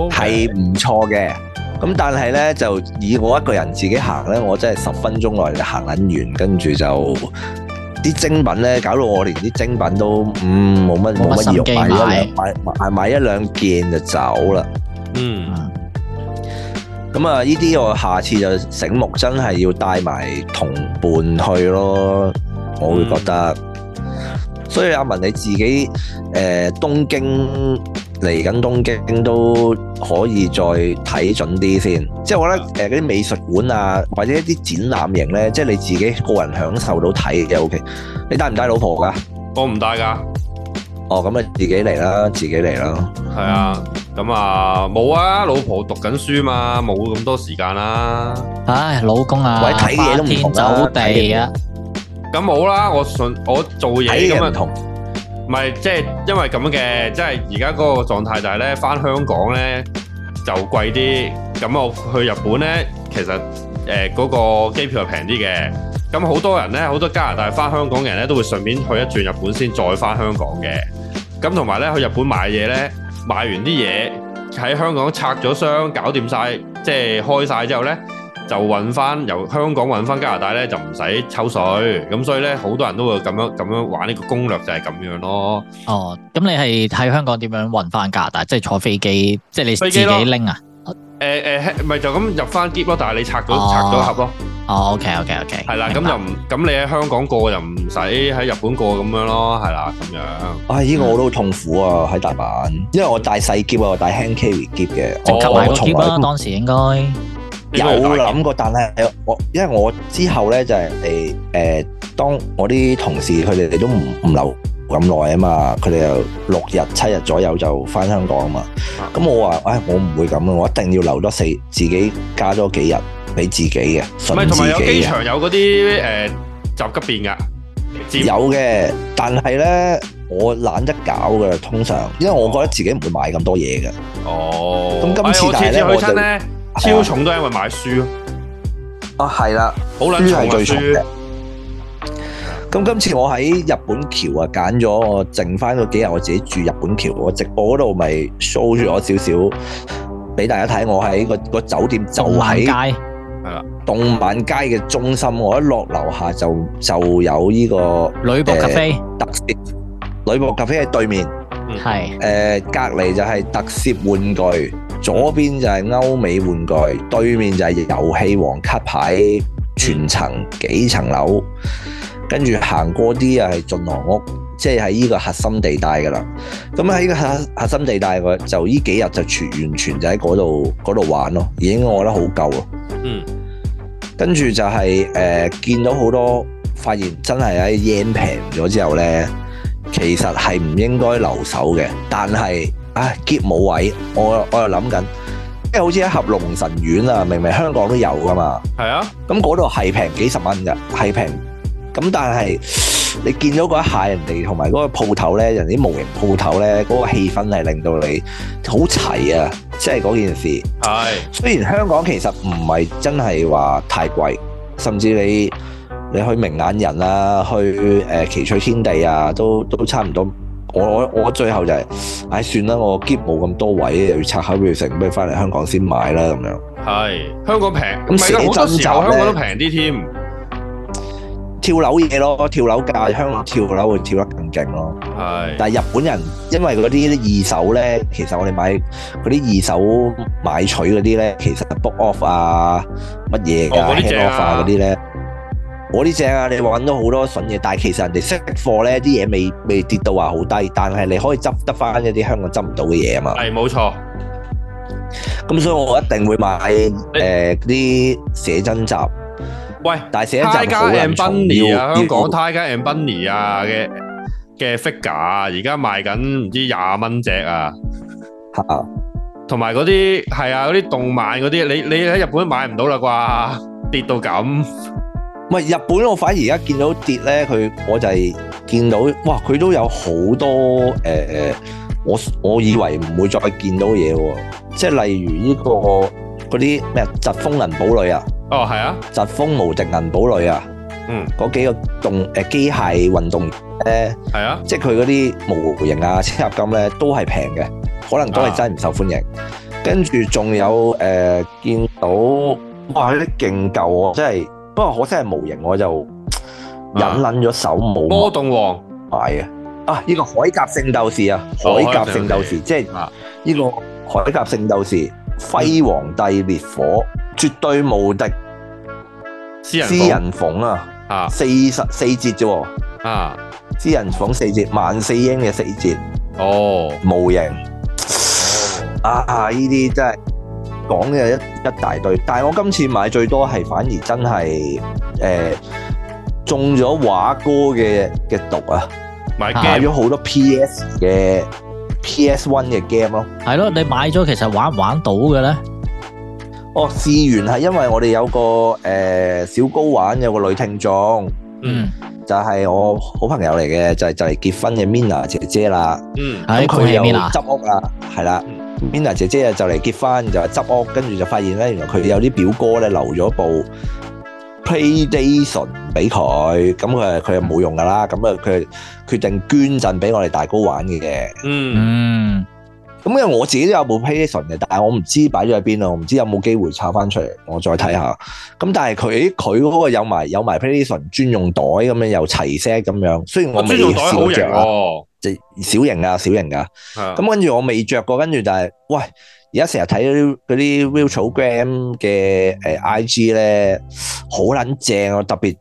係唔 Okay. 錯嘅。咁但係咧就以我一個人自己行咧，我真係十分鐘內行緊完，跟住就。 <laughs> 啲精品咧，搞到我連啲精品都，嗯，冇乜冇乜意欲買，買買買一兩件就走啦。嗯，咁啊，呢啲我下次就醒目，真係要帶埋同伴去咯，我會覺得。所以阿文你自己，誒，東京。嚟緊東京都可以再睇準啲先，即係我覺得誒嗰啲美術館啊，或者一啲展覽型咧，即係你自己個人享受到睇嘅 OK。你帶唔帶老婆噶？我唔帶噶。哦，咁啊，你自己嚟啦，自己嚟啦。係啊。咁啊，冇啊，老婆讀緊書嘛，冇咁多時間啦。唉，老公啊，或者睇嘅嘢都唔同啦，走地啊。咁冇啦，我信我做嘢咁啊。唔係，即係因為咁嘅，即係而家嗰個狀態就係呢，返香港呢就貴啲，咁我去日本呢，其實誒嗰、呃嗰個機票係平啲嘅，咁好多人呢，好多加拿大返香港嘅人都會順便去一轉日本先再返香港嘅，咁同埋呢，去日本買嘢呢，買完啲嘢喺香港拆咗箱，搞掂曬，即係開曬之後呢。就運翻由香港運翻加拿大咧，就唔使抽水，咁所以咧好多人都會咁樣，咁樣玩呢個攻略，就係咁樣咯。哦，咁你係喺香港點樣運翻加拿大？即係坐飛機，即係你自己拎啊？誒誒，咪就咁入翻篋咯，但係你拆咗拆咗一盒咯。哦，OK OK OK，係啦，咁就唔咁你喺香港過就唔使喺日本過咁樣咯，係啦，咁樣。啊，呢個我都好痛苦啊！喺大阪，因為我帶細箧啊，我帶 hand carry 篋嘅，即係買個篋咯，當時應該。有諗過，但係我因為我之後呢就係誒誒，當我啲同事佢哋都唔唔留咁耐啊嘛，佢哋又六日七日左右就返香港啊嘛，咁我話唉我唔會咁嘅，我一定要留多四，自己加多幾日俾自己嘅。唔係，同埋有機場有嗰啲誒宅急便噶，有嘅，但係呢我懶得搞嘅，通常因為我覺得自己唔會買咁多嘢嘅。哦，咁今次但係呢我。超重都係因為買書咯，啊係啦，書係最重嘅。咁今次我喺日本橋啊，揀咗我剩翻嗰幾日，我自己住日本橋。我直播嗰度咪 show 咗少少俾大家睇。我喺個個酒店就喺，係啦，動漫街嘅中心。我一落樓下就就有呢個女僕咖啡特色。女僕咖啡對面係誒隔籬就係特攝玩具。左邊就係歐美玩具，對面就係遊戲王卡牌，全層幾層樓，跟住行過啲又係進行屋，即係喺呢個核心地帶㗎啦。咁喺呢個核核心地帶嗰，就呢幾日就全完全就喺嗰度度玩咯，已經我覺得好夠啦。跟住、嗯、就係、是、誒、呃、見到好多，發現真係喺 yen 平咗之後呢，其實係唔應該留守嘅，但係。啊，結冇位，我我又諗緊，即係好似一盒龍神丸啊，明明香港都有噶嘛。係啊，咁嗰度係平幾十蚊嘅，係平。咁但係你見到嗰一下，人哋同埋嗰個鋪頭咧，人哋模型鋪頭呢，嗰、嗰個氣氛係令到你好齊啊，即係嗰件事。係、啊，雖然香港其實唔係真係話太貴，甚至你你去明眼人啊，去誒、呃、奇趣天地啊，都都差唔多。我我我最後就係，唉，算啦，我幾冇咁多位，又要拆開要成，不如翻嚟香港先買啦咁樣。係香港平，咁陣時就香港都平啲添。跳樓嘢咯，跳樓價香港跳樓會跳得更勁咯。係。但係日本人因為嗰啲二手咧，其實我哋買嗰啲二手買取嗰啲咧，其實 book off 啊乜嘢啊 Hard Off 嗰啲咧。我啲正啊！你揾到好多筍嘢，但係其實人哋識貨咧，啲嘢未未跌到話好低，但係你可以執得返一啲香港執唔到嘅嘢啊嘛！係，冇錯。咁所以我一定會買誒啲寫真集。喂，但係寫真集好有要，香港 Tiger and Bunny 啊嘅嘅 figure，而家賣緊唔知廿蚊隻啊！嚇！同埋嗰啲係啊，嗰啲動漫嗰啲，你你喺日本買唔到啦啩？跌到咁。唔係日本，我反而而家見到跌咧，佢我就係見到哇，佢都有好多誒誒、呃，我我以為唔會再見到嘢喎、哦，即係例如呢、呢個嗰啲咩疾風銀堡壘啊，哦係啊，疾風無敵銀堡壘啊，嗯，嗰幾個動誒、呃、機械運動員咧，係啊，即係佢嗰啲模型啊、車合金咧都係平嘅，可能都係真係唔受歡迎。跟住仲有誒、呃、見到哇，佢啲勁舊喎、啊，即係。不過可惜係模型，我就引捻咗手冇。魔動王，係啊！啊，呢個海甲聖鬥士啊，海甲聖鬥士，即係呢個海甲聖鬥士，輝皇帝烈火，絕對無敵。私人私人房啊，啊，四十四折啫喎，啊，私人房四折，萬四英嘅四折，哦，模型，啊，呢啲真係～.講嘅一一大堆，但係我今次買最多係反而真係，誒中咗畫哥嘅嘅毒啊，買咗好多 PS 嘅 PS One 嘅 game 咯。係咯，你買咗其實玩唔玩到嘅咧？哦，志源係因為我哋有個誒小高玩有個女聽眾，嗯，就係我好朋友嚟嘅，就係就嚟結婚嘅 Mina 姐姐啦，嗯，咁佢又執屋啦，係啦。Mina 姐姐啊，就嚟結婚就係執屋，跟住就發現咧，原來佢有啲表哥咧留咗部 PlayStation 俾佢，咁佢佢冇用噶啦，咁啊佢決定捐贈俾我哋大 GO 玩嘅。嗯，咁因為我自己都有部 PlayStation 嘅，但係我唔知擺咗喺邊啊，我唔知有冇機會拆翻出嚟，我再睇下。咁但係佢佢嗰個有埋有埋 PlayStation 專用袋咁樣又齊聲咁樣，雖然我未試著。啊即小型啊，小型噶，咁跟住我未着過，跟住但係，喂，而家成日睇嗰啲嗰啲 Virtual Gram 嘅誒 I G 咧，好撚正啊！特別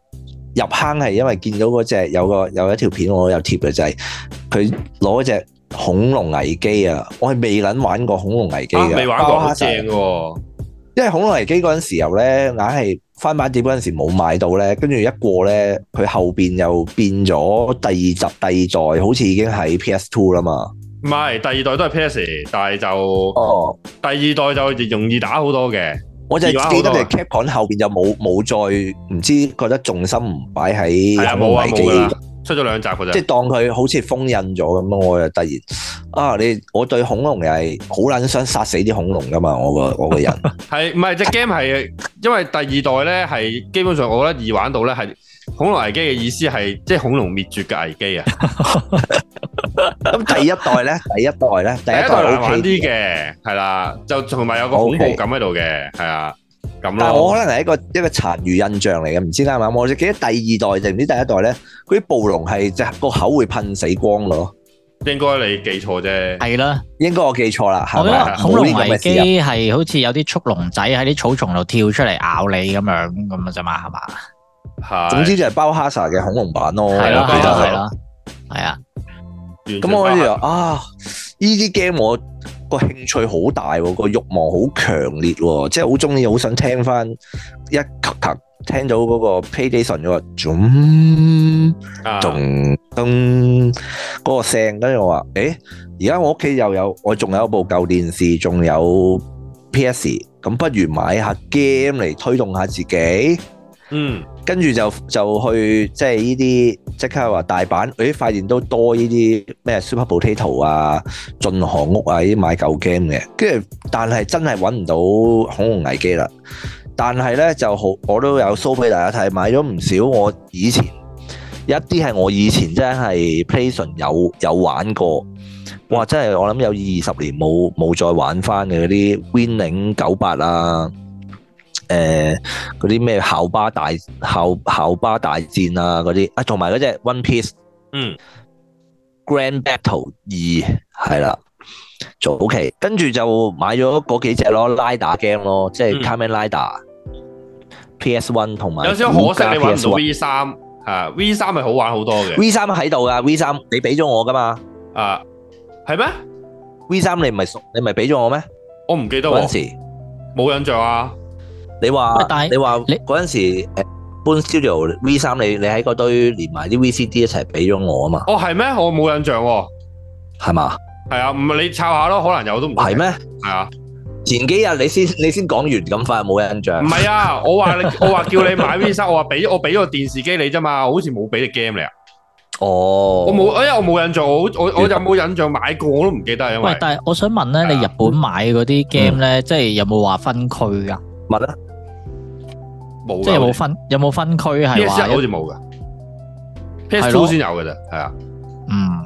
入坑係因為見到嗰隻有個有一條片，我有貼嘅就係佢攞隻恐龍危機啊！我係未撚玩過恐龍危機嘅，未玩過，哈正嘅，因為恐龍危機嗰陣時候咧，硬係。翻版碟嗰陣時冇買到咧，跟住一過咧，佢後邊又變咗第二集第二代，好似已經係 PS2 啦嘛。唔係，第二代都係 PS，但係就哦，第二代就容易打好多嘅。我就記得你 Capcom 後邊就冇冇再，唔知覺得重心唔擺喺翻版機有。出咗兩集嘅啫，即係當佢好似封印咗咁咯。我又突然啊，你我對恐龍又係好捻想殺死啲恐龍噶嘛？我個我個人係唔係隻 game 係，因為第二代咧係基本上我覺得易玩到咧，係恐龍危機嘅意思係即係恐龍滅絕嘅危機啊。咁第一代咧，第一代咧，第一代難玩啲嘅係啦，就同埋有個恐怖感喺度嘅，係啊。但係我可能係一個一個殘餘印象嚟嘅，唔知啱唔啱。我就記得第二代定唔知第一代咧，嗰啲暴龍係隻個口會噴死光咯。應該你記錯啫。係啦，應該我記錯啦。恐龍危機係好似有啲速龍仔喺啲草叢度跳出嚟咬你咁樣咁啊啫嘛，係嘛。係。總之就係包哈薩嘅恐龍版咯，係啦，係啦，係啊。咁我咧就啊，呢啲 game 我。個興趣好大，個慾望好強烈，即係好中意，好想聽翻一琴聽到嗰個 PlayStation 嘅，嗯，仲登嗰個聲，跟住我話，誒，而家我屋企又有，我仲有部舊電視，仲有 PS，咁不如買下 game 嚟，推動下自己，嗯。跟住就就去即係呢啲即刻話大阪。咦，發現都多呢啲咩 Super Potato 啊、進航屋啊，呢啲買舊 game 嘅。跟住，但係真係揾唔到《恐龍危機》啦。但係咧就好，我都有 show 俾大家睇，買咗唔少。我以前一啲係我以前真係 PlayStation 有有玩過，哇！真係我諗有二十年冇冇再玩翻嘅嗰啲 Winning 九八啊。誒，嗰啲咩校巴大校校巴大戰啊，嗰啲啊，同埋嗰隻 One Piece，嗯，Grand Battle 二係啦，OK，跟住就買咗嗰幾隻咯，拉打 game 咯，即係 Kamen 拉打，PS one 同埋，有少少可惜你玩唔到 V 三，吓、uh, V 三係好玩好多嘅，V 三喺度噶，V 三你俾咗我噶嘛，啊、uh,，係咩？V 三你唔係你咪俾咗我咩？我唔記得嗰陣、哦、時，冇印象啊。你話你話你嗰陣時誒搬 Studio V 三你你喺個堆連埋啲 VCD 一齊俾咗我啊嘛？哦，係咩？我冇印象喎，係嘛？係啊，唔係你抄下咯，可能有都唔係咩？係啊，前幾日你先你先講完咁快冇印象。唔係啊，我話你我話叫你買 V 三，我話俾我俾個電視機你啫嘛，好似冇俾你 game 嚟啊。哦，我冇，因為我冇印象，我我我有冇印象買過我都唔記得。喂，但係我想問咧，你日本買嗰啲 game 咧，即係有冇話分區噶？乜嘢？即係冇分，有冇分區係話？PS1 好似冇嘅，PS2 先有嘅啫，係、嗯、啊。嗯，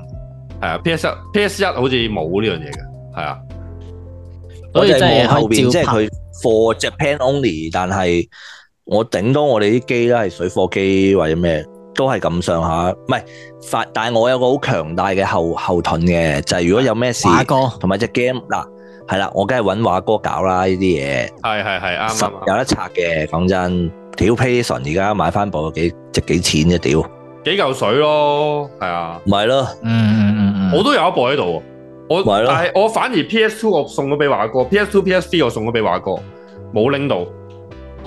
係啊。PS1 PS1 好似冇呢樣嘢嘅，係啊。所以即係後邊即係佢 for Japan only，但係我頂多我哋啲機咧係水貨機或者咩，都係咁上下。唔係發，但係我有個好強大嘅後後盾嘅，就係、是、如果有咩事，同埋哥隻 game 啦。係啦，我梗係搵華哥搞啦呢啲嘢。係係係啱， <music> 有得拆嘅。講真，屌 PS One 而家買翻部幾值幾錢啫？屌幾嚿水咯，係啊，唔係咯，嗯嗯嗯嗯，我都有一部喺度。我但係我反而 PS Two 我送咗俾華哥，PS Two PS Three 我送咗俾華哥，冇拎到。2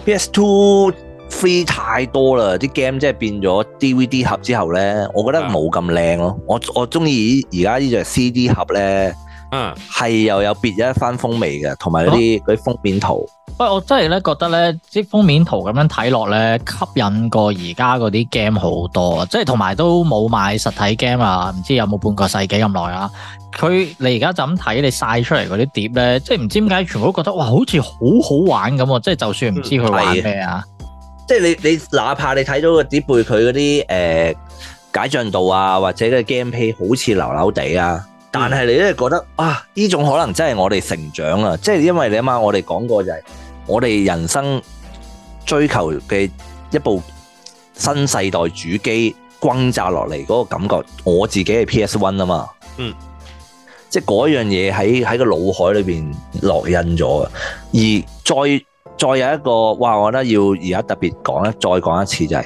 PS Two Three 太多啦，啲 game 即係變咗 DVD 盒之後咧，我覺得冇咁靚咯。我我中意而家呢隻 CD 盒咧。嗯，係又有別一番風味嘅，同埋嗰啲啲封面圖。不過我真係咧覺得咧，即封面圖咁樣睇落咧，吸引過而家嗰啲 game 好多啊！即係同埋都冇買實體 game 啊，唔知有冇半個世紀咁耐啊。佢你而家就咁睇你晒出嚟嗰啲碟咧，即係唔知點解全部都覺得哇，好似好好玩咁啊！即係就算唔知佢玩咩啊、嗯，即係你你哪怕你睇到個碟背佢嗰啲誒解像度啊，或者個 game play 好似流流地啊。但係你都係覺得啊，呢種可能真係我哋成長啊，即係因為你啱啱我哋講過就係我哋人生追求嘅一部新世代主機轟炸落嚟嗰個感覺，我自己係 P S one 啊嘛。嗯，即係嗰樣嘢喺喺個腦海裏邊烙印咗，而再再有一個，哇，我覺得要而家特別講咧，再講一次就係。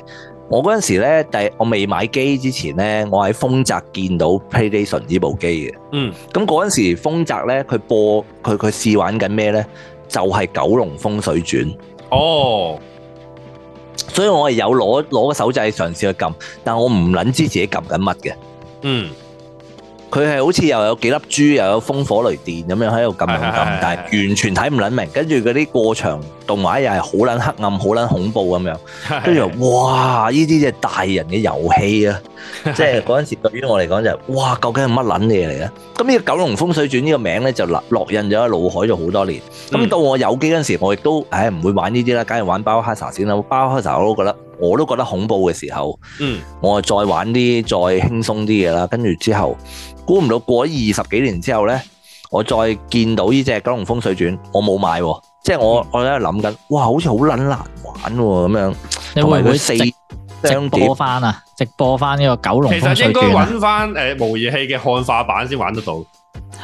我嗰陣時咧，第我未買機之前咧，我喺豐澤見到 PlayStation 呢部機嘅。嗯。咁嗰陣時豐澤咧，佢播佢佢試玩緊咩咧？就係《九龍風水傳》。哦。所以我係有攞攞個手掣嘗試去撳，但我唔撚知自己撳緊乜嘅。嗯。佢係好似又有幾粒珠，又有風火雷電咁樣喺度撳撳撳，但係完全睇唔撚明。跟住嗰啲過場動畫又係好撚黑暗、好撚恐怖咁樣。跟住哇，呢啲嘢大人嘅遊戲啊， <laughs> 即係嗰陣時對於我嚟講就係、是、哇，究竟係乜撚嘢嚟咧？咁呢個《九龍風水傳》呢個名咧就落印咗喺腦海咗好多年。咁、嗯、到我有機嗰陣時，我亦都唉唔、哎、會玩呢啲啦，梗係玩包黑茶先啦，包黑茶我都覺得……我都覺得恐怖嘅時候，我再玩啲再輕鬆啲嘢啦。跟住之後，估唔到過咗二十幾年之後呢，我再見到呢隻《九龍風水傳》，我冇買，即係我我喺度諗緊，哇，好似好撚難玩咁樣。同埋佢四直播翻啊，直播翻呢個《九龍風水傳》。其實應該揾翻誒模擬器嘅漢化版先玩得到，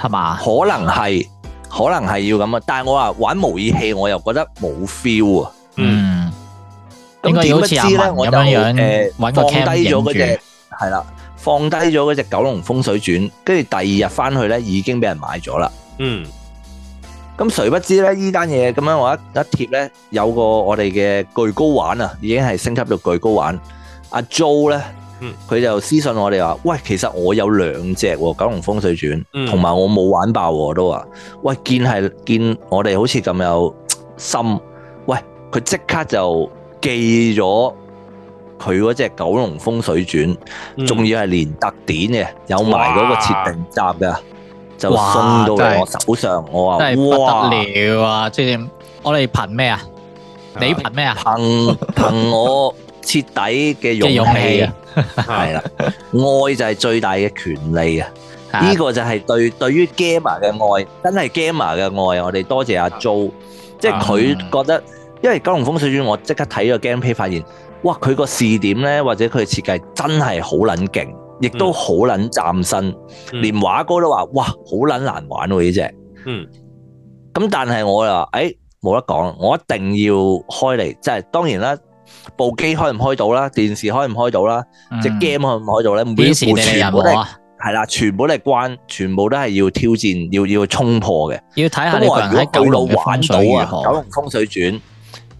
係嘛？可能係，可能係要咁啊。但係我話玩模擬器，我又覺得冇 feel 啊。嗯。咁點不知咧？我有誒放低咗嗰隻係啦，放低咗嗰隻九龍風水傳。跟住第二日翻去咧，已經俾人買咗啦。嗯，咁誰不知咧？呢單嘢咁樣，我一一貼咧，有個我哋嘅巨高玩啊，已經係升級到巨高玩。阿 Joe 咧，嗯，佢就私信我哋話，喂，其實我有兩隻九龍風水傳，同埋我冇玩爆都話。喂，見係見，我哋好似咁有心。喂，佢即刻就。記咗佢嗰隻《隻九龍風水傳》。嗯，仲要係連特典嘅，有埋嗰個設定集嘅，哇就送到我手上。我話：哇，說不得了啊！即係哇我哋憑咩啊？你憑咩啊？憑憑我徹底嘅勇氣，係啦 <laughs> 氣， <laughs> 愛就係最大嘅權利啊！呢 <laughs> 個就係對對於 gamer 嘅愛，真係 gamer 嘅愛。我哋多謝阿 Jo，即係佢覺得。因為《九龍風水傳》，我即刻睇個 game play，發現哇，佢個視點咧，或者佢嘅設計真係好撚勁，亦都好撚嶄新。嗯、連畫哥都話：哇，好撚難玩喎、啊！呢隻嗯，咁但係我又誒冇得講，我一定要開嚟，即、就、係、是、當然啦，部機開唔開到啦，電視開唔開到啦，即隻 game 開唔開到咧？電視冇啊，係啦，全部都係關，全部都係要挑戰，要要衝破嘅。要睇下你喺九龍玩到啊，九《九龍風水傳》。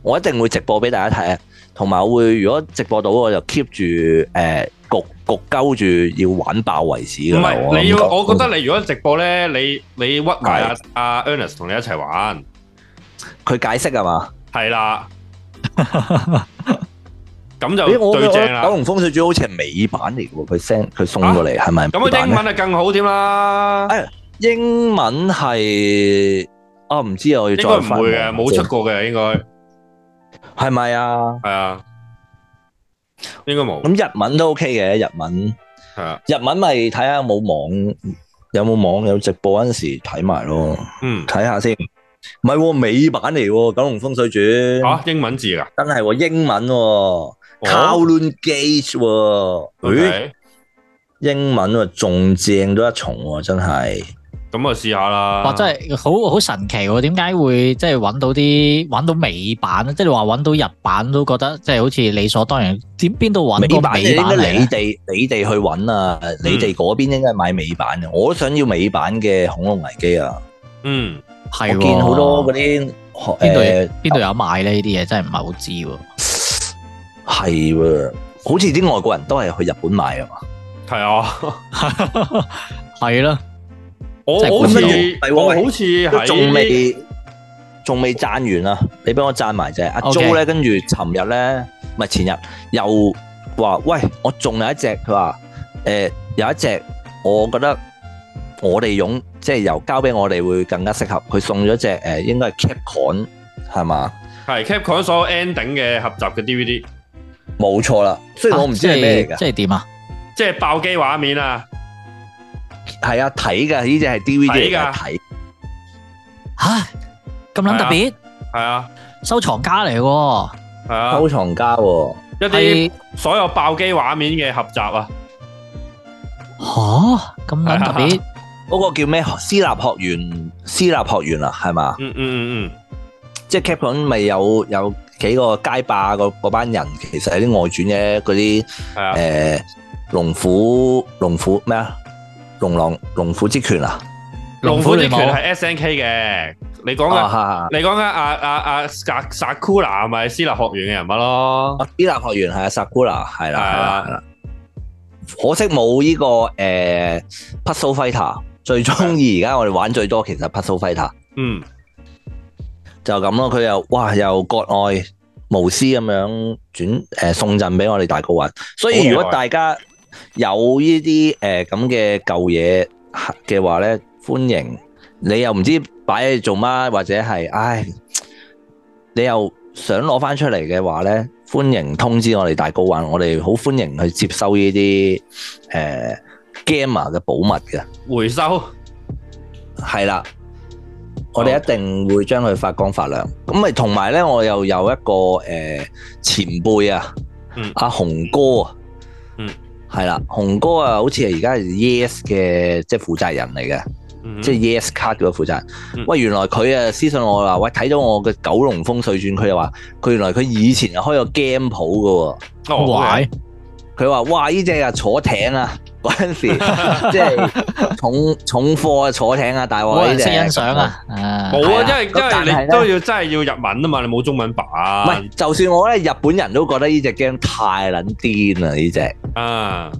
我一定會直播俾大家睇啊，同埋我會如果直播到我就 keep 住誒焗焗鳩住要玩爆為止嘅。唔係你要，我覺得你如果直播咧，你你屈埋阿阿 Ernest 同你一齊玩，佢解釋吖嘛？係啦，咁就俾我對正啦。九龍風水主好似係美版嚟嘅，佢 send 佢送過嚟係咪？咁英文啊更好添啦，英文係啊唔知啊，我要再翻。應該唔會嘅，冇出過嘅應該。係咪啊？係啊，應該冇。咁日文都 OK 嘅，日文係啊。日文咪睇下有冇網，有冇網有直播嗰陣時睇埋咯。看看嗯，睇下先。唔係、啊，美版嚟，九龍風水傳啊，英文字噶？真係喎，英文，Kowloon's Gate 喎。誒，英文啊，仲正咗一重、啊，真係。咁啊，試下啦！哇，真係好好神奇喎！點解會即係揾到啲揾到美版咧？即係你話揾到日版都覺得即係好似理所當然。點邊度揾到美版？美版係你？你哋你哋去揾啊！嗯、你哋嗰邊應該買美版啊。我想要美版嘅《恐龍危機》啊！嗯，係。見好多嗰啲邊度邊度有賣咧？呢啲嘢真係唔係好知喎、啊。係喎、啊，好似啲外國人都係去日本買啊嘛。係看我 <laughs> <laughs> 啊，係囉。我好似 <music> 我好似仲未仲未讚完啊！你俾我讚埋隻。Okay. 阿 Jo 咧，跟住尋日咧，唔係前日又話喂，我仲有一隻，佢話誒，有一隻，我覺得我哋用即係由交俾我哋會更加適合。佢送咗隻誒，應該係 Capcom 係嘛？係 Capcom 所有 ending 嘅合集嘅 DVD，冇錯啦。雖然我唔知係咩嚟㗎，即係點啊？即係、啊、爆機畫面啊！係啊，睇噶呢隻係 D V D 噶睇。吓咁捻特別。係啊。收藏家嚟喎。係啊，收藏家。一啲所有爆機畫面嘅合集啊。吓咁捻特別。嗰個叫咩？私立學院，私立學院啦，係嘛？嗯嗯嗯嗯。即係 Capcom 咪有有幾個街霸嗰嗰班人，其實係啲外傳嘅嗰啲。係啊。誒，龍虎，龍虎咩啊？龍龍龍虎之拳啊！龍虎之拳係 S N K 嘅，你講緊，你講緊阿阿阿薩薩庫拉咪私立學院嘅人物咯。私立學院係啊，薩庫拉係啦，可惜冇呢、這個誒、呃、Puzzle Fighter 的最中意而家我哋玩最多，其實 Puzzle Fighter 嗯就咁咯。佢又哇又國外無私咁樣轉誒送贈俾我哋大 GO 玩。外所以如果大家。有、呃、呢啲誒咁嘅舊嘢嘅話咧，歡迎你又唔知擺嚟做乜，或者係唉，你又想攞翻出嚟嘅話咧，歡迎通知我哋大 GO 玩，我哋好歡迎去接收呢啲誒 Gamer 嘅寶物嘅回收，係啦，我哋一定會將佢發光發亮。咁咪同埋咧，我又有一個誒、呃、前輩啊，阿雄哥啊。係啦，雄哥啊，好似係而家 Yes 嘅即係負責人嚟嘅，mm hmm. 即係 Yes Card 嘅負責人。Mm hmm. 喂，原來佢啊私信我話，喂睇咗我嘅《九龍風水傳》，佢又話佢原來佢以前係開個 game 鋪嘅喎，喂佢話，哇，呢隻啊坐艇啊！嗰陣時即係重重貨、啊、坐艇啊，大鑊！呢識欣賞啊，冇啊，因為因為你都要真係要日文啊嘛，你冇中文版。唔係，就算我咧，日本人都覺得呢隻 game 太撚癲啦，呢隻啊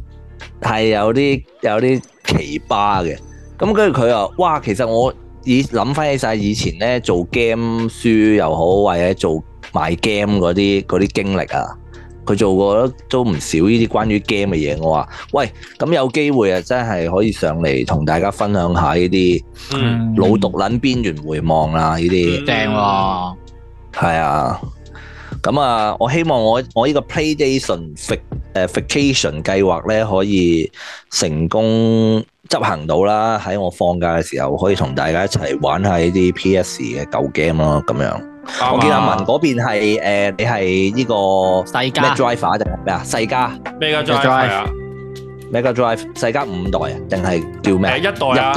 係有啲有啲奇葩嘅。咁跟住佢又哇，其實我以諗翻起晒以前咧做 game 書又好，或者做賣 game 嗰啲嗰啲經歷啊。佢做過都唔少呢啲關於 game 嘅嘢，我話喂，咁有機會啊，真係可以上嚟同大家分享下呢啲老毒撚邊緣回望啦，呢啲、嗯、些正喎、哦，係啊，咁啊，我希望我我呢個 PlayStation、uh, Vacation 計劃咧可以成功執行到啦，喺我放假嘅時候可以同大家一齊玩一下呢啲 PS 嘅舊 game 咯，咁樣。我見阿文嗰邊係誒，你係呢個世嘉，咩啊？世嘉，mega drive，mega drive，世嘉五代啊，定係叫咩？一代啊，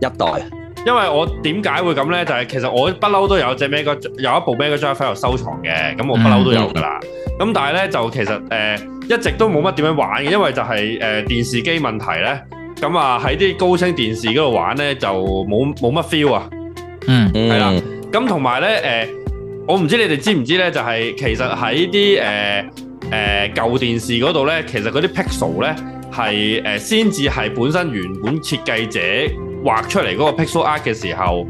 一代。因為我點解會咁咧？就係其實我不嬲都有隻 mega，有一部 mega drive 喺度收藏嘅。咁我不嬲都有噶啦。咁但係咧就其實誒一直都冇乜點樣玩嘅，因為就係誒電視機問題咧。咁啊喺啲高清電視嗰度玩咧就冇冇乜 feel 啊。嗯，嗯，係啦。咁同埋咧，誒、呃，我唔知你哋知唔知咧，就係、是、其實喺啲誒誒舊電視嗰度咧，其實嗰啲 pixel 咧係誒先至、呃、係本身原本設計者畫出嚟嗰個 pixel art 嘅時候，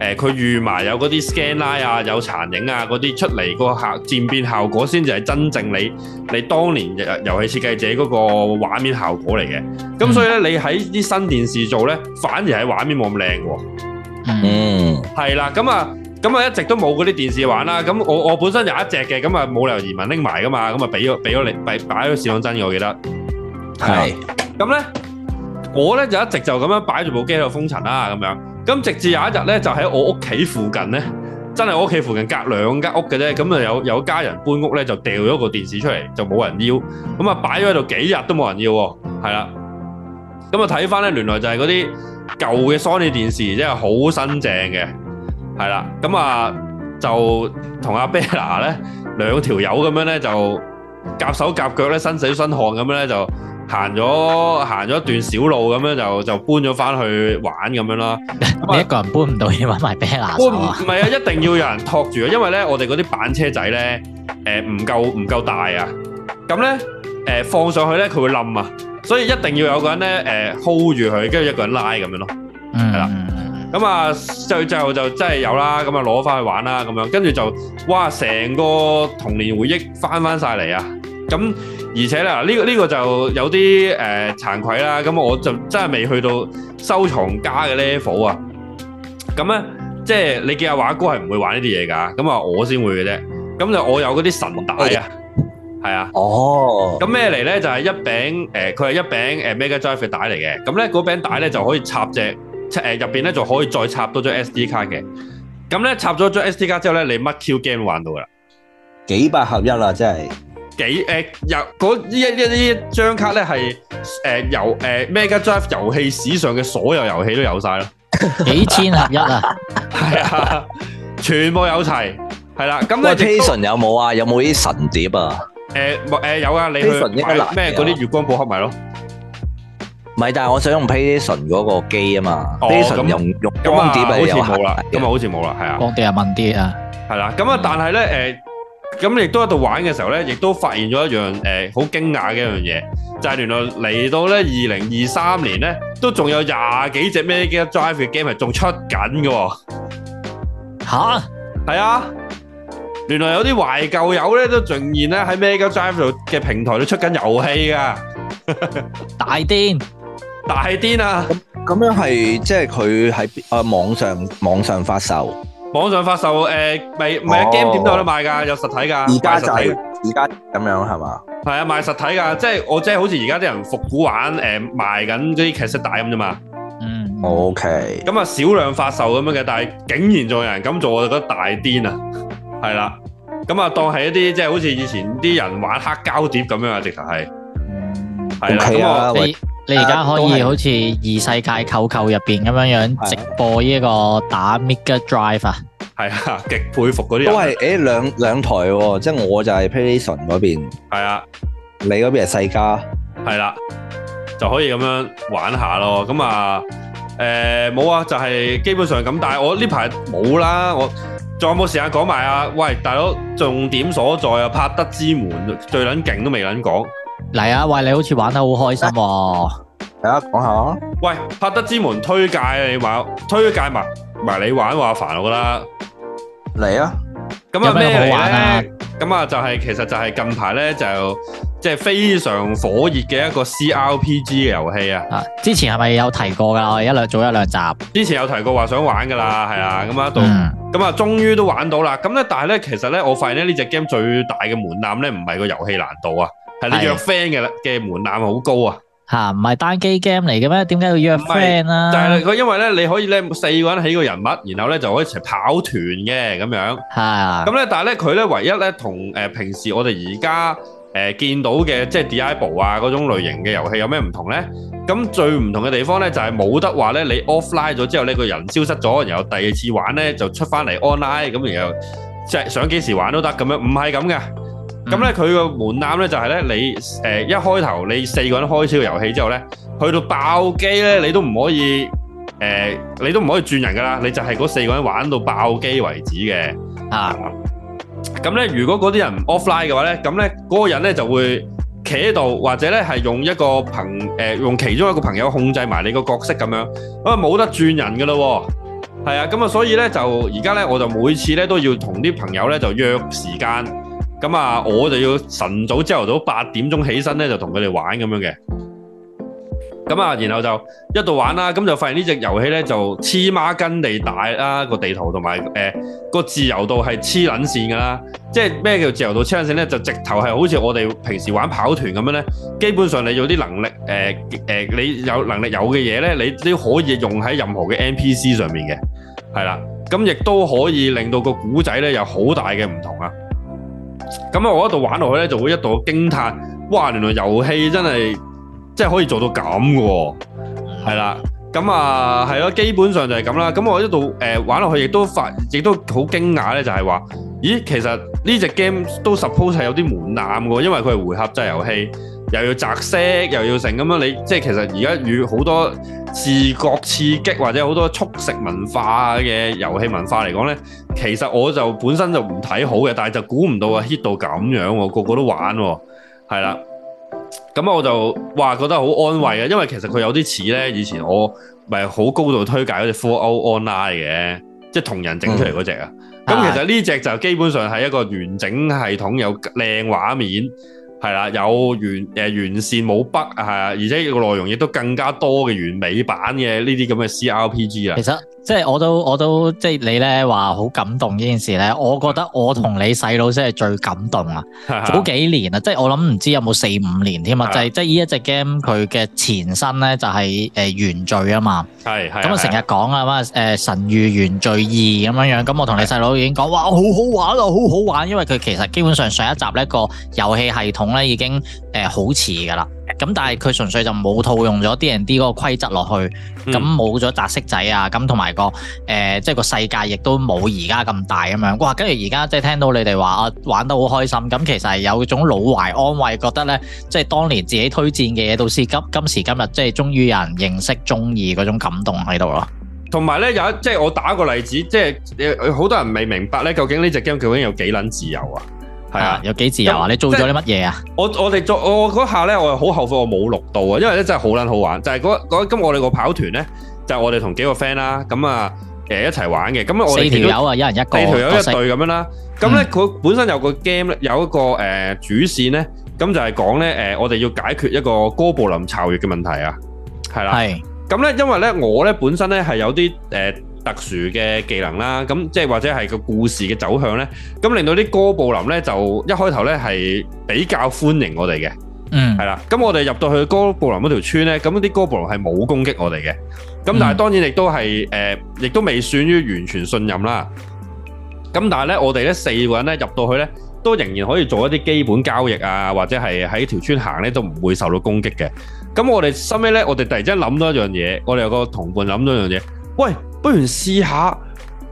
誒佢預埋有嗰啲 scan line 啊，有殘影啊嗰啲出嚟個效漸變效果，先至係真正你你當年遊遊戲設計者嗰個畫面效果嚟嘅。咁所以咧，你喺啲新電視做咧，反而係畫面冇咁靚喎。嗯，係啦，咁啊～咁啊、嗯，一直都冇嗰啲電視玩啦。咁我我本身有一隻嘅，咁啊冇理由移民拎埋㗎嘛。咁啊俾咗俾咗你，俾擺咗試當真，我記得。係、啊。咁咧、嗯嗯，我咧就一直就咁樣擺住部機喺度封塵啦。咁、嗯、樣。咁、嗯、直至有一日咧，就喺我屋企附近咧，真係我屋企附近隔兩間屋嘅啫。咁、嗯、啊有有家人搬屋咧，就掉咗個電視出嚟，就冇人要。咁、嗯、啊擺咗喺度幾日都冇人要。係、嗯、啦。咁啊睇翻咧，原來就係嗰啲舊嘅 Sony 電視，真係好新正嘅。係啦，咁啊就同阿 Bella 咧兩條友咁樣咧就夾手夾腳咧，身死身汗咁樣咧就行咗行咗一段小路咁樣就就搬咗返去玩咁樣啦。你一個人搬唔到嘢，搵埋 Bella。搬唔係啊，一定要有人托住啊，因為咧我哋嗰啲板車仔咧誒，唔夠唔夠大啊，咁咧誒放上去咧佢會冧啊，所以一定要有個人咧誒 hold 住佢，跟住一個人拉咁樣咯。嗯。係啦。咁啊，就就就真係有啦，咁啊攞翻去玩啦，咁樣跟住就，哇！成個童年回憶翻翻曬嚟啊！咁而且啦，呢個呢個就有啲誒慚愧啦，咁我就真係未去到收藏家嘅 level 啊！咁咧，即係你見阿華哥係唔會玩呢啲嘢噶，咁啊我先會嘅啫。咁就我有嗰啲神帶啊，係啊，哦，咁咩嚟咧？就係一餅誒，佢係一餅誒 Mega Drive 帶嚟嘅。咁咧嗰餅帶咧就可以插隻誒，入邊咧就可以再插多張 SD 卡嘅，咁咧插咗張 SD 卡之後咧，你乜 Q game 玩到噶啦？幾百合一啦，真係幾誒入嗰一一呢一張卡咧係誒遊誒 Mega Drive 遊戲史上嘅所有遊戲都有晒啦，幾千合一啊，係啊，全部有齊係啦。咁你 Tetris 有冇啊？有冇啲神碟啊？誒誒有啊，你去咩嗰啲月光寶盒咪咯？唔係，但係我想用 PlayStation 嗰個機啊嘛。PlayStation 用用光碟係有，咁啊好似冇啦，咁啊好似冇啦，係啊。光碟啊，慢啲啊，係啦。咁啊，但係咧，誒，咁亦都喺度玩嘅時候咧，亦都發現咗一樣誒，好驚訝嘅一樣嘢，就係原來嚟到咧二零二三年咧，都仲有廿幾隻 Mega Drive 嘅 Game 係仲出緊嘅。吓，係啊，原來有啲懷舊友咧都仍然咧喺 Mega Drive 嘅平台度出緊遊戲噶，大癲。大癲啊！咁樣係即係佢喺誒網上網上發售，網上發售誒咪唔係 game 點都有得賣噶，有實體噶，而家現在 就係而家咁樣係嘛？係啊、嗯，賣實體噶，即係我即係好似而家啲人復古玩誒賣緊啲劇集帶咁啫嘛。嗯，OK。咁啊少量發售咁樣嘅，但係竟然仲有人咁做，我覺得大癲啊！係 <laughs> 啦，咁啊當係一啲即係好似以前啲人玩黑膠碟咁樣啊，直頭係係啦咁啊。你而家可以、啊、好似《異世界舅舅》入邊咁樣樣直播呢一個打 Mega Drive 啊？係啊，極佩服嗰啲都係誒兩兩台、哦，即係我就係 PlayStation 嗰邊。係啊，你嗰邊係世家。係啦、啊，就可以咁樣玩下咯。咁啊，誒、呃、冇啊，就係、是、基本上咁。但係我呢排冇啦。我仲有冇時間講埋啊？喂，大佬重點所在啊！柏德之門最捻勁都未捻講。嚟啊！喂，你好似玩得好開心喎！嚟啊，講、哎、下。喂，柏德之門推介你玩，推介埋埋你玩話煩啦。嚟啊！咁有咩好玩咧、啊？咁啊就係、是、其實就係近排咧就即係、就是、非常火熱嘅一個 CRPG 遊戲啊！啊，之前係咪有提過噶？我一兩早一兩集。之前有提過話想玩噶啦，係啊。咁啊，到咁啊，終於都玩到啦。咁咧，但係咧，其實咧，我發現咧呢隻 game、這個、最大嘅門檻咧，唔係個遊戲難度啊。係你約 friend 嘅啦，嘅門檻好高啊！吓，唔係單機 game 嚟嘅咩？點解要約 friend 啊？但係佢因為咧，你可以咧四個人起個人物，然後咧就可以一齊跑團嘅咁樣。係咁咧，但係咧佢咧唯一咧同誒平時我哋而家誒見到嘅即係 diablo 啊嗰種類型嘅遊戲有咩唔同咧？咁最唔同嘅地方咧就係冇得話咧你 offline 咗之後咧個人消失咗，然後第二次玩咧就出翻嚟 online 咁，然後即係想幾時玩都得咁樣，唔係咁嘅。咁咧，佢個、嗯、門檻咧就係、是、咧，你、呃、一開頭你四個人開始個遊戲之後呢，去到爆機呢，你都唔可以誒、呃，你都唔可以轉人㗎喇，你就係嗰四個人玩到爆機為止嘅。啊，咁咧、嗯嗯，如果嗰啲人 offline 嘅話呢，咁咧嗰個人呢就會企喺度，或者呢係用一個朋誒、呃、用其中一個朋友控制埋你個角色咁樣，咁啊冇得轉人噶咯、哦，係啊，咁、嗯、啊，所以呢，就而家呢，我就每次呢都要同啲朋友呢就約時間。咁啊，我就要晨早朝頭早八點鐘起身咧，就同佢哋玩咁樣嘅。咁啊，然後就一度玩啦，咁就發現隻遊戲，呢隻遊戲咧就黐孖筋地大啦，個地圖同埋誒個自由度係黐捻線噶啦。即係咩叫自由度黐捻線咧？就直頭係好似我哋平時玩跑團咁樣咧。基本上你有啲能力，誒、呃、誒、呃，你有能力有嘅嘢咧，你都可以用喺任何嘅 NPC 上面嘅，係啦。咁亦都可以令到個古仔咧有好大嘅唔同啊。咁啊、嗯，我一度玩落去咧，就會一度驚嘆，哇！原來遊戲真係即係可以做到咁嘅、哦，係啦。咁、嗯、啊，係、嗯、咯，基本上就係咁啦。咁、嗯、我一度誒、呃、玩落去，亦都發，亦都好驚訝咧，就係話，咦，其實呢隻 game 都 suppose 係有啲門檻嘅，因為佢係回合制遊戲。又要窒色，又要成咁樣！你即係其實而家與好多視覺刺激或者好多速食文化嘅遊戲文化嚟講咧，其實我就本身就唔睇好嘅，但係就估唔到啊 hit 到咁樣，個個都玩喎、哦，係啦。咁我就話覺得好安慰嘅，因為其實佢有啲似咧，以前我咪好高度推介嗰隻 Four O Online 嘅，即係同人整出嚟嗰隻啊。咁其實呢隻就基本上係一個完整系統，有靚畫面。係啦，有完誒、呃、完善冇 bug 啊，係啊，而且個內容亦都更加多嘅完美版嘅呢啲咁嘅 CRPG 啦。即係我都我都即係你咧話好感動呢件事咧，我覺得我同你細佬先係最感動啊！早幾年啊， <laughs> 即係我諗唔知有冇四五年添啊，就係即係呢一隻 game 佢嘅前身咧就係、是、誒、呃、原罪啊嘛，係咁啊，成日講啊嘛，誒，神諭原罪二咁樣樣，咁我同你細佬已經講話好好玩啊，好好玩，因為佢其實基本上上一集咧個遊戲系統咧已經誒好似噶啦，咁但係佢純粹就冇套用咗 DND 嗰個規則落去。咁冇咗特色仔啊！咁同埋個誒、呃，即係個世界亦都冇而家咁大咁樣。哇！跟住而家即係聽到你哋話啊，玩得好開心。咁其實係有種老懷安慰，覺得呢，即係當年自己推薦嘅嘢，到時今今時今日，即係終於有人認識、鍾意嗰種感動喺度咯。同埋呢，有一即係我打個例子，即係好多人未明白呢，究竟呢隻 game 究竟有幾撚自由啊？係啊，有幾自由啊你做咗啲乜嘢啊？我我哋做我我嗰下咧，我係好後悔我冇錄到啊，因為咧真係好捻好玩。就係嗰嗰今日我哋個跑團咧，就我哋同幾個 friend 啦，咁啊誒一齊玩嘅。咁我四條友啊，一人一個四條友一隊咁樣啦。咁咧佢本身有個 game，有一個誒主線咧，咁就係講咧誒我哋要解決一個哥布林巢穴嘅問題啊。係啦。係。咁咧，因為咧我咧本身咧係有啲誒。特殊嘅技能啦，咁即係或者係個故事嘅走向呢，咁令到啲哥布林呢就一開頭呢係比較歡迎我哋嘅，嗯，係啦，咁我哋入到去哥布林嗰條村呢，咁啲哥布林係冇攻擊我哋嘅，咁但係當然亦都係誒，亦都未算於完全信任啦。咁但係呢，我哋呢四個人呢入到去呢，都仍然可以做一啲基本交易啊，或者係喺條村行呢都唔會受到攻擊嘅。咁我哋收尾呢，我哋突然間諗到一樣嘢，我哋有個同伴諗到一樣嘢。喂，不如試下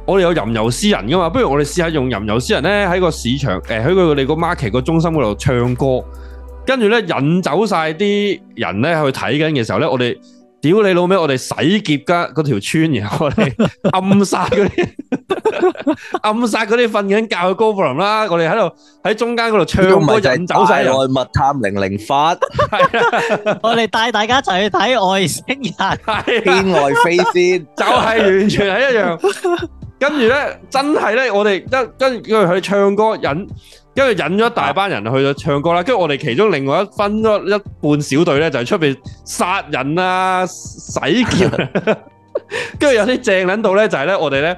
我哋有吟遊詩人㗎嘛？不如我哋試下用吟遊詩人呢，喺個市場，誒喺佢哋個 market 個中心嗰度唱歌，跟住呢引走晒啲人呢去睇緊嘅時候呢，我哋。屌你老味，我哋洗劫噶嗰條村，然後我哋暗殺嗰啲，暗殺嗰啲瞓緊覺嘅高富林啦！我哋喺度喺中間嗰度唱歌走晒啦！《大內密探零零發》，我哋帶大家一齊去睇外星人，啊、天外飛仙，就係完全係一樣。跟住咧，真係咧，我哋跟跟住佢唱歌引。跟住引咗一大班人去咗唱歌啦，跟住我哋其中另外一分咗一半小隊咧，就喺出邊殺人啊、洗劫、啊，跟 <laughs> 住有啲正捻度咧，就係咧我哋咧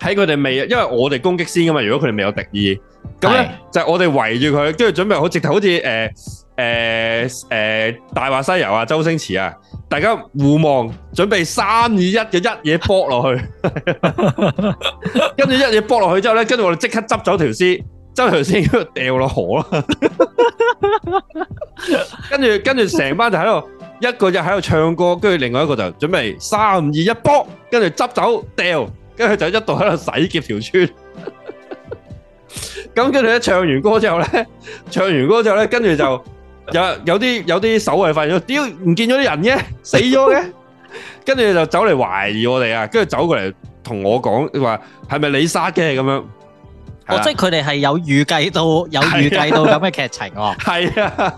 喺佢哋未，因為我哋攻擊先噶嘛。如果佢哋未有敵意，咁咧是就我哋圍住佢，跟住準備好，直頭好似誒誒誒《大話西遊》啊，周星馳啊，大家互望，準備三二一嘅，一嘢搏落去，跟 <laughs> 住 <laughs> 一嘢搏落去之後咧，跟住我哋即刻執走條屍。周頭先喺度掉落河啦，跟住跟住成班就喺度一個就喺度唱歌，跟住另外一個就準備三二一，波跟住執走掉，跟住就一度喺度洗劫條村。咁跟住咧唱完歌之後咧，唱完歌之後咧，跟住就有有啲有啲守衛發現，屌唔見咗啲人嘅，死咗嘅，跟住就走嚟懷疑我哋啊，跟住走過嚟同我講話，係咪你殺嘅咁樣？哦，即係佢哋係有預計到，有預計到咁嘅劇情哦。係啊，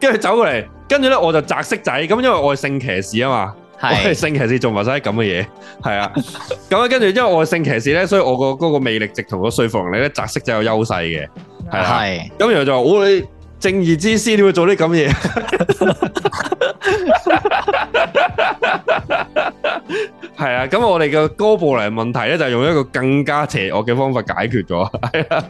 跟住、啊、走過嚟，跟住咧我就擇色仔，咁因為我係聖騎士啊嘛，我係聖騎士做埋晒啲咁嘅嘢，係啊，咁啊跟住，因為我係聖騎士咧，所以我個個魅力值同個說服力咧擇色仔有優勢嘅，係、啊，咁是然後就話、哎、你。正義之師點會做啲咁嘢？係啊，咁我哋嘅哥布林問題咧，就用一個更加邪惡嘅方法解決咗。係啊，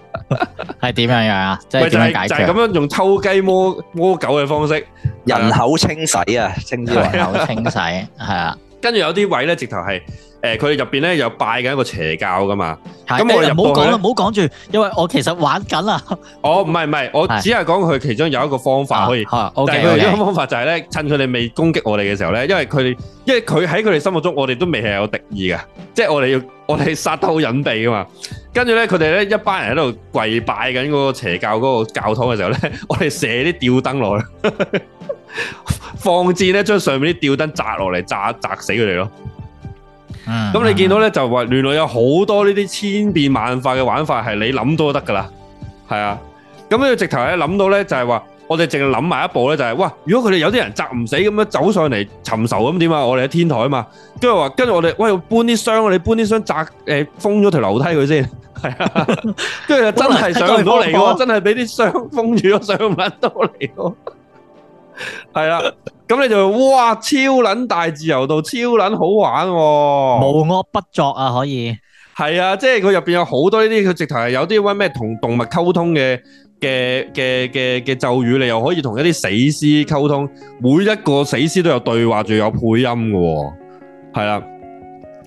係點樣樣啊？即係就係就係咁樣用偷雞摸摸狗嘅方式，人口清洗啊，清啲人口清洗。係啊，跟住有啲位咧，直頭係。誒，佢哋入邊咧又拜緊一個邪教噶嘛，咁我入到，唔好講啦，唔好講住，因為我其實玩緊啦。哦，唔係唔係，我只係講佢其中有一個方法可以，但係佢呢個方法就係咧，趁佢哋未攻擊我哋嘅時候咧，因為佢，因為佢喺佢哋心目中，我哋都未係有敵意噶，即係我哋要，我哋殺得好隱蔽噶嘛。跟住咧，佢哋咧一班人喺度跪拜緊嗰個邪教嗰個教堂嘅時候咧，我哋射啲吊燈落去，放箭咧將上面啲吊燈砸落嚟，砸砸死佢哋咯。咁、嗯、你見到咧、嗯、就話原來有好多呢啲千變萬化嘅玩法係你諗都得㗎啦，係啊。咁你直頭咧諗到咧就係、是、話，我哋淨係諗埋一步咧就係、是、哇，如果佢哋有啲人擲唔死咁樣走上嚟尋仇咁點、呃、啊？我哋喺天台啊嘛，跟住話跟住我哋喂，要搬啲箱，我哋搬啲箱擲誒封咗條樓梯佢先，係啊。跟住真係上唔到嚟喎，真係俾啲箱封住咗上唔到嚟喎。係啦，咁你就哇，超捻大自由度，超捻好玩，哦，無惡不作啊！可以係 <laughs> 啊，即係佢入邊有好多呢啲，佢直頭係有啲咩同動物溝通嘅嘅嘅嘅咒語，你又可以同一啲死屍溝通，每一個死屍都有對話，仲有配音噶、哦，係 <laughs> 啦，嗯，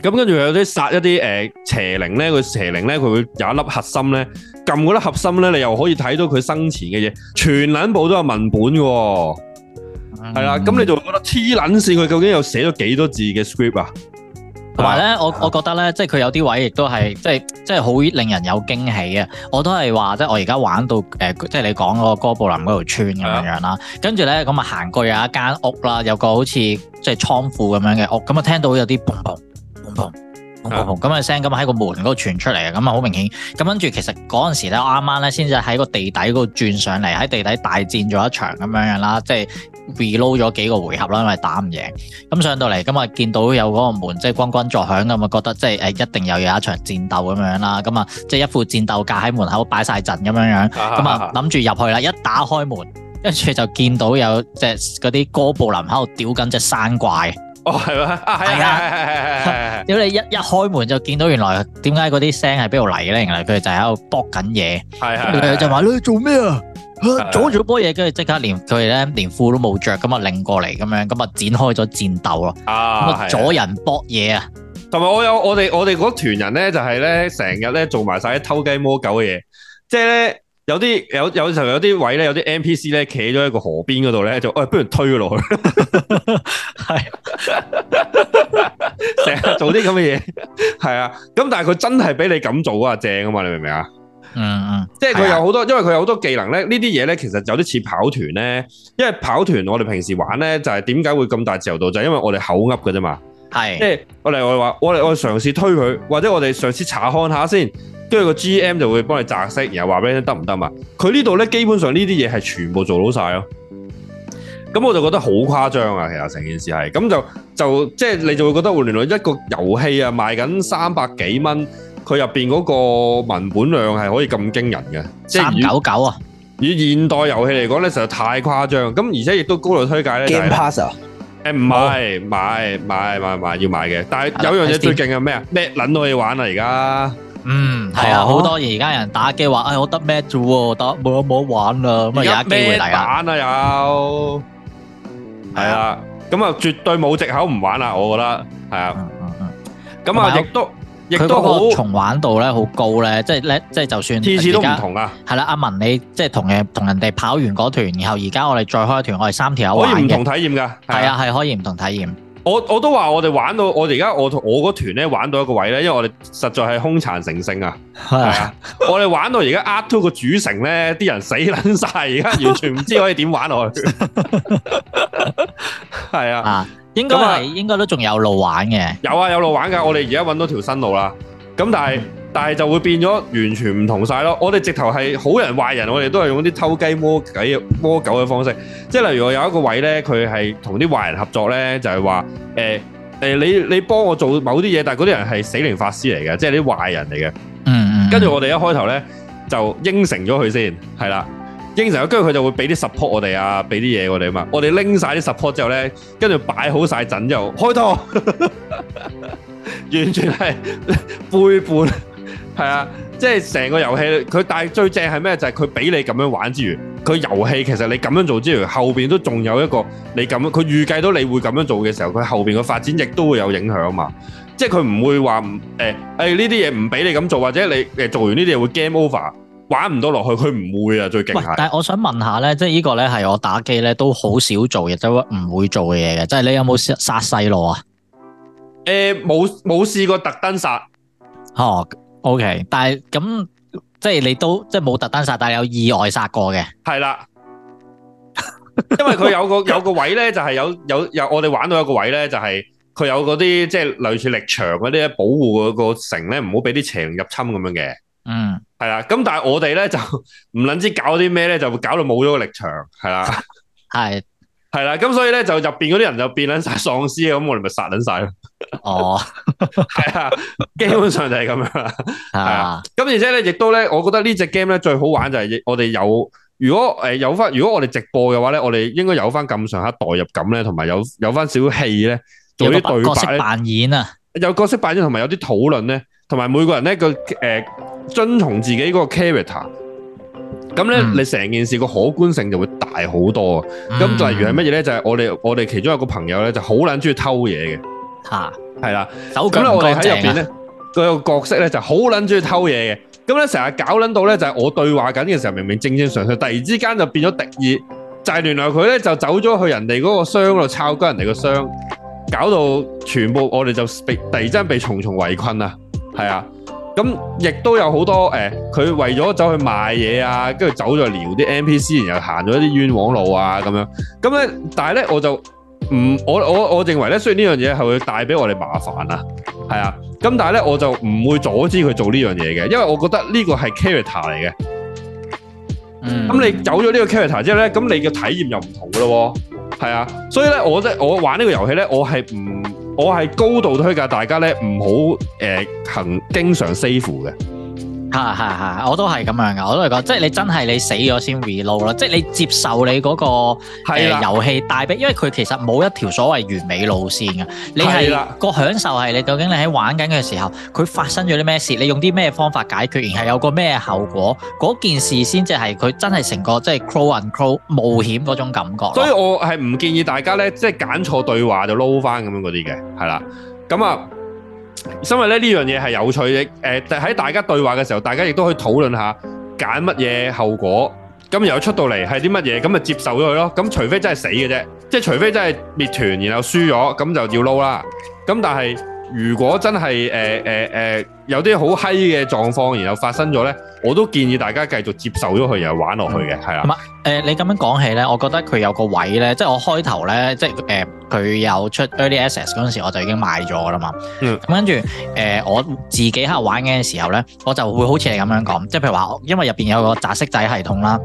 咁跟住有啲殺一啲誒、呃、邪靈咧，佢邪靈咧佢會有一粒核心咧，撳嗰粒核心咧，你又可以睇到佢生前嘅嘢，全兩部都有文本噶、哦。係啦，咁你就覺得黐撚線？佢究竟有寫咗幾多字嘅 script 啊？同埋咧，我我覺得咧，即係佢有啲位亦都係，即係即係好令人有驚喜啊！我都係話，即係我而家玩到誒、呃，即係你講嗰個哥布林嗰條村咁樣樣啦。跟住咧，咁啊行過有一間屋啦，有個好似即係倉庫咁樣嘅屋，咁啊聽到有啲砰砰砰砰砰砰咁嘅聲，咁啊喺個門嗰度傳出嚟嘅，咁啊好明顯。咁跟住其實嗰陣時咧，啱啱咧先至喺個地底嗰度轉上嚟，喺地底大戰咗一場咁樣樣啦，即係。reload 咗幾個回合啦，因為打唔贏。咁上到嚟，咁啊見到有嗰個門即係、就是、轟轟作響，咁啊覺得即係誒一定又有，有一場戰鬥咁樣啦。咁啊即係一副戰鬥架喺門口擺晒陣咁樣、啊、哈樣，咁啊諗住入去啦。一打開門，跟住就見到有隻嗰啲哥布林喺度屌緊隻山怪。哦，係咩？係啊，係係係係。如果你一一開門，就見到，原來點解嗰啲聲喺邊度嚟咧？原來佢哋就喺度搏緊嘢。係啊，佢就話咧，做咩啊？阻住波嘢，跟住即刻連佢哋咧連褲都冇着，咁啊擰過嚟咁樣，咁啊展開咗戰鬥咯。啊，阻人搏嘢啊！同埋我有我哋我哋嗰團人咧，就係咧成日咧做埋晒啲偷雞摸狗嘅嘢，即係咧。有啲有有成有啲位咧，有啲 NPC 咧，企咗喺個河邊嗰度咧，就誒、哎，不如推佢落去。係， <laughs> <laughs> <laughs> 成 <laughs> 日 <laughs> <laughs> <laughs> 做啲咁嘅嘢，係啊。咁但係佢真係俾你咁做啊，正啊嘛，你明唔明啊？嗯嗯，即係佢有好多，的因為佢有好多技能咧。呢啲嘢咧，其實有啲似跑團咧。因為跑團我哋平時玩咧，就係點解會咁大自由度，就是、因為我哋口噏嘅啫嘛。係的，即係我哋我哋話，我哋我哋嘗試推佢，或者我哋嘗試查看下先。跟住個 GM 就會幫你擲色，然後話俾你聽得唔得嘛？佢呢度咧基本上呢啲嘢係全部做到曬咯。咁我就覺得好誇張啊！其實成件事係咁就就即係你就會覺得，換嚟一個遊戲啊賣緊三百幾蚊，佢入邊嗰個文本量係可以咁驚人嘅，即係三九九啊！以現代遊戲嚟講咧，實在太誇張。咁而且亦都高度推介咧，game pass 啊！誒唔係買買買買要買嘅，但係有樣嘢最勁係咩啊？咩撚到去玩啊？而家～嗯，係啊，好多而家人打機話，誒，好得咩啫喎？得冇，冇玩啦，咁啊有機會嚟，玩啦。而家咩版啊有？係啊，咁啊絕對冇借口唔玩啦，我覺得係啊。咁啊亦都亦都好重玩度咧好高咧，即係咧即係就算次次都唔同噶。係啦，阿文你即係同誒同人哋跑完嗰團，然後而家我哋再開團，我哋三條友玩嘅，可以唔同體驗噶。係啊，係可以唔同體驗。我我都話我哋玩到我哋而家我我嗰團咧玩到一個位咧，因為我哋實在係空殘成性啊，係 <laughs> 啊，我哋玩到而家壓 o 個主城咧，啲人死撚晒，而家完全唔知可以點玩落去，係 <laughs> 啊，啊，應該係那應該都仲有路玩嘅，有啊有路玩噶，我哋而家搵到條新路啦，咁但係。嗯但係就會變咗完全唔同曬咯！我哋直頭係好人壞人，我哋都係用啲偷雞摸狗嘅摸狗嘅方式。即係例如我有一個位咧，佢係同啲壞人合作咧，就係話誒誒，你你幫我做某啲嘢，但係嗰啲人係死靈法師嚟嘅，即係啲壞人嚟嘅。嗯嗯。跟住我哋一開頭咧就應承咗佢先，係啦，應承咗，跟住佢就會俾啲 support 我哋啊，俾啲嘢我哋啊嘛。我哋拎曬啲 support 之後咧，跟住擺好曬陣就開拖，完全係背叛。係啊，即係成個遊戲佢，但係最正係咩？就係佢俾你咁樣玩之餘，佢遊戲其實你咁樣做之餘，後邊都仲有一個你咁樣，佢預計到你會咁樣做嘅時候，佢後邊嘅發展亦都會有影響嘛。即係佢唔會話誒誒，呢啲嘢，唔俾你咁做，或者你誒做完呢啲嘢會 game over，玩唔到落去，佢唔會啊，最勁。但係我想問下咧，即係呢個咧係我打機咧都好少做亦都唔會做嘅嘢嘅，即係你有冇殺細路啊？誒、欸，冇冇試過特登殺哦。O K，但係咁，即係你都即係冇特登殺，但係有意外殺過嘅。係啦，因為佢有個有個位咧，就係有有有我哋玩到有個位咧，就係佢有嗰啲即係類似力場嗰啲保護個個城咧，唔好俾啲邪靈入侵咁樣嘅，嗯，係啦，咁但係我哋咧就唔捻知搞啲咩咧，就會搞到冇咗個力場，係啦，係。係啦，咁所以咧就入邊嗰啲人就變撚晒喪屍啊，咁我哋咪殺撚晒咯。哦，係啊，基本上就係咁樣啦。係啊，咁而且咧，亦都咧，我覺得呢隻 game 咧最好玩就係我哋有，如果誒、呃、有翻，如果我哋直播嘅話咧，我哋應該有翻咁上下代入感咧，同埋有有翻少少戲咧，做啲對白、角色扮演啊，有角色扮演同埋有啲討論咧，同埋每個人咧個誒遵從自己個 character。咁呢，你成、嗯、件事個可觀性就會大好多。咁、嗯、例如係乜嘢呢？就係、是、我哋我哋其中有個朋友呢，就好撚中意偷嘢嘅。吓係啦，手勁過勁。咁呢，我哋喺入邊呢，佢個角色呢就好撚中意偷嘢嘅。咁呢成日搞撚到呢，就係我對話緊嘅時候，明明正正常常，突然之間就變咗敵意。就係原來佢呢，就走咗去人哋嗰個箱度抄鳩人哋個箱，搞到全部我哋就被突然之間被重重圍困啊！係啊。咁亦都有好多誒，佢、欸、為咗走去賣嘢啊，跟住走咗去聊啲 NPC，然後行咗一啲冤枉路啊，咁樣。咁咧，但係咧我就唔，我我我認為咧，雖然呢樣嘢係會帶俾我哋麻煩啊，係啊。咁但係咧我就唔會阻止佢做呢樣嘢嘅，因為我覺得呢個係 character 嚟嘅。嗯。咁你走咗呢個 character 之後咧，咁你嘅體驗又唔同嘅咯喎。係啊。所以咧，我咧我玩呢個遊戲咧，我係唔。我係高度推介大家咧，唔好誒行經常 save 嘅。係係係，我都係咁樣噶，我都係講，即係你真係你死咗先 reload 咯，即係你接受你嗰個誒遊戲帶俾，因為佢其實冇一條所謂完美路線噶，你係啦個享受係你究竟你喺玩緊嘅時候，佢發生咗啲咩事，你用啲咩方法解決，然係有個咩後果，嗰件事先即係佢真係成個即係 crawl and crawl 冒險嗰種感覺。所以我係唔建議大家咧，即係揀錯對話就撈翻咁樣嗰啲嘅，係啦，咁啊。因為咧，呢樣嘢，係有趣嘅，誒、呃、喺大家對話嘅時候，大家亦都可以討論下揀乜嘢後果，咁如果出到嚟係啲乜嘢，咁咪接受咗佢咯，咁除非真係死嘅啫，即係除非真係滅團然後輸咗，咁就要撈啦，咁但係如果真係誒誒誒。呃呃呃有啲好閪嘅狀況，然後發生咗呢，我都建議大家繼續接受咗佢，然後玩落去嘅，係啦。唔係，誒，你咁樣講起呢，我覺得佢有個位呢，即係我開頭呢，即係誒，佢有出 early access 嗰陣時，我就已經買咗啦嘛。咁跟住誒，我自己喺度玩嘅時候呢，我就會好似你咁樣講，即係譬如話，因為入邊有個擲色仔系統啦，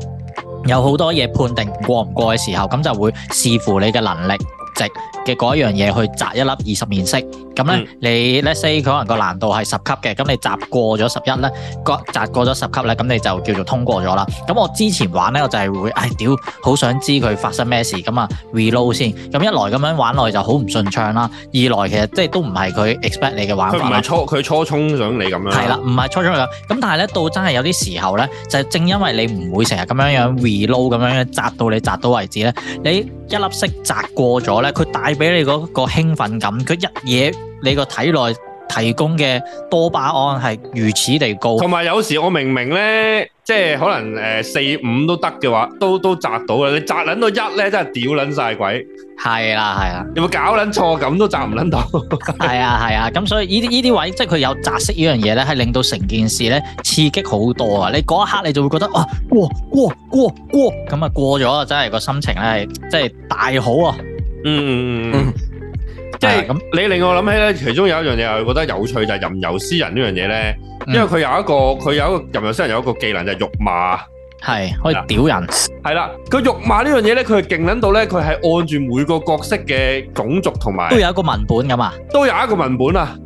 有好多嘢判定過唔過嘅時候，咁就會視乎你嘅能力值嘅嗰一樣嘢去擲一粒二十面色。咁咧，你、嗯、let's say 佢可能個難度係十級嘅，咁你砸過咗十一咧，個砸過咗十級咧，咁你就叫做通過咗啦。咁我之前玩咧我就係會，唉、哎、屌，好想知佢發生咩事，咁啊 reload 先。咁一來咁樣玩落去就好唔順暢啦，二來其實即係都唔係佢 expect 你嘅玩法。唔係初，佢初衷想你咁樣。係啦，唔係初衷。咁但係咧，到真係有啲時候咧，就正因為你唔會成日咁樣樣 reload 咁樣樣砸到你砸到為止咧，你一粒色砸過咗咧，佢帶俾你嗰個興奮感，佢一嘢。你個體內提供嘅多巴胺係如此地高，同埋有，有時我明明咧，即係可能誒四五都得嘅話，都都砸到啦。你砸撚到一咧，真係屌撚晒鬼。係啦係啦，啊你冇搞撚錯咁都砸唔撚到。係啊係啊，咁、啊、所以呢啲呢啲位，即係佢有砸色呢樣嘢咧，係令到成件事咧刺激好多啊！你嗰一刻你就會覺得哇過過過過，咁啊過咗啊，真係個心情咧，即係大好啊！嗯。嗯即係咁，你令我諗起咧，其中有一樣嘢，我係覺得有趣就係吟遊詩人呢樣嘢咧，因為佢有一個，佢有一個吟遊詩人有一個技能就係辱罵，係可以屌人，係啦，個辱罵呢樣嘢咧，佢係勁撚到咧，佢係按住每個角色嘅種族同埋，都有一個文本㗎嘛，都有一個文本啊，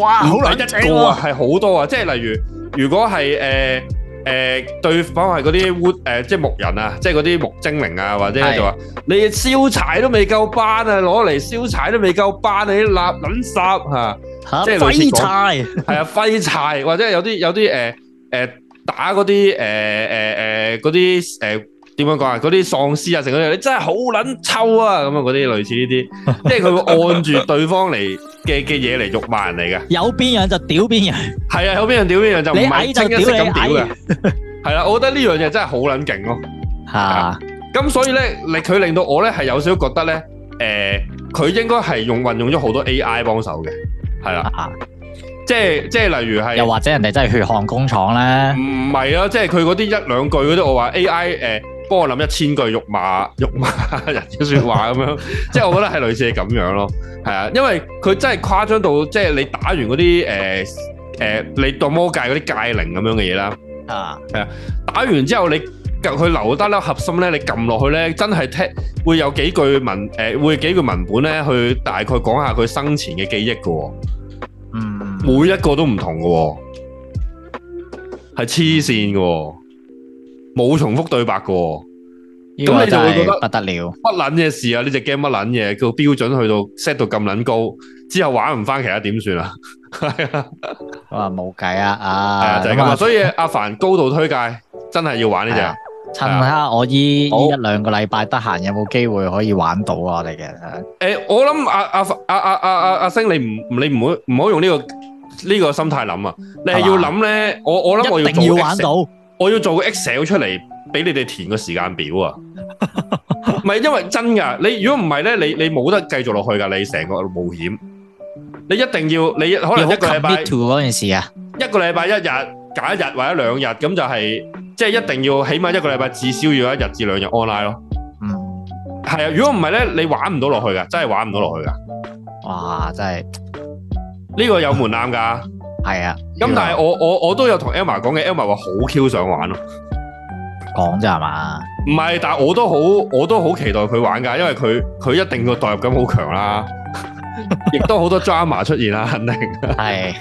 哇，好難一個啊，係好多啊，即係例如，如果係誒。誒、呃、對方係嗰啲 w 即係木人啊，即係嗰啲木精靈啊，或者是就話你燒柴都未夠班啊，攞嚟燒柴都未夠班，啊，你啲垃撚圾嚇，即係類廢柴，嗯、廢柴，係啊，廢柴或者有啲有啲誒誒打嗰啲誒誒誒啲誒點樣講啊，嗰、呃、啲、呃呃呃呃、喪屍啊，成嗰啲，你真係好撚抽啊，咁啊嗰啲類似呢啲，即係佢會按住對方嚟。 <laughs> 嘅嘅嘢嚟辱罵人嚟嘅，有邊樣就屌邊樣，係啊，有邊樣屌邊樣就唔係清一色咁屌嘅，係啦，我覺得呢樣嘢真係好撚勁咯，吓，咁所以咧，你佢令到我咧係有少少覺得咧，誒，佢應該係用運用咗好多 AI 幫手嘅，係啦，即係即係例如係，又或者人哋真係血汗工廠咧，唔係咯，即係佢嗰啲一兩句嗰啲，我話 AI 誒。幫我諗一千句辱罵辱罵人嘅說話咁樣，即係我覺得係類似係咁樣咯，係啊，因為佢真係誇張到即係你打完嗰啲誒誒，你當魔界嗰啲戒靈咁樣嘅嘢啦。啊，係啊，打完之後你佢留得粒核心咧，你撳落去咧，真係聽會有幾句文誒，會幾句文本咧去大概講下佢生前嘅記憶噶，嗯，每一個都唔同噶，係黐線噶。冇重複對白嘅，咁你就會覺得不得了，乜撚嘢事啊？呢隻 game 乜撚嘢，個標準去到 set 到咁撚高，之後玩唔返其他點算啊？啊，冇計啊！啊，就係咁啊！所以阿凡高度推介，真係要玩呢隻。趁下我依依一兩個禮拜得閒，有冇機會可以玩到啊？我哋嘅誒，我諗阿阿阿阿阿阿星，你唔你唔好唔好用呢個呢個心態諗啊！你係要諗咧，我我諗我要一定要玩到。我要做個 Excel 出嚟俾你哋填個時間表啊！唔係 <laughs> 因為真噶，你如果唔係咧，你你冇得繼續落去噶，你成個冒險。你一定要，你可能一個禮拜。我 commit to 嗰件事啊，一個禮拜一日，隔一日或者兩日，咁就係即係一定要，起碼一個禮拜至少要一日至兩日 online 咯。嗯，係啊，如果唔係咧，你玩唔到落去噶，真係玩唔到落去噶。哇！真係呢個有門檻噶。 <laughs> 係啊，咁但係我我我都有同 Emma 講嘅，Emma 話好 Q 想玩咯，講啫係嘛，唔係，但係我都好我都好期待佢玩噶，因為佢佢一定個代入感好強啦，亦都好多 drama 出現啦，肯定係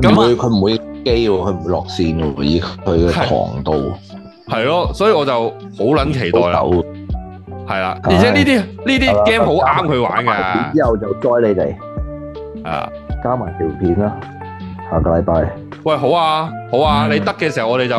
咁會佢唔會機喎，佢唔會落綫喎，佢嘅狂度，係咯，所以我就好撚期待啦，係啦，而且呢啲呢啲 game 好啱佢玩噶，之後就載你哋啊，加埋條片啦。下個禮拜，喂、okay, um,，好啊、uh,，好啊，你得嘅時候我哋就，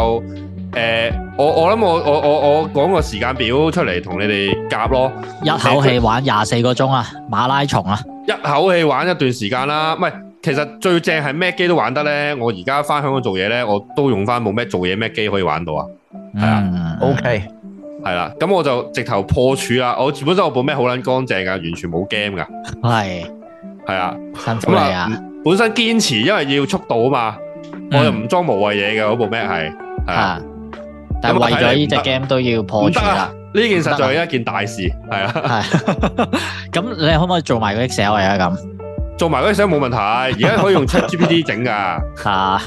誒，我我諗我我我我講個時間表出嚟同你哋夾咯，一口氣玩廿四個鐘啊，馬拉松啊，一口氣玩一段時間啦，唔係，其實最正係咩機都玩得咧，我而家翻香港做嘢咧，我都用翻冇咩做嘢咩機可以玩到啊，係啊、yeah.，OK，係啦、yeah. like really，咁我就直頭破處啦，我本身我部咩好捻乾淨噶，完全冇 game 噶，係，係啊，辛苦啊。本身堅持，因為要速度啊嘛！我又唔裝無謂嘢嘅嗰部 Mac 係嚇，但係為咗呢隻 game 都要破咗啦。呢件實在係一件大事，係啊。咁你可唔可以做埋嗰啲 show 啊？咁做埋嗰啲 show 冇問題，而家可以用 ChatGPT 整噶。嚇！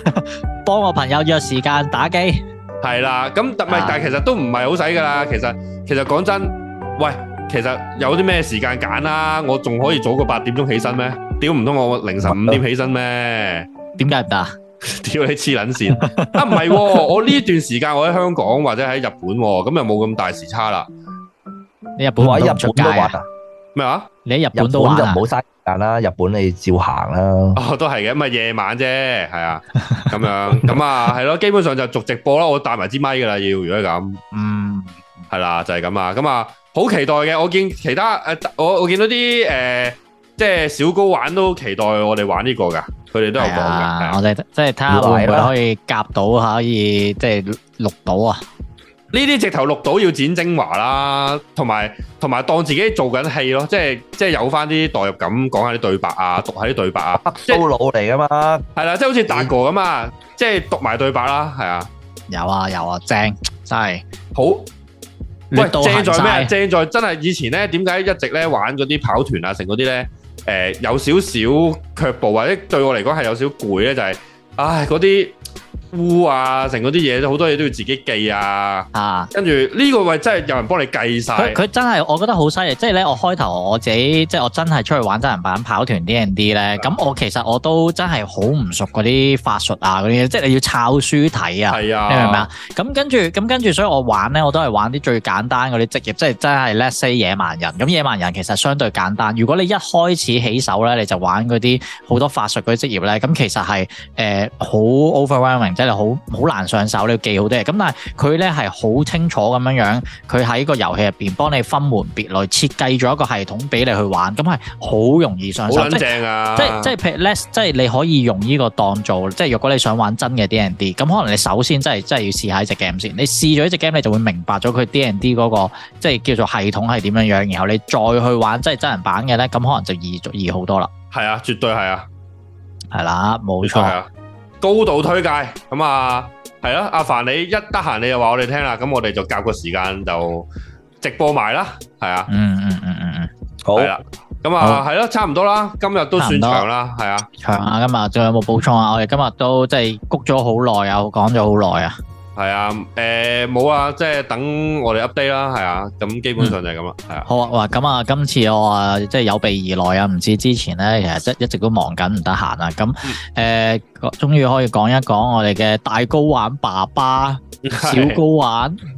幫我朋友約時間打機。係啦，咁但係但係其實都唔係好使噶啦。其實其實講真，喂，其實有啲咩時間揀啊？我仲可以早過八點鐘起身咩？屌唔通我凌晨五點起身咩？點解唔得？屌 <laughs> 你黐捻線！ <laughs> 啊唔係、啊，我呢段時間我喺香港或者喺日本、啊，咁又冇咁大時差啦。你日本話喺日本都掛？咩啊？你喺日本都掛？啊、日本就唔好嘥時間啦。日本你照行啦、啊。哦，都係嘅，咁啊夜晚啫，係啊，咁樣咁啊，係咯，基本上就逐直播啦。我帶埋支咪噶啦，要如果咁，嗯，係啦、啊，就係咁啊，咁啊，好期待嘅。我見其他誒，我、呃、我見到啲誒。呃即係小高玩都期待我哋玩呢個噶，佢哋都有講嘅。啊啊、我哋即係睇下會唔會可以夾到，可以即係錄到啊？呢啲直頭錄到要剪精華啦，同埋同埋當自己做緊戲咯，即係即係有翻啲代入感，講下啲對白啊，讀下啲對白啊。黑修佬嚟噶嘛？係啦，即係好似達哥咁啊，嗯、即係讀埋對白啦，係啊，啊。有啊有啊，正真係好都正。正在咩？正在真係以前咧，點解一直咧玩嗰啲跑團啊，成嗰啲咧？誒、呃、有少少卻步，或者對我嚟講係有少攰咧，就係、是、唉嗰啲，那些污啊，成嗰啲嘢好多嘢都要自己計啊，啊，跟住呢個位真係有人幫你計晒，佢真係我覺得好犀利，即係咧我開頭我自己即係我真係出去玩真人版跑團 DND 咧，咁的我其實我都真係好唔熟嗰啲法術啊嗰啲，即係你要抄書睇啊，啊的，你明唔明啊？咁跟住咁跟住，所以我玩咧我都係玩啲最簡單嗰啲職業，即係真係 let's say 野蠻人。咁野蠻人其實相對簡單。如果你一開始起手咧，你就玩嗰啲好多法術嗰啲職業咧，咁其實係誒好 overwhelming。呃即係好，好難上手，你要記好多嘢。咁但係佢咧係好清楚咁樣樣，佢喺個遊戲入邊幫你分門別類，設計咗一個系統俾你去玩，咁係好容易上手。好正啊！即係即係，譬如咧，即係你可以用呢個當做，即係如果你想玩真嘅 D N D，咁可能你首先真係真係要試下一隻 game 先。你試咗一隻 game，你就會明白咗佢 D N D 嗰個即係叫做系統係點樣樣，然後你再去玩真真人版嘅咧，咁可能就易易好多啦。係啊，絕對係啊，係啦，啊，冇錯。高度推介,咁啊,係咯,阿凡,你一得閒你就話我哋聽啦,咁我哋就夾個時間就直播埋啦,係啊,呃,呃,呃,呃,呃,好,咁啊,係咯,差唔多啦,今日都算長啦,係啊,長啊今日,仲有冇補充啊?我哋今日都即係谷咗好耐啊,講咗好耐啊。係啊，誒，冇啊，即係等我哋 update 啦，係啊，咁基本上就係咁啦，係、嗯、啊。好啊，哇，咁啊，今次我啊，即係有備而來啊，唔知之前咧，其實即一直都忙緊，唔得閒啊，咁誒、嗯呃，終於可以講一講我哋嘅大高玩爸爸，是小高玩。 <laughs>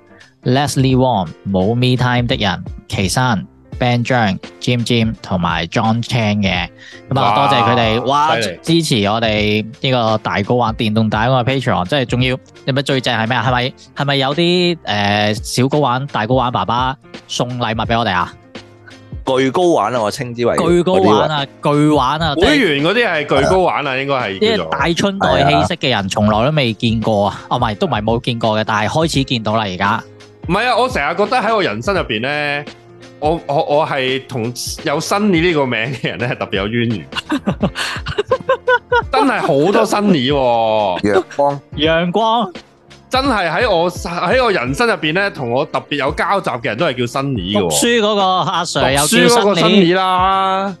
Leslie Wong 冇 me time 的人，奇生 Ben John Jim Jim 同埋 John Chang 嘅，咁、嗯、啊多謝佢哋哇，哇害支持我哋呢個大高玩電動大嗰個 patron，即係仲要係咪最正係咩啊？係咪係咪有啲誒、呃、小高玩大高玩爸爸送禮物俾我哋啊？巨高玩啊，我稱之為巨高玩啊，巨玩啊，會員嗰啲係巨高玩啊，啊應該係啲大春代氣息嘅人，從、啊、來都未見過啊，哦唔係都唔係冇見過嘅，但係開始見到啦而家。唔係啊！我成日覺得喺我人生入邊咧，我我我係同有 Sunny 呢個名嘅人咧，係特別有淵源。真係好多 Sunny，哦，陽光陽光，光真係喺我喺我人生入邊咧，同我特別有交集嘅人都係叫 Sunny 嘅。書嗰個阿 Sir，有書嗰個 Sunny 啦。嗯、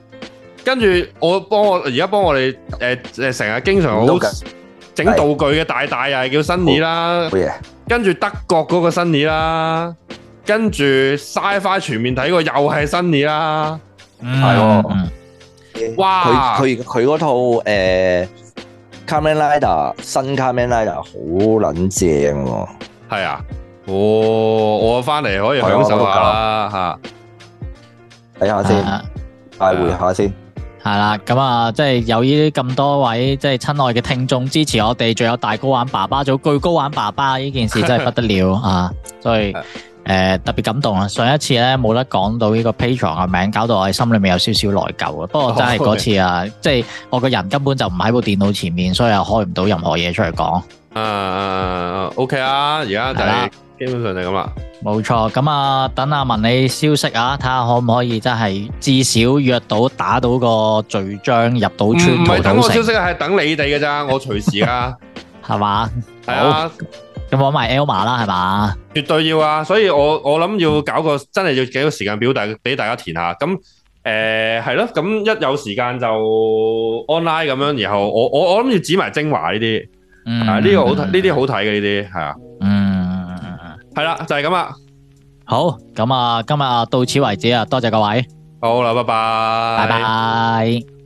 跟住我幫我而家幫我哋誒誒，成、呃、日經常好整道具嘅大大又係、嗯、的叫 Sunny 啦。哦好好好跟住德國嗰個新嘢啦，跟住《Sci-Fi》全面睇過又係新嘢啦，係喎，哇！佢佢佢嗰套誒《呃、Kamen Rider 新 Kamen、哦《Kamen Rider 好撚正喎，係啊，哦，我翻嚟可以享受下啦嚇、哦，睇、那個、下先，大回下先。係啦，咁啊，即係有呢啲咁多位即係親愛嘅聽眾支持我哋，仲有大 GO 玩爸爸，仲有巨 GO 玩爸爸，呢件事真係不得了 <laughs> 啊！所以誒、 <laughs> 呃、特別感動啊！上一次咧冇得講到呢個 Patreon 嘅名，搞到我心裏面有少少內疚啊！不過真係嗰次啊，即係、oh, okay. 我個人根本就唔喺部電腦前面，所以又開唔到任何嘢出嚟講。誒、uh,，OK 啊！而家就係。基本上就咁啦，冇錯。咁啊，等阿文你消息啊，睇下可唔可以真係至少約到打到個序章入到村。唔唔、係、等我消息啊，係等你哋嘅咋，我隨時啊。係嘛 <laughs> 吧？係啊，有冇埋 Elma 啦？係嘛？絕對要啊！所以我我諗要搞個真係要幾個時間表，大俾大家填下。咁誒係咯，咁、呃、一有時間就 online 咁樣。然後我我我諗要指埋精華呢啲，啊呢個好睇，呢啲好睇嘅呢啲係啊。係啦，就係咁啦。好，咁啊，今日到此為止啊，多謝各位。好啦，拜拜。拜拜。